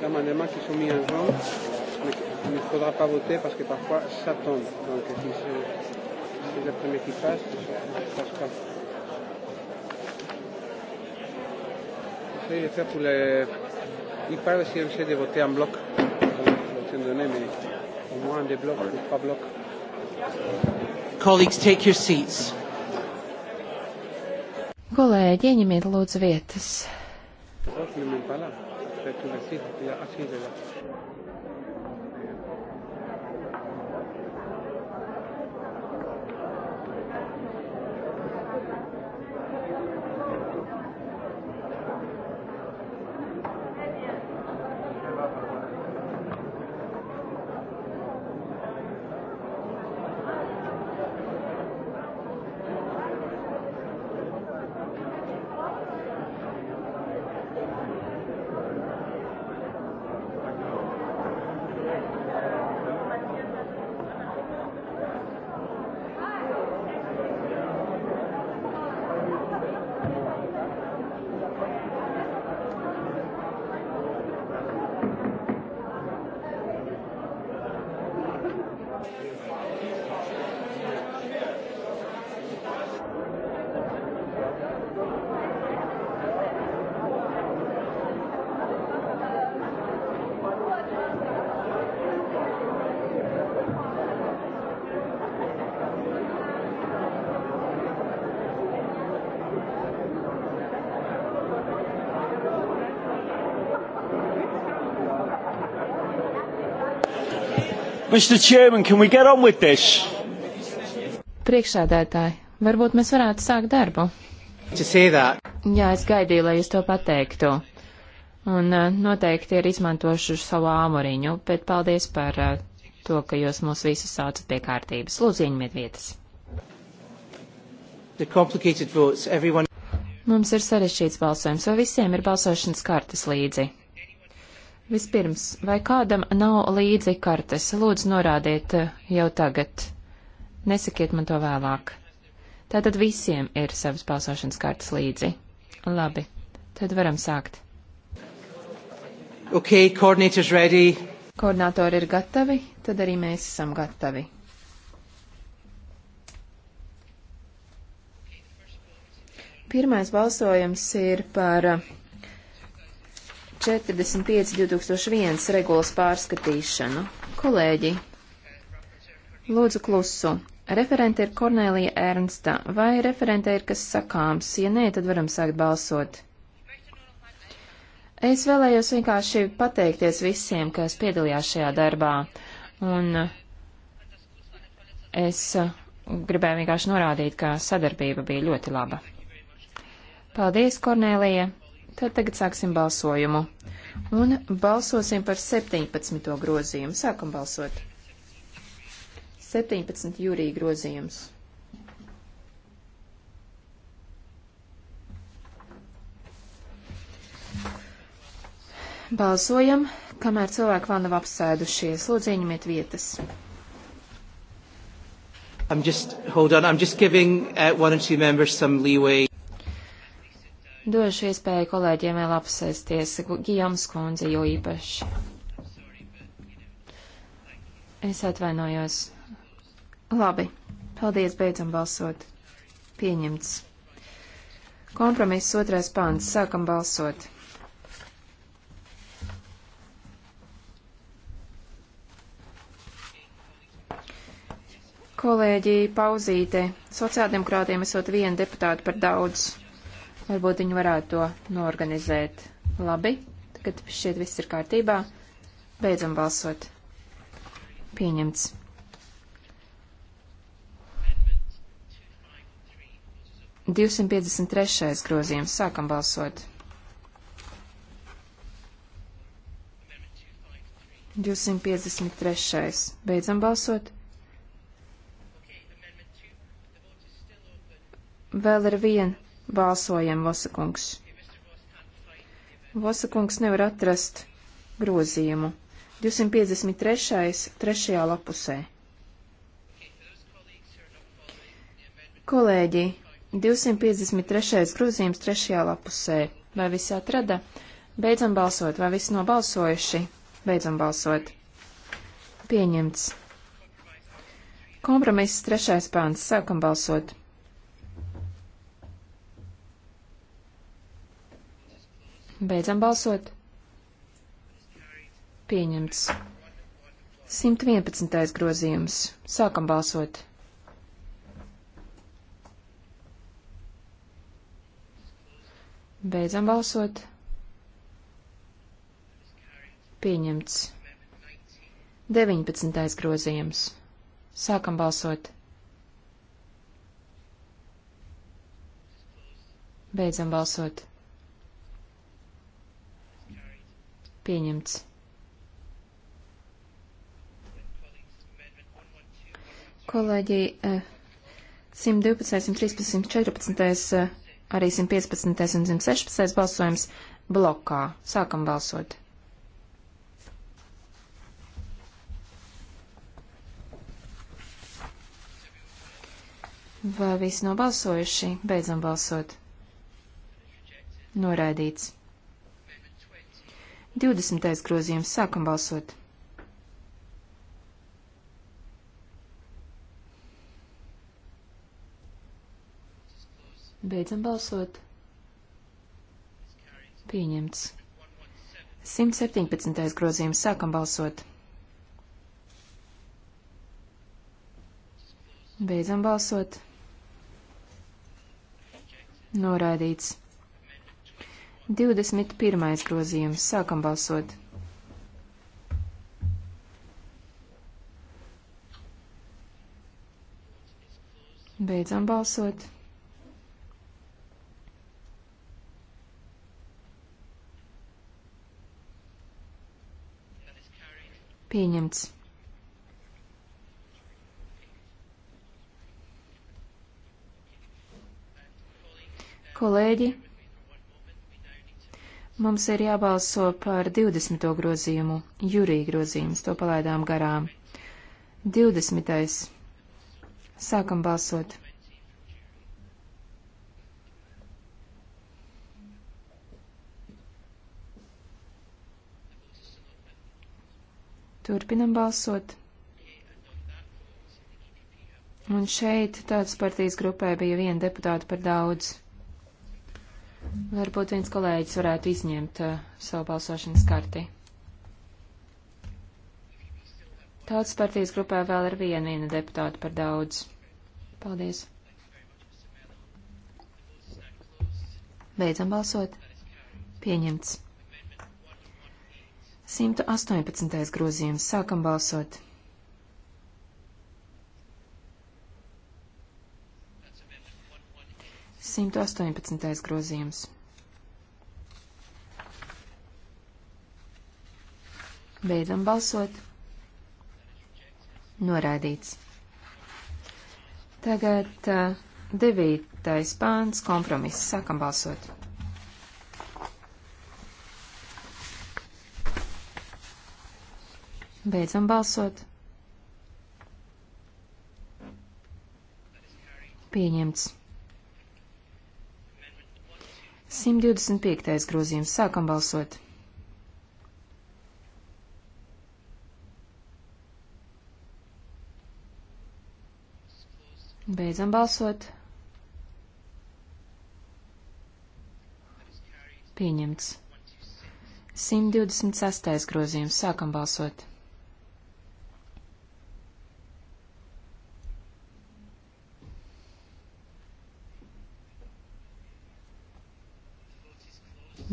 Speaker 6: d'amendements qui sont mis en jaune, mais il ne faudra pas voter parce que parfois ça tombe. Donc si c'est si le
Speaker 1: premier qui passe, ça ne passe pas.
Speaker 6: J'essaie de faire pour les... Il parle si on essaie de voter en bloc, étant donné, mais au moins des blocs ou trois blocs.
Speaker 1: Colleagues, take your seats.
Speaker 2: Kolēģi, ieņemiet lūdzu vietas.
Speaker 1: Clemen Pala, peut-être qu'il va s'y, il a assez de là.
Speaker 5: Mr. Chairman, can we get on with this?
Speaker 2: Priekšsēdētāji, varbūt mēs varētu sākt darbu.
Speaker 5: Jā,
Speaker 2: es gaidīju, lai jūs to pateiktu. Un eh, noteikti ir izmantošu savu āmuriņu, bet paldies par eh, to, ka jūs mūs visus saucat pie kārtības. Lūdzu, ieņemiet vietas.
Speaker 1: Votes, everyone...
Speaker 2: Mums ir sarešķīts balsojums, vai visiem ir balsošanas kartes līdzi? Vispirms, vai kādam nav līdzi kartes? Lūdzu, norādiet eh, jau tagad. Nesakiet man to vēlāk. Tātad visiem ir savas balsošanas kartes līdzi. Labi, tad varam sākt. Ok, coordinators ready. Koordinātori ir gatavi, tad arī mēs esam gatavi. Pirmais balsojums ir par eh, 45.2001 regulas pārskatīšanu. Kolēģi, lūdzu klusu. Referente ir Kornēlija Ernsta. Vai referente ir kas sakāms? Ja nē, tad varam sākt balsot. Es vēlējos vienkārši pateikties visiem, kas piedalījās šajā darbā. Un es uh, gribēju vienkārši norādīt, ka sadarbība bija ļoti laba. Paldies, Kornēlija! Tad tagad sāksim balsojumu. Un balsosim par 17. grozījumu. Sākam balsot. 17 jūrī grozījums. Balsojam, kamēr cilvēki vēl nav apsēdušies. Lūdzu, ieņemiet vietas.
Speaker 1: I'm just, hold on, I'm just giving uh, one or two members some leeway.
Speaker 2: Došu iespēju kolēģiem vēl apsēsties, Gijams kundze jo īpaši. Es atvainojos. Labi, paldies, beidzam balsot. Pieņemts. Kompromiss otrais pāns. Sākam balsot. Kolēģi, pauzīte. Sociāldemokrātiem esot vienu deputātu par daudz. Varbūt viņi varētu to norganizēt. Labi, tagad šķiet viss ir kārtībā. Beidzam balsot. Pieņemts. Divsimt piecdesmit trešais grozījums. Sākam balsot. 253. Beidzam balsot. Vēl ar vienu Balsojam, Vosakungs. Vosakungs nevar atrast grozījumu. 253. trešajā lapusē. Kolēģi, 253. grozījums trešajā lapusē. Vai visi atrada? Beidzam balsot. Vai visi nobalsojuši? Beidzam balsot. Pieņemts. Kompromiss trešais pāns. Sākam balsot. Beidzam balsot. Pieņemts. 111. grozījums. Sākam balsot. Beidzam balsot. Pieņemts. 19. grozījums. Sākam balsot. Beidzam balsot. Pieņemts. Kolēģi, 112, 113, 114, arī 115 un 116 balsojums blokā. Sākam balsot. Vai visi nobalsojuši? Beidzam balsot. Noraidīts. 20. grozījums. Sākam balsot. Beidzam balsot. Pieņemts. 117. grozījums. Sākam balsot. Beidzam balsot. Noraidīts. 21. grozījums. Sākam balsot. Beidzam balsot. Pieņemts. Kolēģi, Mums ir jābalso par 20. grozījumu, jūrī grozījums, to palaidām garām. 20. Sākam balsot. Turpinam balsot. Un šeit tāds partijas grupai bija viena deputāta par daudz. Varbūt viens kolēģis varētu izņemt uh, savu balsošanas karti. Tautas partijas grupā vēl ir viena, viena deputāta par daudz. Paldies. Beidzam balsot. Pieņemts. 118. grozījums. Sākam balsot. 118. grozījums. Beidzam balsot. Noraidīts. Tagad uh, devītais pāns kompromiss. Sākam balsot. Beidzam balsot. Pieņemts. 125. grozījums. Sākam balsot. Beidzam balsot. Pieņemts. 126. grozījums. Sākam balsot.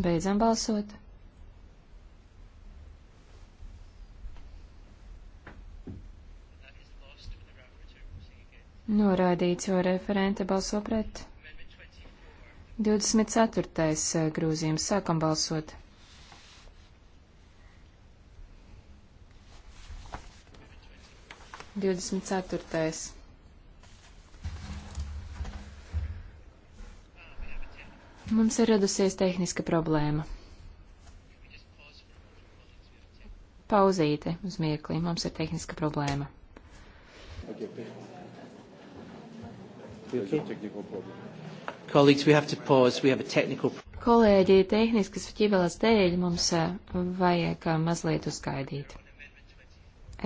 Speaker 2: Beidzam balsot. Norādīts, jo referente balso pret. 24. Eh, grūzījums. Sākam balsot. Divdesmit ceturtais. Mums ir radusies tehniska problēma. Pauzīte uz mirkli. Mums ir tehniska problēma. Okay. Kolēģi, tehniskas ķibeles dēļ mums eh, vajag eh, mazliet uzgaidīt.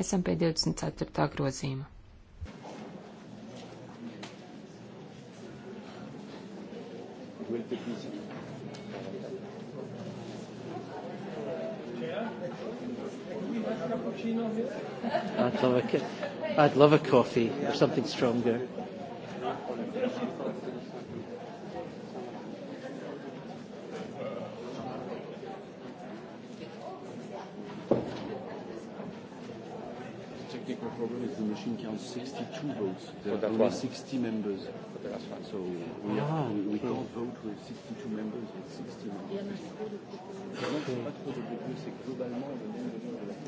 Speaker 2: Esam pie 24. grozījuma.
Speaker 6: I'd love a, I'd love a coffee or something stronger. problem is the machine counts 62 votes. There so are only one. 60 members. So that's one. So we, ah, have, we, we okay. can't vote with 62 members, with 60 members.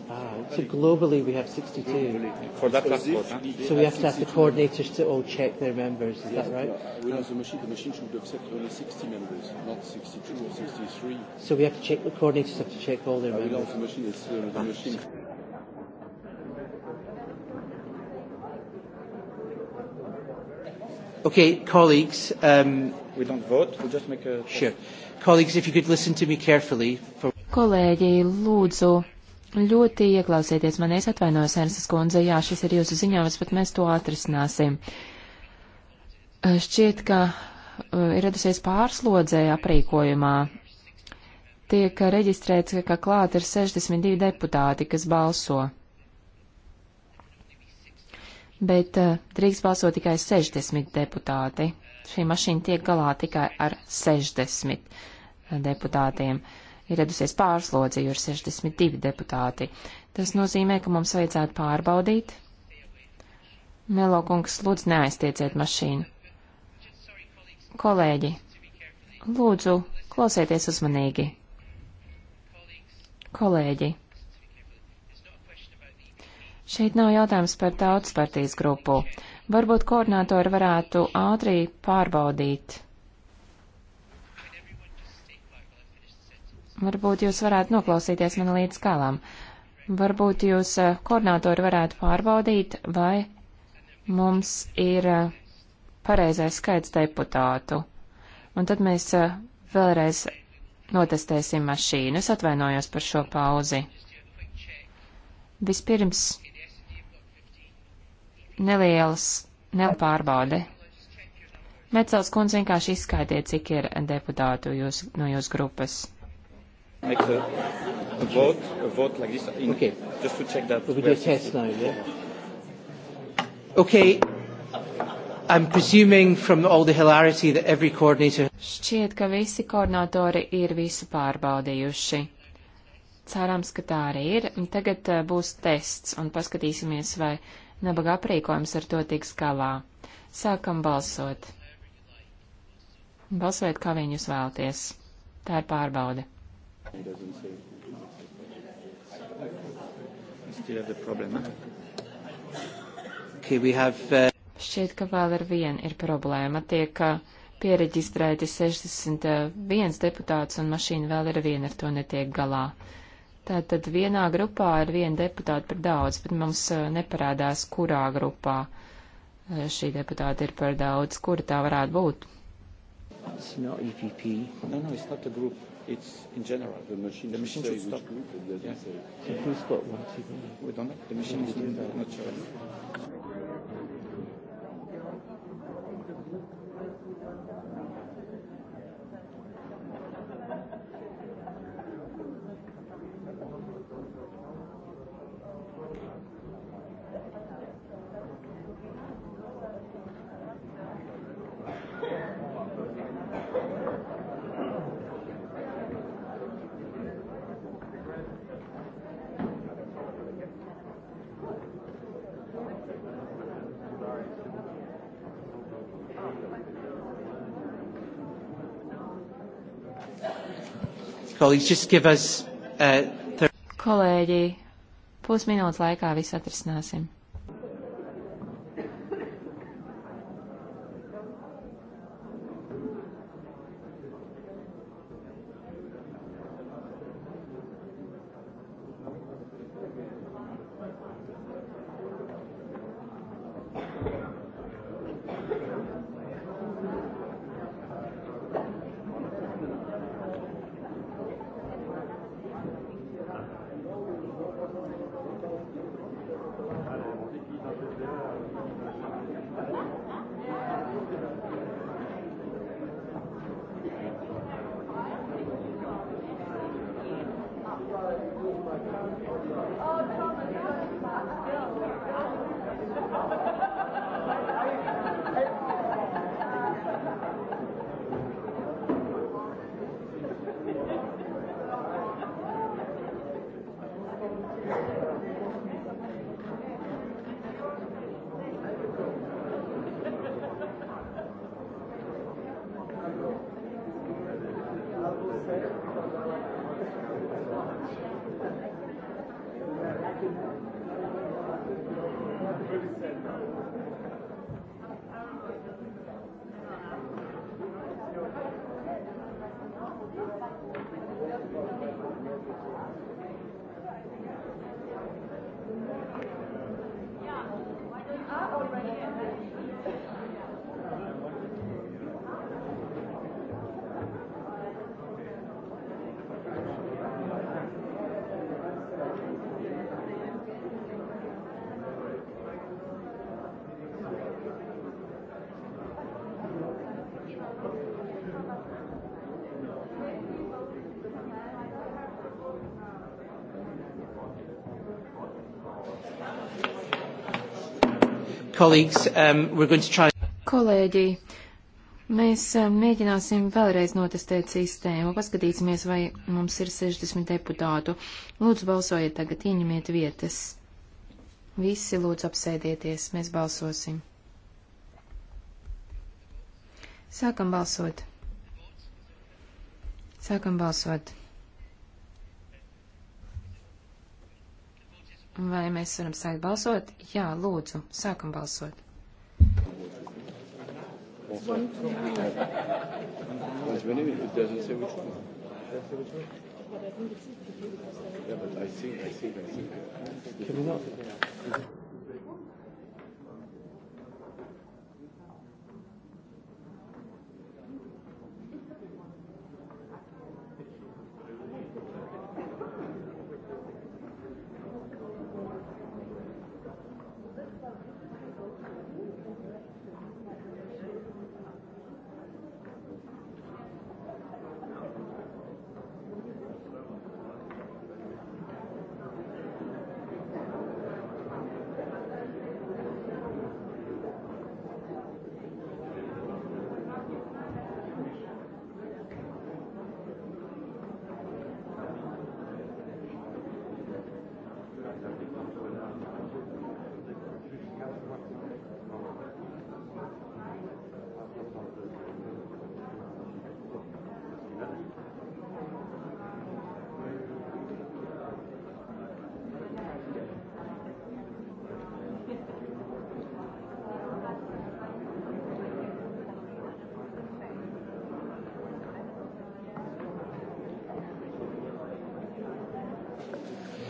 Speaker 6: Ah, okay. Ah, so globally we have 62. Globally. For that last vote, huh? So we have to ask the
Speaker 1: coordinators to all check their members, is yes, that right?
Speaker 6: No, we know the machine, the machine should accept only 60 members, not 62 or 63.
Speaker 1: So we have to check, the coordinators have to check all their uh, members. We know the
Speaker 6: machine is, uh, the machine.
Speaker 1: Okay, colleagues. Um, we don't vote, we just make a... Sure. Colleagues, if you could listen to me carefully. For...
Speaker 2: Kolēģi, lūdzu, ļoti ieklausieties man. Es atvainojos, Ernsts kundze, jā, šis ir jūsu ziņojums, bet mēs to atrisināsim. Eh, šķiet, ka eh, ir radusies pārslodzē aprīkojumā. Tiek reģistrēts, ka klāt ir 62 deputāti, kas balso bet eh, drīkst balsot tikai 60 deputāti. Šī mašīna tiek galā tikai ar 60 eh, deputātiem. Ir redusies pārslodzi, jo ir 62 deputāti. Tas nozīmē, ka mums vajadzētu pārbaudīt. Melokungs, lūdzu, neaiztieciet mašīnu. Kolēģi, lūdzu, klausieties uzmanīgi. Kolēģi. Šeit nav jautājums par tautas partijas grupu. Varbūt koordinātori varētu ātri pārbaudīt. Varbūt jūs varētu noklausīties man līdz galam. Varbūt jūs eh, koordinātori varētu pārbaudīt, vai mums ir eh, pareizais skaits deputātu. Un tad mēs eh, vēlreiz notestēsim mašīnu. Es atvainojos par šo pauzi. Vispirms nelielas nepārbaude. Mecels kundze vienkārši izskaidrie, cik ir deputātu jūs, no jūsu grupas.
Speaker 1: A, a vote, a vote like this, in, okay. Just to check that. We do a test now, yeah? Okay. I'm presuming from all the hilarity that every coordinator...
Speaker 2: Šķiet, ka visi koordinatori ir visu pārbaudījuši. Cerams, ka tā arī ir. Tagad eh, būs tests un paskatīsimies, vai nabaga aprīkojums ar to tiks galā. Sākam balsot. Balsojiet, kā viņi jūs vēlaties. Tā ir pārbaude.
Speaker 6: Okay,
Speaker 1: have, uh...
Speaker 2: Šķiet, ka vēl ar vienu ir problēma. Tiek uh, pieregistrēti 61 uh, deputāts un mašīna vēl ar vienu ar to netiek galā. Tātad vienā grupā ir viena deputāta par daudz, bet mums eh, neparādās, kurā grupā eh, šī deputāta ir par daudz, kura tā varētu būt.
Speaker 1: It's not EPP. No, no, it's not a group. It's in
Speaker 6: general. The machine, the machine should stop. Group, it doesn't yeah. say. It will stop once you go. We don't know. The machine is not showing.
Speaker 1: Colleagues, just give us, uh,
Speaker 2: Kolēģi, pusminūtes laikā visu atrisināsim.
Speaker 1: Colleagues, um, we're going to try...
Speaker 2: Kolēģi, mēs um, mēģināsim vēlreiz notestēt sistēmu, paskatīsimies, vai mums ir 60 deputātu. Lūdzu, balsojiet tagad, ieņemiet vietas. Visi lūdzu apsēdieties, mēs balsosim. Sākam balsot. Sākam balsot. mēs varam sākt balsot? Jā, lūdzu, sākam balsot.
Speaker 6: Yeah, but I think, I think, I think. Can we not?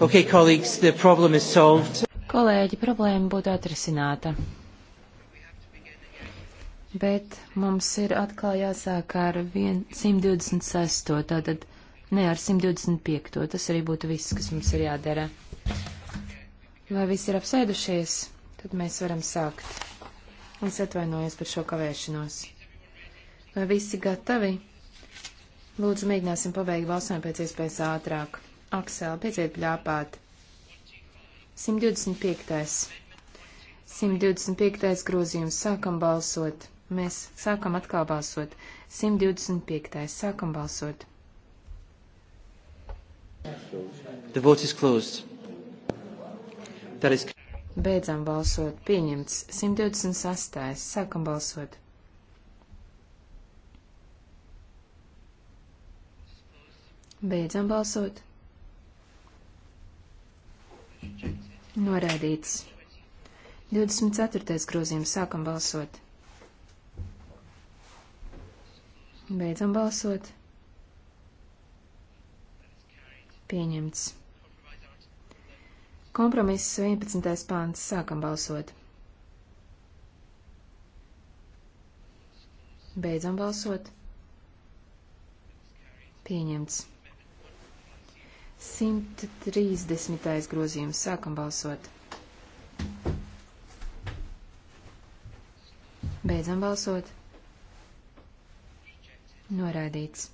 Speaker 1: Okay, colleagues, the problem is solved.
Speaker 2: Kolēģi, problēma būtu atrisināta. Bet mums ir atkal jāsāk ar 126. Tātad ne ar 125. Tas arī būtu viss, kas mums ir jādara. Vai visi ir apsēdušies, tad mēs varam sākt. Es atvainojos par šo kavēšanos. Vai visi gatavi? Lūdzu, mēģināsim pabeigt balsojumu pēc iespējas ātrāk. Aksel, beidziet bļāpāt. 125. 125. grozījums. Sākam balsot. Mēs sākam atkal balsot. 125. Sākam balsot.
Speaker 1: The vote is closed. That is...
Speaker 2: Beidzam balsot. Pieņemts. 128. Sākam balsot. Beidzam balsot. Noraidīts. 24. grozījums. Sākam balsot. Beidzam balsot. Pieņemts. Kompromiss 11. pāns. Sākam balsot. Beidzam balsot. Pieņemts. 130. grozījums. Sākam balsot. Beidzam balsot. Noraidīts.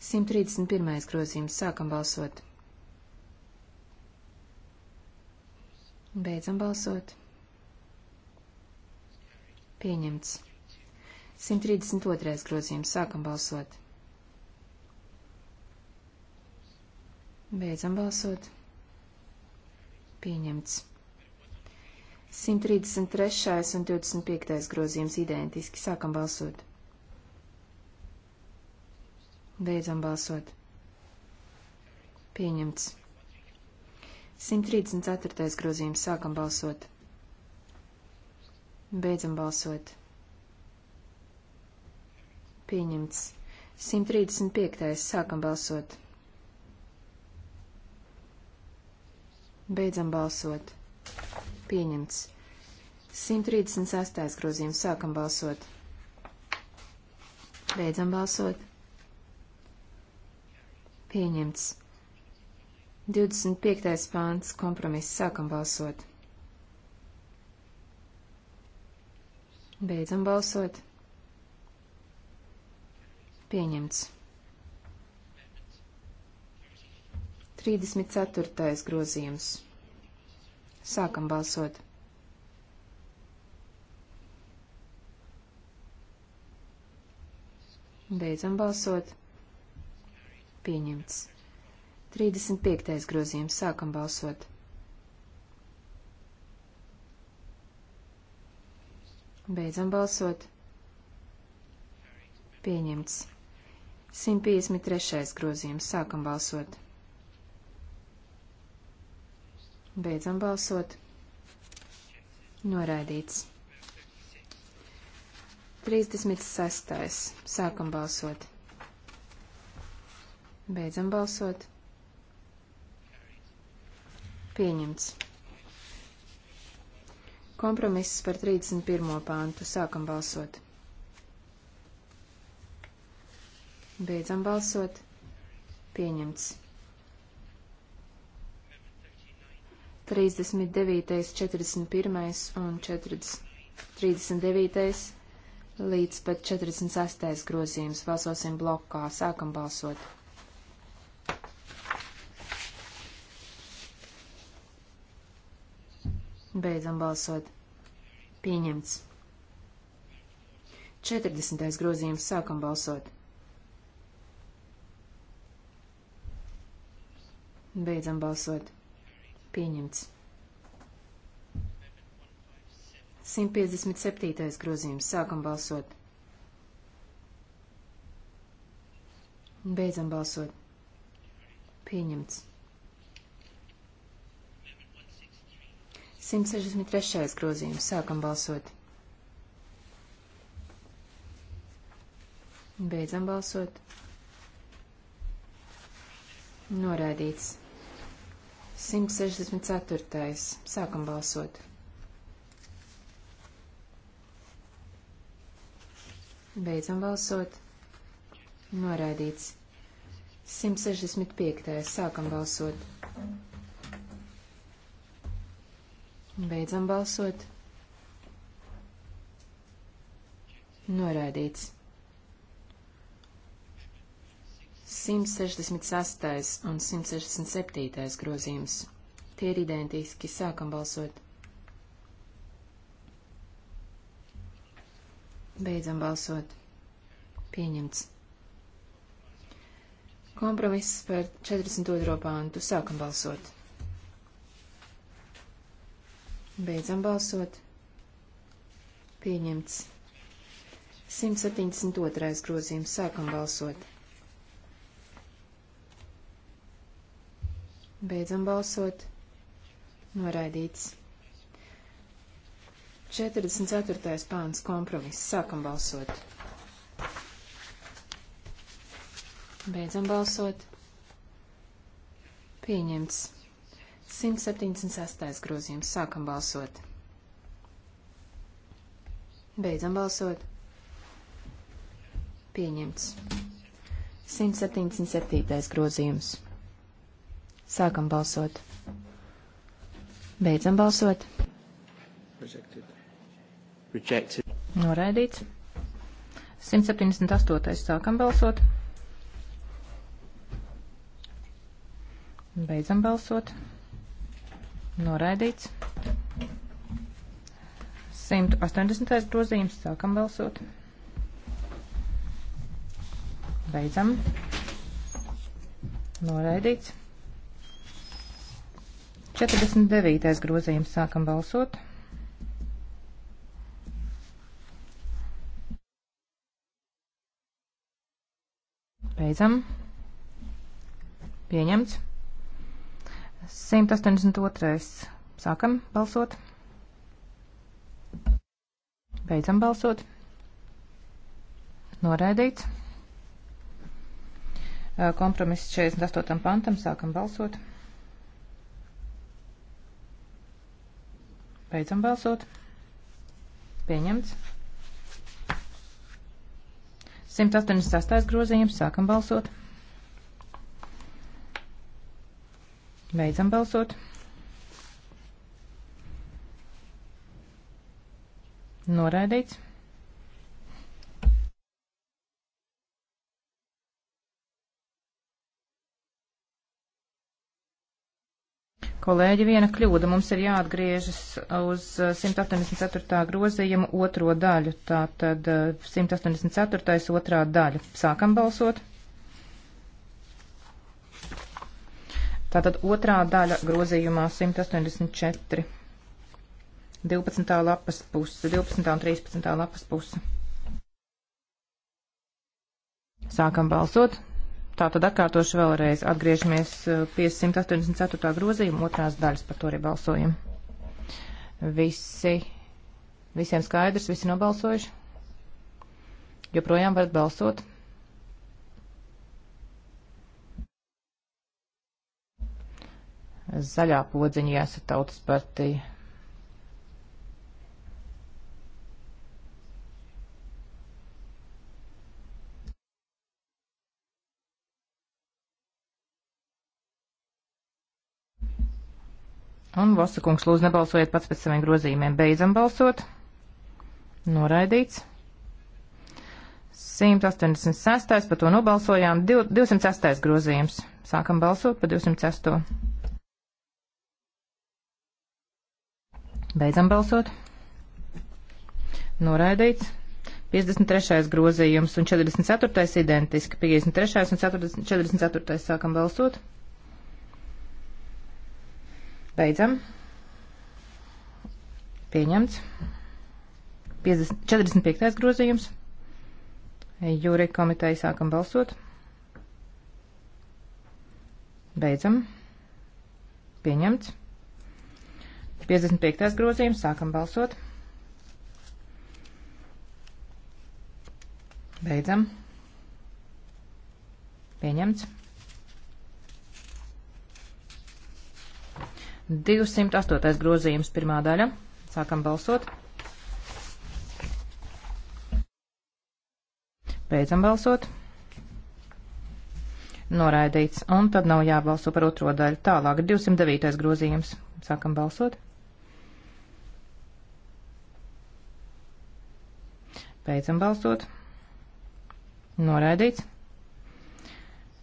Speaker 2: 131. grozījums. Sākam balsot. Beidzam balsot. Pieņemts. 132. grozījums. Sākam balsot. Beidzam balsot. Pieņemts. 133. un 25. grozījums identiski. Sākam balsot. Beidzam balsot. Pieņemts. 134. grozījums. Sākam balsot. Beidzam balsot. Pieņemts. 135. Sākam balsot. Beidzam balsot. Pieņemts. 136. grozījums. Sākam balsot. Beidzam balsot. Pieņemts. 25. pāns. Kompromiss. Sākam balsot. Beidzam balsot. Pieņemts. 34. grozījums. Sākam balsot. Beidzam balsot. Pieņemts. 35. grozījums. Sākam balsot. Beidzam balsot. Pieņemts. 153. grozījums. Sākam balsot. Beidzam balsot. Noraidīts. 36. Sākam balsot. Beidzam balsot. Pieņemts. Kompromiss par 31. pāntu. Sākam balsot. Beidzam balsot. Pieņemts. 39., 41. un 40, 39. līdz pat 46. grozījums. Balsosim blokā. Sākam balsot. Beidzam balsot. Pieņemts. 40. grozījums. Sākam balsot. Beidzam balsot. Pieņemts. 157. grozījums. Sākam balsot. Beidzam balsot. Pieņemts. 163. grozījums. Sākam balsot. Beidzam balsot. Noraidīts. 164. Sākam balsot. Beidzam balsot. Noraidīts. 165. Sākam balsot. Beidzam balsot. Noraidīts. 166. un 167. grozījums. Tie ir identiski. Sākam balsot. Beidzam balsot. Pieņemts. Kompromiss par 42. pāntu. Sākam balsot. Beidzam balsot. Pieņemts. 172. grozījums. Sākam balsot. Beidzam balsot. Noraidīts. 44. pāns kompromiss. Sākam balsot. Beidzam balsot. Pieņemts. 178. grozījums. Sākam balsot. Beidzam balsot. Pieņemts. 177. grozījums. Sākam balsot. Beidzam balsot.
Speaker 1: Rejected. Rejected.
Speaker 2: Noraidīts.
Speaker 4: 178. Sākam balsot. Beidzam balsot. Noraidīts. 180. grozījums. Sākam balsot. Beidzam. Noraidīts. 49. grozījums sākam balsot. Beidzam. Pieņemts. 182. Sākam balsot. Beidzam balsot. Noraidīts. Kompromiss 48. pantam. Sākam balsot. Beidzam balsot. Pieņemts. 188. grozījums. Sākam balsot. Beidzam balsot. Noraidīts. Kolēģi, viena kļūda. Mums ir jāatgriežas uz 184. Uh, grozījumu otro daļu. Tātad 184. Uh, otrā daļa. Sākam balsot. Tātad otrā daļa grozījumā 184. 12. lapas puse, 12. un 13. lapas puse. Sākam balsot. Tā tad atkārtošu vēlreiz atgriežamies eh, pie 184. grozījuma otrās daļas, par to arī balsojam. Visi, visiem skaidrs, visi nobalsojuši? Joprojām varat balsot? Zaļā podziņa jāsat tautas partija. Un Vosakungs lūdzu nebalsojiet pats pēc saviem grozījumiem. Beidzam balsot. Noraidīts. 186. par to nobalsojām. 206. grozījums. Sākam balsot par 206. Beidzam balsot. Noraidīts. 53. grozījums un 44. identiski. 53. un 44. sākam balsot. Beidzam. Pieņemts. 50, 45. grozījums. Jūri komiteja sākam balsot. Beidzam. Pieņemts. 55. grozījums. Sākam balsot. Beidzam. Pieņemts. 208. grozījums pirmā daļa. Sākam balsot. Beidzam balsot. Noraidīts. Un tad nav jābalso par otro daļu. Tālāk 209. grozījums. Sākam balsot. Beidzam balsot. Noraidīts.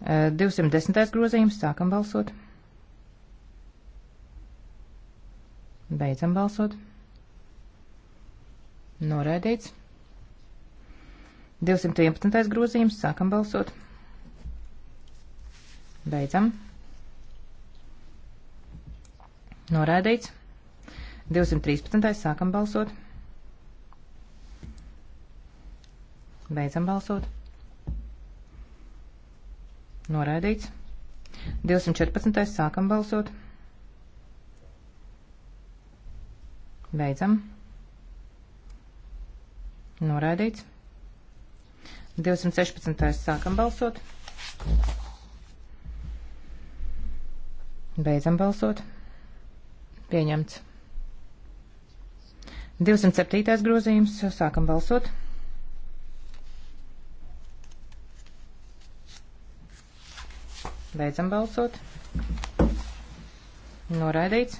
Speaker 4: 210. Eh, grozījums. Sākam balsot. Beidzam balsot. Noraidīts. 211. grozījums. Sākam balsot. Beidzam. Noraidīts. 213. sākam balsot. Beidzam balsot. Noraidīts. 214. sākam balsot. Beidzam. Noraidīts. 216. sākam balsot. Beidzam balsot. Pieņemts. 207. grozījums. Sākam balsot. Beidzam balsot. Noraidīts.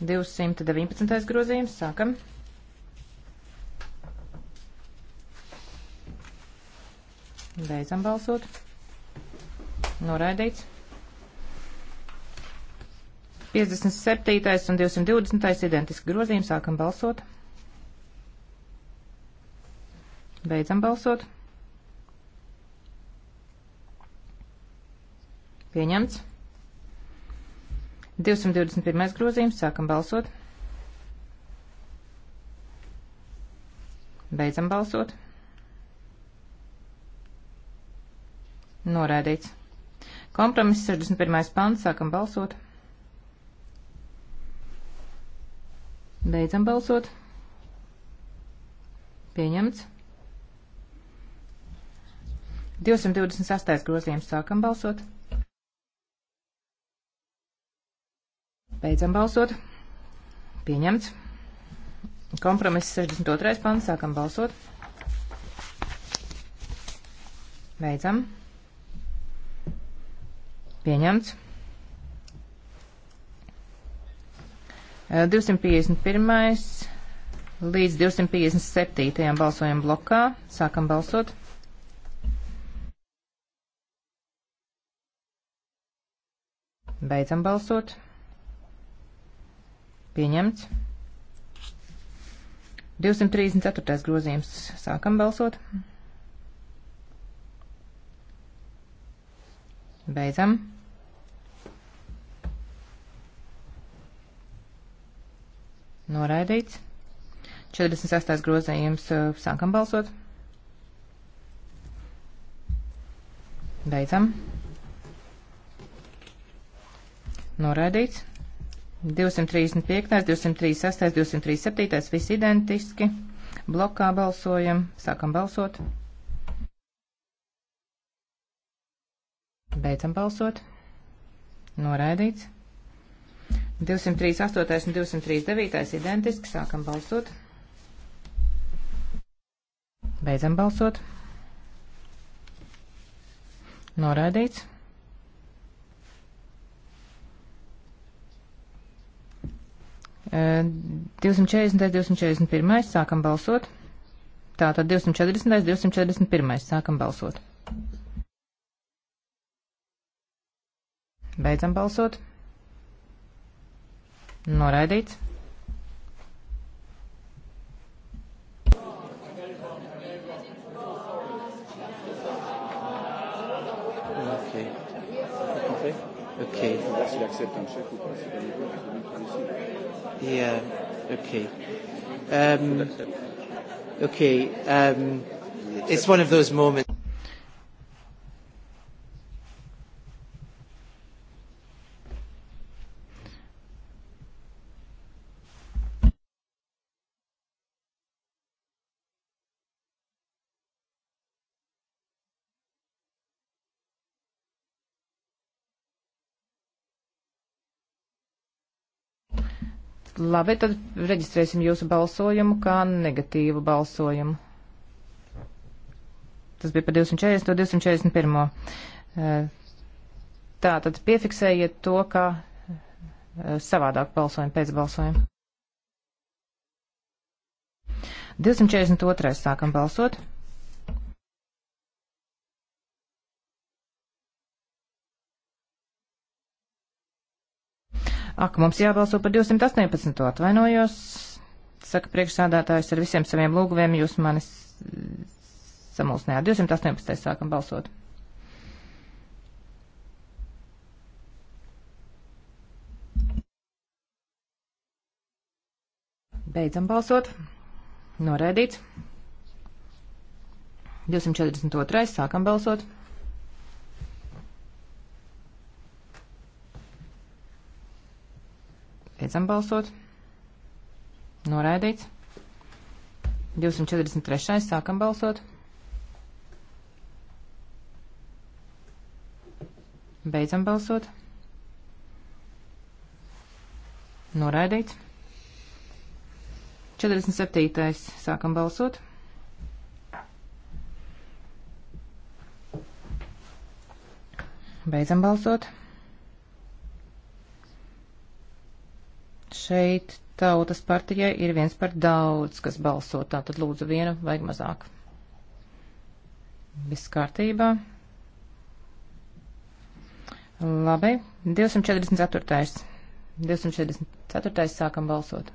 Speaker 4: 219. grozījums. Sākam. Beidzam balsot. Noraidīts. 57. un 220. identiski grozījumi. Sākam balsot. Beidzam balsot. Pieņemts. 221. grozījums. Sākam balsot. Beidzam balsot. Noraidīts. Kompromiss 61. pants. Sākam balsot. Beidzam balsot. Pieņemts. 228. grozījums. Sākam balsot. Beidzam balsot. Pieņemts. Kompromiss 62. pants. Sākam balsot. Beidzam. Pieņemts. 251. Eh, līdz 257. balsojam blokā. Sākam balsot. Beidzam balsot. Pieņemts. 234. grozījums. Sākam balsot. Beidzam. Noraidīts. 48. grozījums. Sākam balsot. Beidzam. Noraidīts. 235, 236, 237, visi identiski. Blokā balsojam, sākam balsot. Beidzam balsot. Noraidīts. 238 un 239 identiski, sākam balsot. Beidzam balsot. Noraidīts. 240. 241. sākam balsot. Tātad 240. 241. sākam balsot. Beidzam balsot. Noraidīts.
Speaker 6: Okay. Okay. Okay. Yeah.
Speaker 1: Okay. Um, okay. Um, it's one of those moments.
Speaker 4: Labi, tad reģistrēsim jūsu balsojumu kā negatīvu balsojumu. Tas bija par 240, 241. Tā tad piefiksējiet to, kā eh, savādāk balsojumu pēc balsojuma. 242. sākam balsot. Ak, mums jābalso par 218. atvainojos, saka priekšsādātājs ar visiem saviem lūgumiem, jūs manis samulsnējāt. 218. sākam balsot. Beidzam balsot. Noraidīts. 242. sākam balsot. Beidzam balsot. Noraidīts. 243. Sākam balsot. Beidzam balsot. Noraidīts. 47. Sākam balsot. Beidzam balsot. šeit tautas partijai ir viens par daudz, kas balso. Tā tad lūdzu vienu, vajag mazāk. Viss kārtībā. Labi. 244. 244. sākam balsot.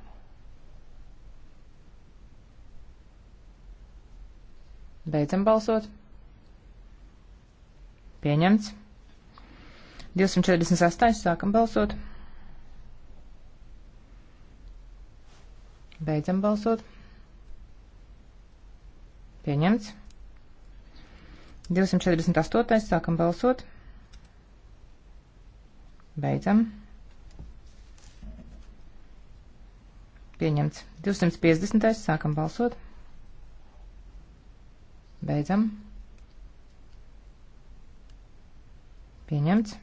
Speaker 4: Beidzam balsot. Pieņemts. 248. sākam balsot. Beidzam balsot. Pieņemts. 248. Sākam balsot. Beidzam. Pieņemts. 250. Sākam balsot. Beidzam. Pieņemts.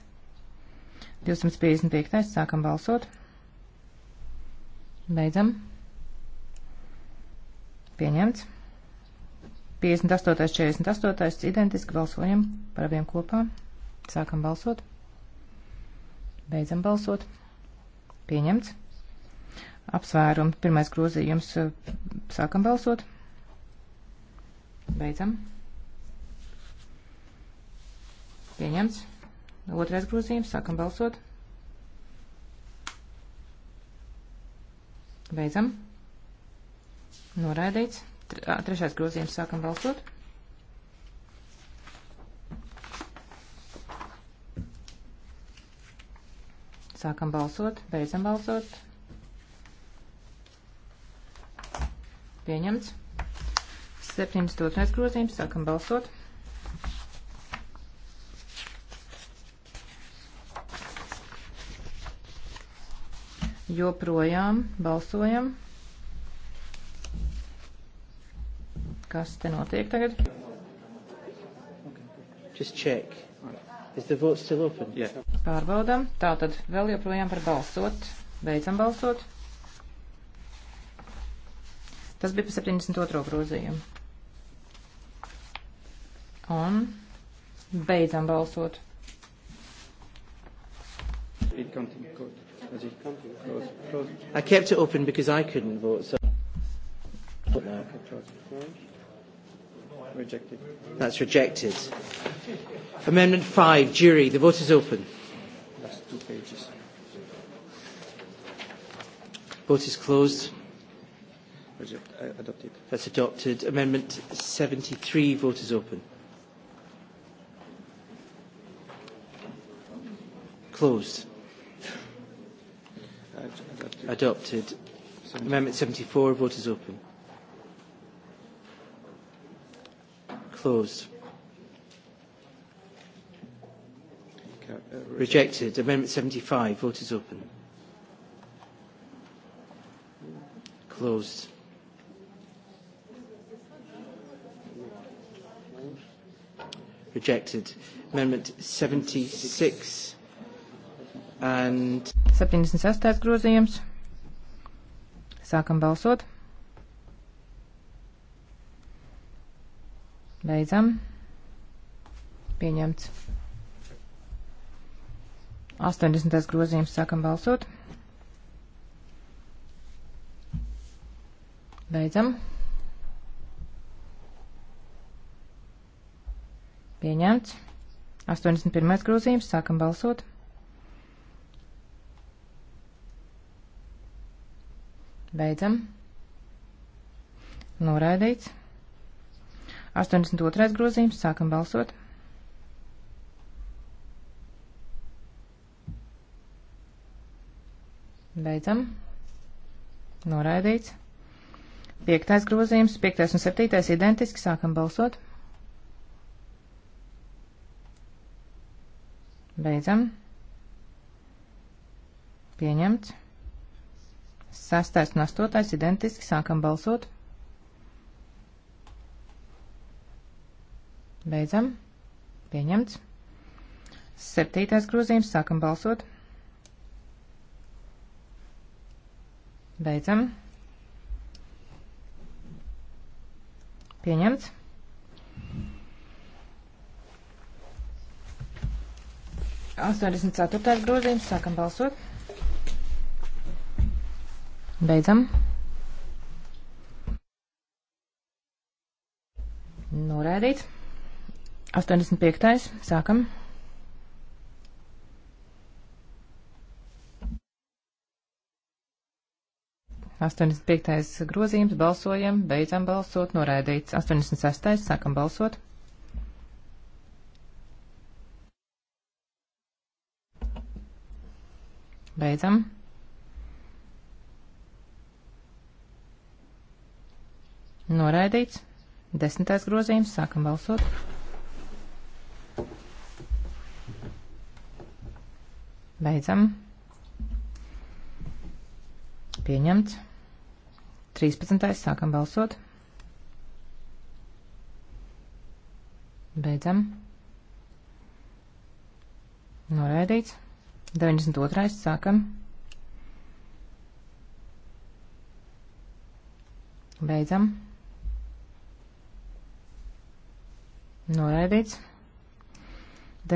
Speaker 4: 255. Sākam balsot. Beidzam. Pieņemts. 58. 48. identiski balsojam par abiem kopā. Sākam balsot. Beidzam balsot. Pieņemts. Apsvērums. Pirmais grozījums. Sākam balsot. Beidzam. Pieņemts. Otrais grozījums. Sākam balsot. Beidzam. Noraidīts. Trešais grozījums sākam balsot. Sākam balsot, beidzam balsot. Pieņemts. 72. grozījums sākam balsot. Joprojām balsojam. kas te notiek tagad. Yeah. Pārbaudam. Tātad vēl joprojām par balsot. Beidzam balsot. Tas bija pa 72. grozījumu. Un beidzam balsot.
Speaker 1: I kept it open because I couldn't vote. So. Rejected. That's rejected. Amendment 5, jury. The vote is open.
Speaker 6: That's two pages.
Speaker 1: Vote is closed. Reject, uh, adopted. That's adopted. Amendment 73, vote is open. Closed. Adopted. adopted. Amendment 74, vote is open. closed.
Speaker 6: Rejected.
Speaker 1: Amendment 75. Vote is open. Closed. Rejected. Amendment 76 and
Speaker 4: 76. grozījums. Sākam balsot. Beidzam. Pieņemts. 80. grozījums sākam balsot. Beidzam. Pieņemts. 81. grozījums. Sākam balsot. Beidzam. Noraidīts. 82. grozījums. Sākam balsot. Beidzam. Noraidīts. Piektais grozījums, piektais un septītais identiski. Sākam balsot. Beidzam. Pieņemts. Sastais un astotais identiski. Sākam balsot. Beidzam. Beidzam. Pieņemts. Septītais grozījums. Sākam balsot. Beidzam. Pieņemts. Astoņdesmit ceturtais grozījums. Sākam balsot. Beidzam. Noraidīts. 85. Sākam. Astoņdesmit piektais grozījums, balsojam, beidzam balsot, noraidīts. Astoņdesmit sestais, sākam balsot. Beidzam. Noraidīts. Desmitais grozījums, sākam balsot. Beidzam. Pieņemts. 13. sākam balsot. Beidzam. Noraidīts. 92. sākam. Beidzam. Noraidīts.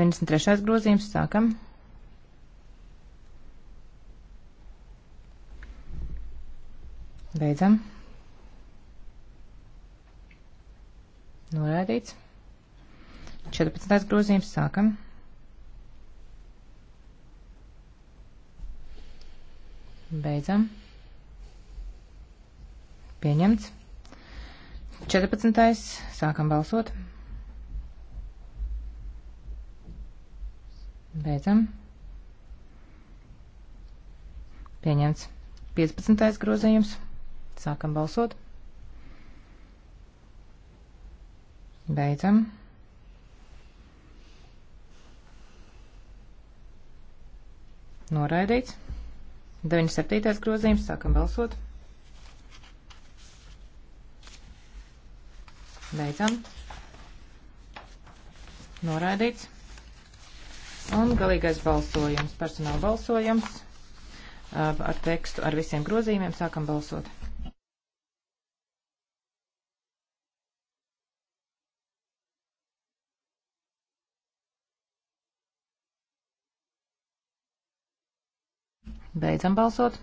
Speaker 4: 93. grozījums sākam. Beidzam. Noraidīts. 14. grozījums sākam. Beidzam. Pieņemts. 14. sākam balsot. Beidzam. Pieņemts. 15. grozījums. Sākam balsot. Beidzam. Noraidīts. 97. grozījums. Sākam balsot. Beidzam. Noraidīts. Un galīgais balsojums, personāla balsojums ar tekstu ar visiem grozījumiem. Sākam balsot.
Speaker 2: Beidzam balsot.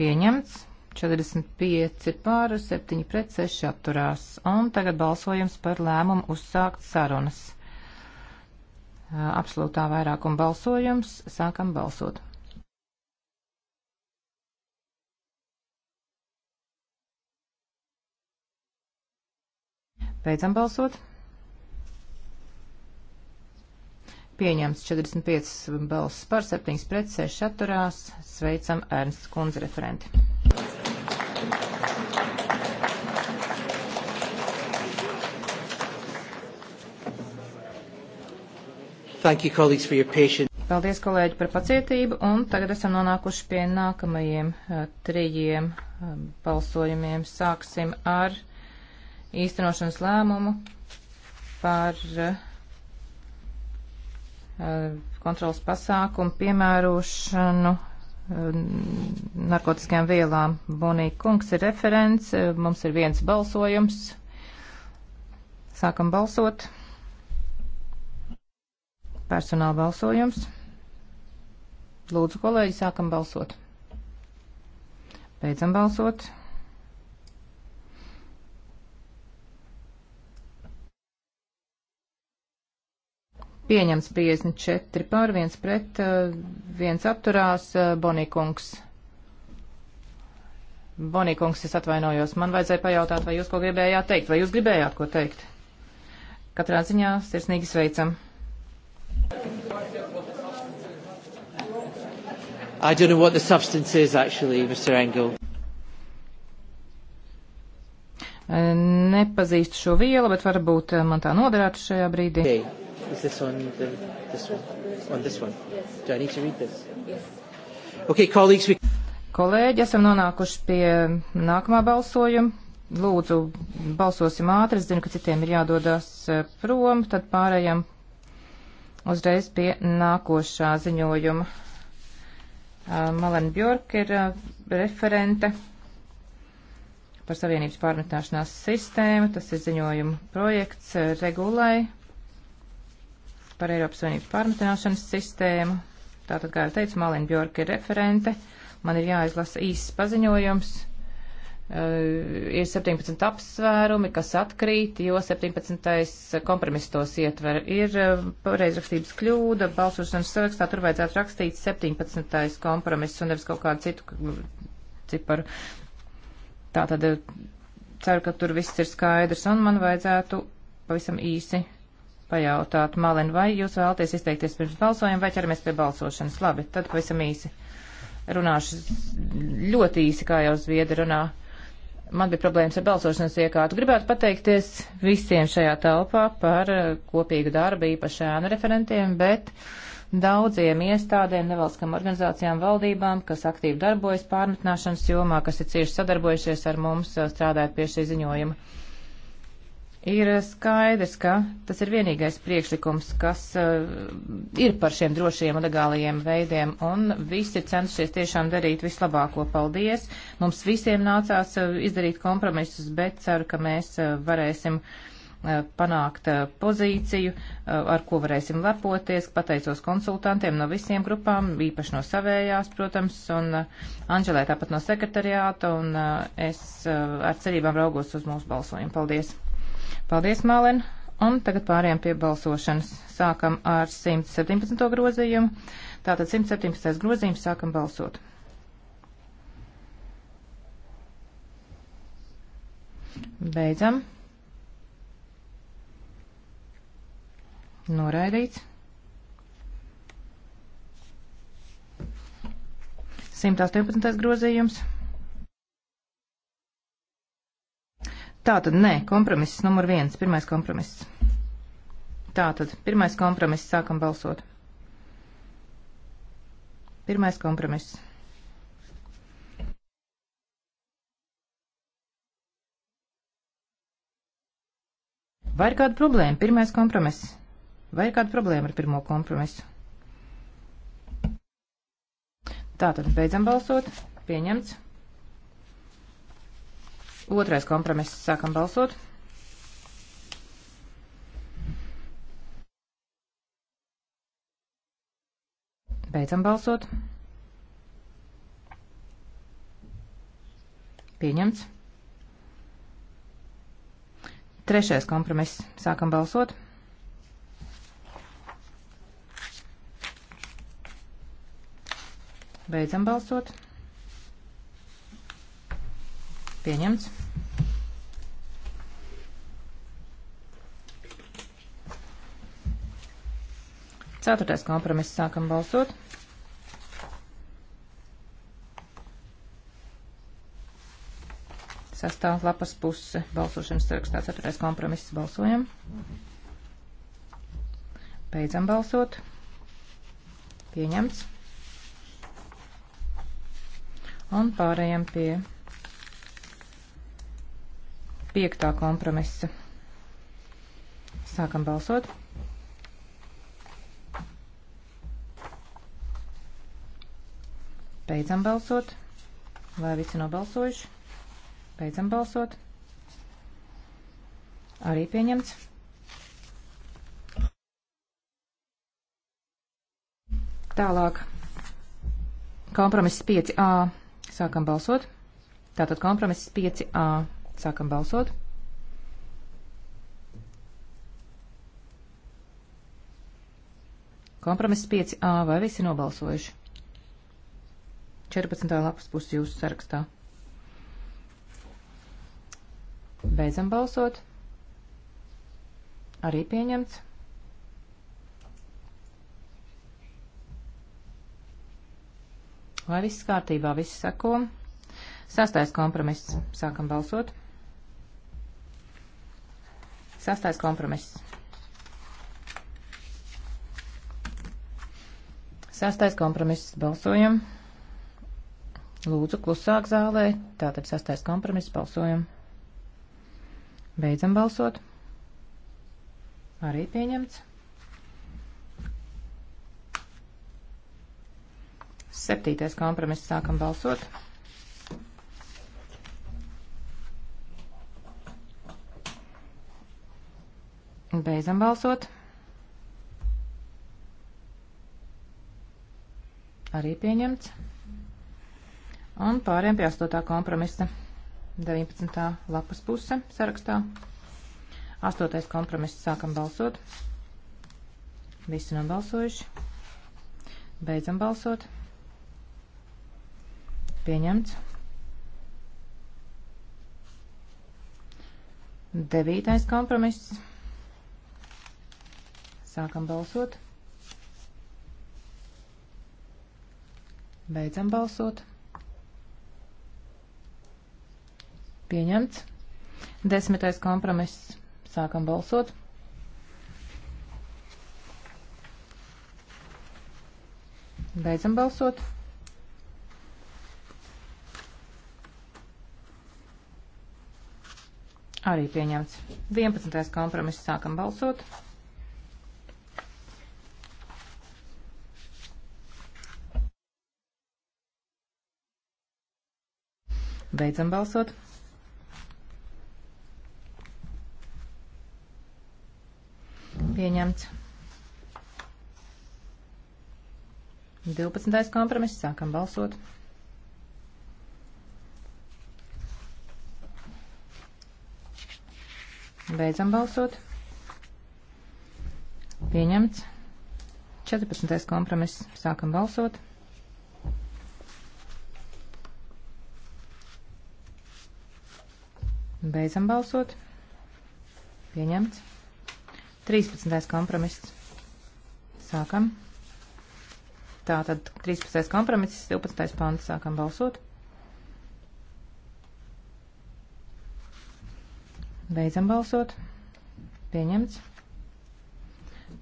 Speaker 4: Pieņemts. 45 pār, 7 pret 6 atturās. Un tagad balsojums par lēmumu uzsākt sarunas. Absolūtā vairākuma balsojums. Sākam balsot. Beidzam balsot. Pieņemts 45 balss par, 7 pret, 6 atturās. Sveicam Ernsts kundze referenti.
Speaker 1: Thank you, colleagues, for your patience.
Speaker 4: Paldies, kolēģi, par pacietību, un tagad esam nonākuši pie nākamajiem uh, eh, trījiem uh, eh, balsojumiem. Sāksim ar īstenošanas lēmumu par uh, Eh, kontrolas pasākumu piemērošanu eh, narkotiskajām vielām. Bonī kungs ir referents, eh, mums ir viens balsojums. Sākam balsot. Personāla balsojums. Lūdzu, kolēģi, sākam balsot. Beidzam balsot. Pieņems 54 pār 1 pret, 1 eh, atturās eh, Bonīkungs. Bonīkungs, es atvainojos, man vajadzēja pajautāt, vai jūs ko gribējāt teikt, vai jūs gribējāt ko teikt. Katrā ziņā sirsnīgi sveicam.
Speaker 1: I don't know what the substance is actually, Mr. Engel.
Speaker 4: Eh, nepazīstu šo vielu, bet varbūt man tā noderētu šajā brīdī. Okay.
Speaker 1: Is this on the, this one? On this one? Yes. Do I need to read this? Yes. Okay,
Speaker 4: colleagues, we... Kolēģi, esam nonākuši pie nākamā balsojuma. Lūdzu, balsosim ātri. Es zinu, ka citiem ir jādodas eh, prom. Tad pārējām uzreiz pie nākošā ziņojuma. Eh, Malena Bjork ir eh, referente par Savienības pārmetināšanās sistēmu. Tas ir ziņojuma projekts regulai par Eiropas Savienības pārmetināšanas sistēmu. Tātad, kā jau teicu, Malina Bjorka ir referente. Man ir jāizlasa īsts paziņojums. Uh, ir 17 apsvērumi, kas atkrīt, jo 17. kompromiss tos ietver. Ir uh, pareizrakstības kļūda, balsošanas sarakstā tur vajadzētu rakstīt 17. kompromiss un nevis kaut kādu citu ciparu. Tātad eh, ceru, ka tur viss ir skaidrs un man vajadzētu pavisam īsi pajautāt, Malin, vai jūs vēlaties izteikties pirms balsojuma vai ķeramies pie balsošanas? Labi, tad pavisam īsi. Runāšu ļoti īsi, kā jau zviedri runā. Man bija problēmas ar balsošanas iekārtu. Gribētu pateikties visiem šajā telpā par eh, kopīgu darbu, īpaši ēnu referentiem, bet daudziem iestādēm, nevalstiskām organizācijām, valdībām, kas aktīvi darbojas pārmetināšanas jomā, kas ir cieši sadarbojušies ar mums, eh, strādājot pie šī ziņojuma. Ir skaidrs, ka tas ir vienīgais priekšlikums, kas uh, ir par šiem drošajiem un legālajiem veidiem, un visi cenšies tiešām darīt vislabāko. Paldies! Mums visiem nācās uh, izdarīt kompromisus, bet ceru, ka mēs uh, varēsim uh, panākt uh, pozīciju, uh, ar ko varēsim lepoties. Pateicos konsultantiem no visiem grupām, īpaši no savējās, protams, un uh, Anģelē tāpat no sekretariāta, un uh, es uh, ar cerībām raugos uz mūsu balsojumu. Paldies! Paldies, Mālen! Un tagad pārējām pie balsošanas. Sākam ar 117. grozījumu. Tātad 117. grozījums sākam balsot. Beidzam. Noraidīts. 118. grozījums. Tātad, nē, kompromiss numur viens, pirmais kompromiss. Tātad, pirmais kompromiss, sākam balsot. Pirmais kompromiss. Vai ir kāda problēma? Pirmais kompromiss. Vai ir kāda problēma ar pirmo kompromisu? Tātad beidzam balsot. Pieņemts. Otrais kompromiss. Sākam balsot. Beidzam balsot. Pieņemts. Trešais kompromiss. Sākam balsot. Beidzam balsot. Pieņemts. Ceturtais kompromiss sākam balsot. Sastāv lapas puse balsošanas sarakstā. Ceturtais kompromiss balsojam. Beidzam balsot. Pieņemts. Un pārējām pie piektā kompromisa. Sākam balsot. Beidzam balsot. Vai visi nobalsojuši? Beidzam balsot. Arī pieņemts. Tālāk. Kompromiss 5A. Sākam balsot. Tātad kompromiss 5A. Sākam balsot. Kompromiss 5A. Vai visi nobalsojuši? 14. lapas puses jūsu sarakstā. Beidzam balsot. Arī pieņemts. Vai viss kārtībā, viss seko? Sastais kompromiss. Sākam balsot. Sastais kompromiss. Sastais kompromiss balsojam. Lūdzu, klusāk zālē. Tātad sastais kompromiss balsojam. Beidzam balsot. Arī pieņemts. Septītais kompromiss sākam balsot. Beidzam balsot. Arī pieņemts. Un pāriem pie 8. kompromisa. 19. lapas puse sarakstā. 8. kompromiss sākam balsot. Visi nobalsojuši. Beidzam balsot. Pieņemts. 9. kompromiss. Sākam balsot. Beidzam balsot. Pieņemts. Desmitais kompromiss. Sākam balsot. Beidzam balsot. Arī pieņemts. 11. kompromiss sākam balsot. Beidzam balsot. Pieņemts. 12. kompromiss. Sākam balsot. Beidzam balsot. Pieņemts. 14. kompromiss. Sākam balsot. Beidzam balsot. Pieņemts. 13. kompromiss. Sākam. Tātad 13. kompromiss, 12. pants. Sākam balsot. Beidzam balsot. Pieņemts.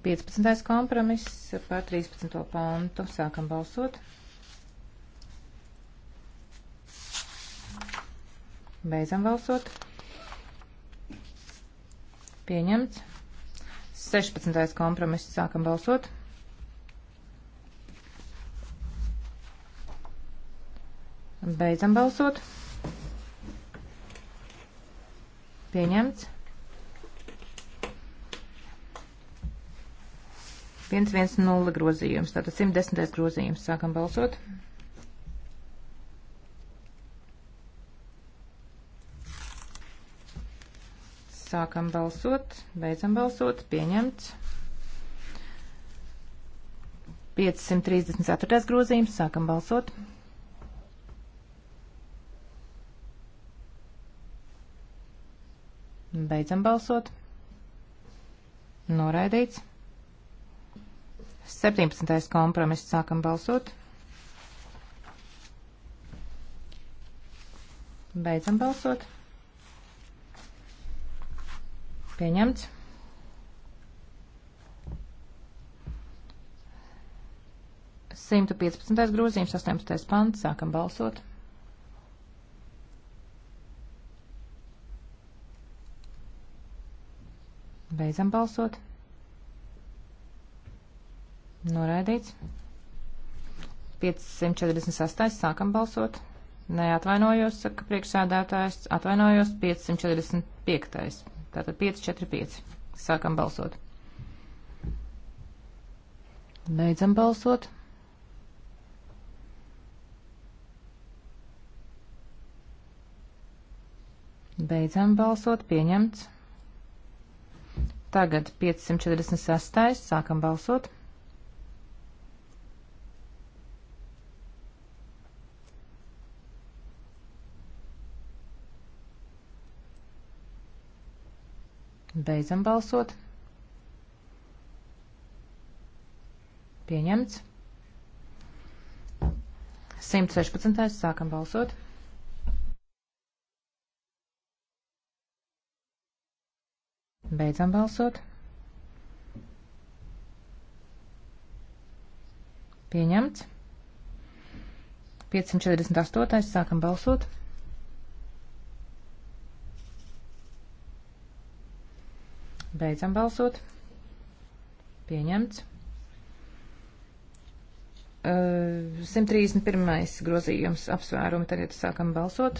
Speaker 4: 15. kompromiss par 13. pantu. Sākam balsot. Beidzam balsot. Pieņemts. 16. kompromiss. Sākam balsot. Beidzam balsot. Pieņemts. 110 grozījums, tātad 110 grozījums. Sākam balsot. Pieņemts. Sākam balsot, beidzam balsot, pieņemts. 534. grozījums, sākam balsot. Beidzam balsot. Noraidīts. 17. kompromiss, sākam balsot. Beidzam balsot. Pieņemts. Simtu piecpadsmitais grozījums, astoņpadsmitais pants, sākam balsot. Beidzam balsot. Noraidīts. 548. Sākam balsot. Neatvainojos, saka priekšsēdētājs. Atvainojos 545. Tātad 5, 4, 5. Sākam balsot. Beidzam balsot. Beidzam balsot. Pieņemts. Tagad 546. Sākam balsot. 546. Beidzam balsot. Pieņemts. 116. Sākam balsot. Beidzam balsot. Pieņemts. 548. Sākam balsot. Beidzam balsot. Pieņemts. 131. Uh, grozījums apsvērumi. Tagad sākam balsot.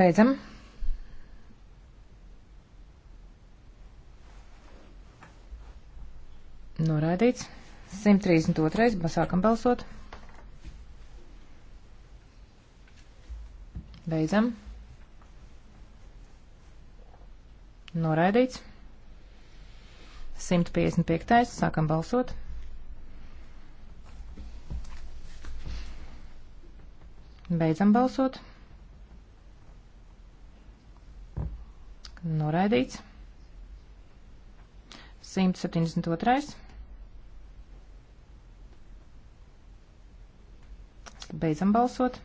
Speaker 4: Beidzam. Noraidīts. 132. Sākam balsot. Beidzam. Noraidīts. 155. Sākam balsot. Beidzam balsot. Noraidīts. 172. Beidzam balsot.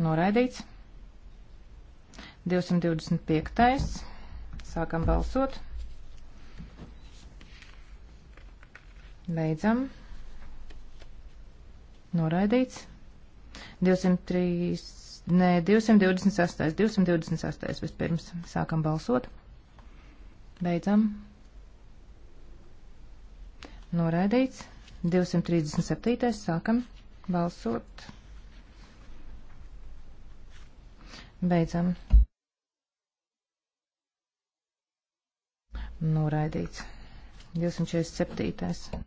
Speaker 4: Noraidīts. 225. Sākam balsot. Beidzam. Noraidīts. 203. Nē, 228. 228. Vispirms sākam balsot. Beidzam. Noraidīts. 237. Sākam balsot. Beidzam. Noraidīts. 247.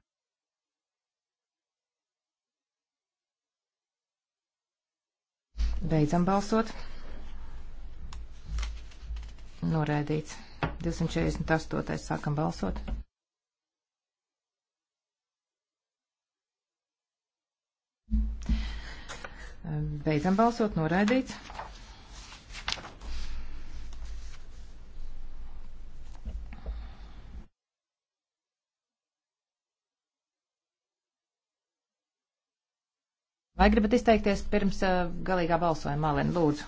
Speaker 4: Beidzam balsot. Noraidīts. 248. Sākam balsot. Beidzam balsot. Noraidīts. Vai gribat izteikties pirms eh, galīgā balsojuma, Malin, lūdzu?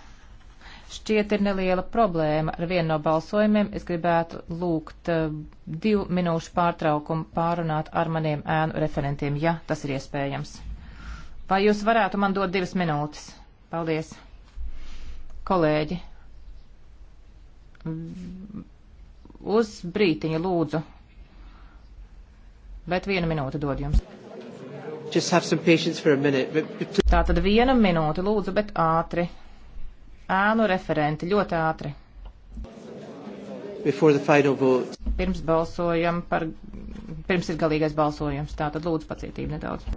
Speaker 4: Šķiet ir neliela problēma ar vienu no balsojumiem. Es gribētu lūgt eh, divu minūšu pārtraukumu pārunāt ar maniem ēnu referentiem, ja tas ir iespējams. Vai jūs varētu man dot divas minūtes? Paldies. Kolēģi, uz brītiņa lūdzu, bet vienu minūti dod jums. Just have some patience for a minute. But, but... Tā tad viena minūte, lūdzu, bet ātri. Ēnu referenti, ļoti ātri.
Speaker 1: Before the final vote.
Speaker 4: Pirms balsojam par, pirms ir galīgais balsojums, tā tad lūdzu pacietību nedaudz.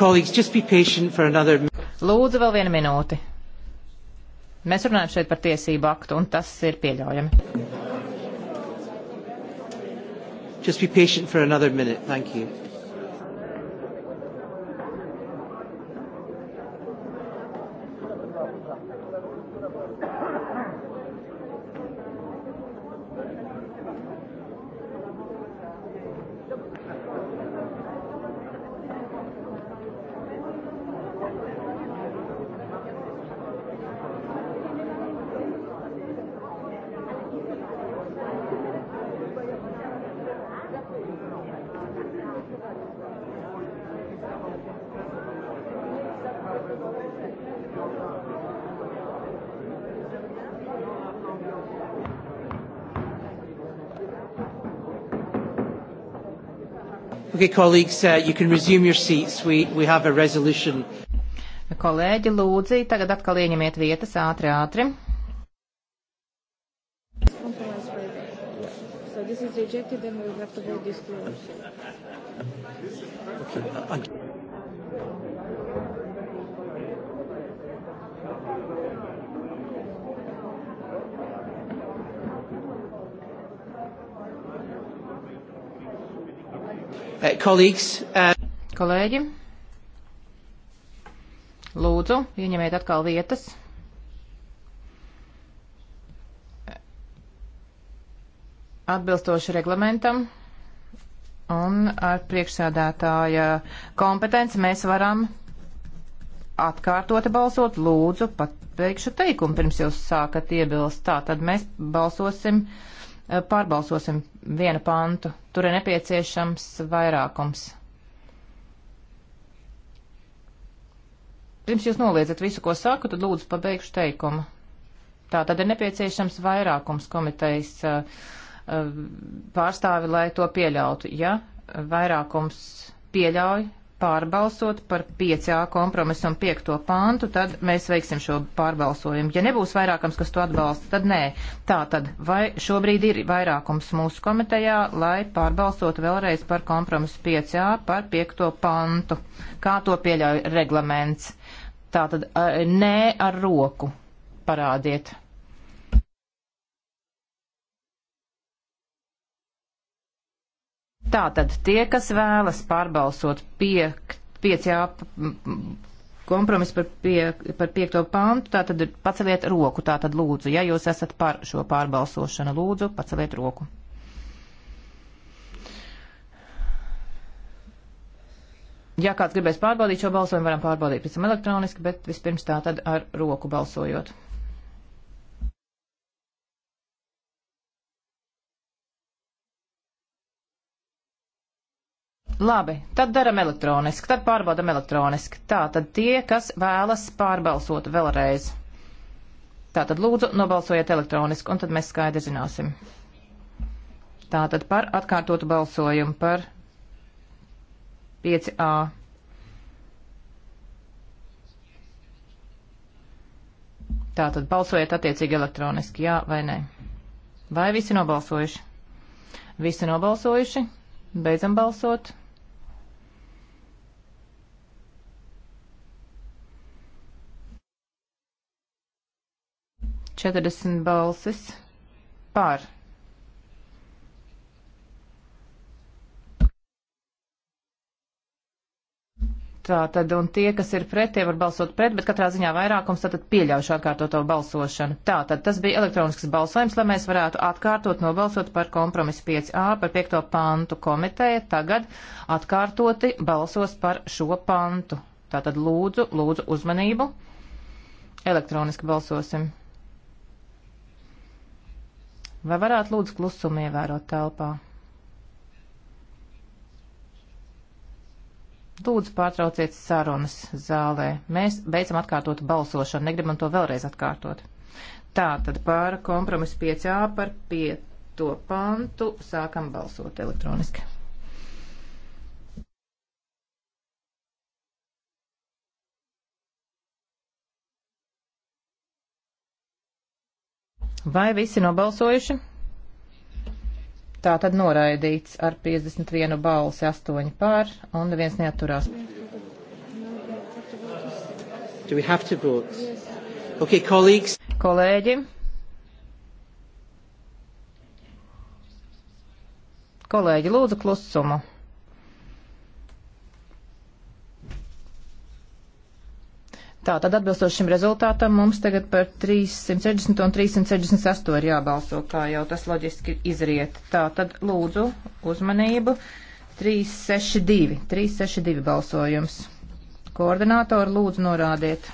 Speaker 6: Colleagues, just be
Speaker 4: patient for another. Lūdzu, vēl vienu minūti. Mēs runājam šeit par tiesību aktu, un tas ir pieļaujami.
Speaker 1: Just be patient for another minute. Thank you. Okay, colleagues, uh, you can resume your seats. We, we have a resolution.
Speaker 4: Kolēģi, lūdzu, tagad atkal ieņemiet vietas ātri, ātri.
Speaker 6: So this is rejected, then we'll have to vote this through. Okay.
Speaker 4: Uh, Kolēģi, lūdzu, ieņemiet atkal vietas. Atbilstoši reglamentam un ar priekšsēdētāja kompetenci mēs varam atkārtoti balsot. Lūdzu, pateikšu teikumu pirms jūs sākat iebilst. Tā tad mēs balsosim. Uh, Eh, pārbalsosim vienu pantu. Tur ir nepieciešams vairākums. Pirms jūs noliedzat visu, ko saku, tad lūdzu pabeigšu teikumu. Tā tad ir nepieciešams vairākums komitejas eh, eh, pārstāvi, lai to pieļautu. Ja vairākums pieļauj pārbalsot par 5A kompromisu un 5. pāntu, tad mēs veiksim šo pārbalsojumu. Ja nebūs vairākums, kas to atbalsta, tad nē. Tā tad, vai šobrīd ir vairākums mūsu komitejā, lai pārbalsotu vēlreiz par kompromisu 5A par 5. pāntu, kā to pieļauj reglaments. Tā tad, nē ar roku parādiet. Tātad tie, kas vēlas pārbalsot pie, piecjā kompromisu par, pie, par piekto pantu, tātad paceliet roku, tātad lūdzu, ja jūs esat par šo pārbalsošanu, lūdzu, paceliet roku. Ja kāds gribēs pārbaudīt šo balsojumu, varam pārbaudīt pēc tam elektroniski, bet vispirms tā tad ar roku balsojot. Labi, tad daram elektroniski, tad pārbaudam elektroniski. Tā tad tie, kas vēlas pārbalsot vēlreiz. Tā tad lūdzu nobalsojiet elektroniski, un tad mēs skaidri zināsim. Tā tad par atkārtotu balsojumu par 5A. Tātad balsojiet attiecīgi elektroniski, jā vai nē. Vai visi nobalsojuši? Visi nobalsojuši. Beidzam balsot. 40 balsis par. Tā tad, un tie, kas ir pret, tie var balsot pret, bet katrā ziņā vairākums tātad pieļauj šo atkārtoto balsošanu. Tā tad tas bija elektronisks balsojums, lai mēs varētu atkārtot nobalsot par kompromisu 5a, par 5. pantu komiteja. Tagad atkārtoti balsos par šo pantu. Tātad lūdzu, lūdzu uzmanību. Elektroniski balsosim. Vai varētu lūdzu klusumu ievērot telpā? Lūdzu, pārtrauciet sarunas zālē. Mēs beidzam atkārtot balsošanu, negribam to vēlreiz atkārtot. Tā tad pār kompromisu 5A par 5. pantu sākam balsot elektroniski. Vai visi nobalsojuši? Tā tad noraidīts ar 51 balsi 8 pār un neviens neaturās. Okay, colleagues. Kolēģi. Kolēģi, lūdzu klusumu. Tā tad atbilstoši šim rezultātam mums tagad par 360 un 368 ir jābalso, kā jau tas loģiski izriet. Tā tad lūdzu uzmanību 362, 362 balsojums. Koordinātori lūdzu norādiet.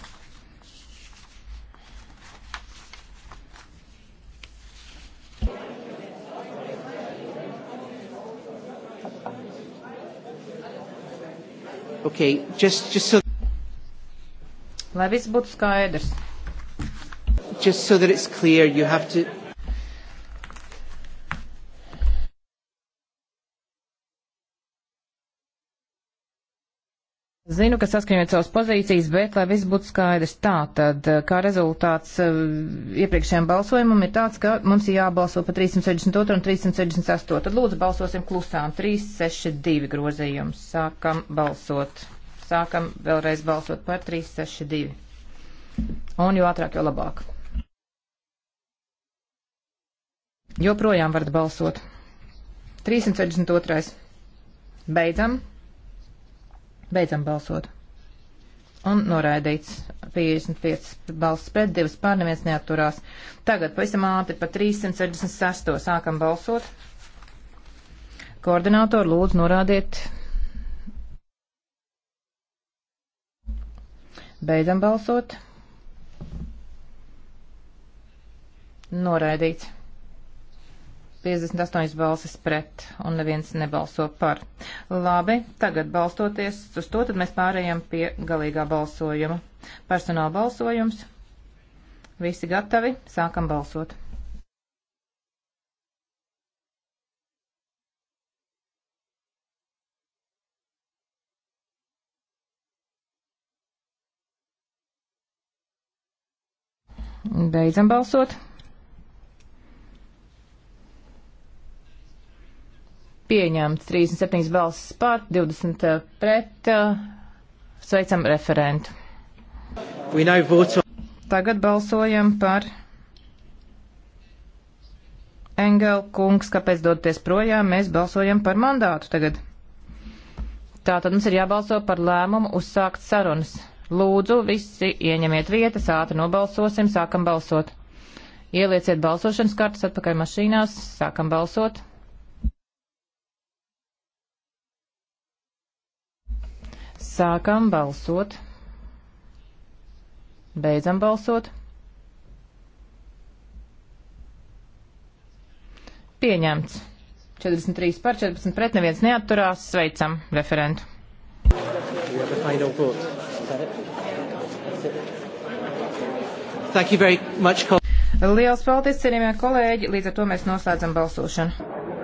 Speaker 4: Okay, just, just so lai viss būtu skaidrs.
Speaker 1: Just so that it's clear, you have to
Speaker 4: Zinu, ka saskaņojot savas pozīcijas, bet lai viss būtu skaidrs tā, tad eh, kā rezultāts eh, iepriekšējiem balsojumam ir tāds, ka mums ir jābalso pa 362 un 368. Tad lūdzu balsosim klusām. 362 grozījums. Sākam balsot. Sākam vēlreiz balsot par 362. Un jo ātrāk, jo labāk. Joprojām varat balsot. 362. Beidzam. Beidzam balsot. Un noraidīts 55 balsts pret, 2 pār, neviens neaturās. Tagad pavisam ātri pa 366. sākam balsot. Koordinātori lūdzu norādiet Beidzam balsot. Noraidīts. 58 balsis pret un neviens nebalso par. Labi, tagad balstoties uz to, tad mēs pārējām pie galīgā balsojuma. Personāla balsojums. Visi gatavi, sākam balsot. Beidzam balsot. Pieņemts 37 balsis pār, 20 eh, pret. Eh. Sveicam referentu. Tagad balsojam par Engela kungs, kāpēc doties projām, mēs balsojam par mandātu tagad. Tātad mums ir jābalso par lēmumu uzsākt sarunas. Lūdzu, visi ieņemiet vietas, ātri nobalsosim, sākam balsot. Ielieciet balsošanas kartas atpakaļ mašīnās, sākam balsot. Sākam balsot. Beidzam balsot. Pieņemts. 43 par 14 pret neviens neatturās. Sveicam referentu.
Speaker 1: We have a final vote.
Speaker 4: Thank you very much. Liels paldies, cienījamie kolēģi. Līdz ar to mēs noslēdzam balsošanu.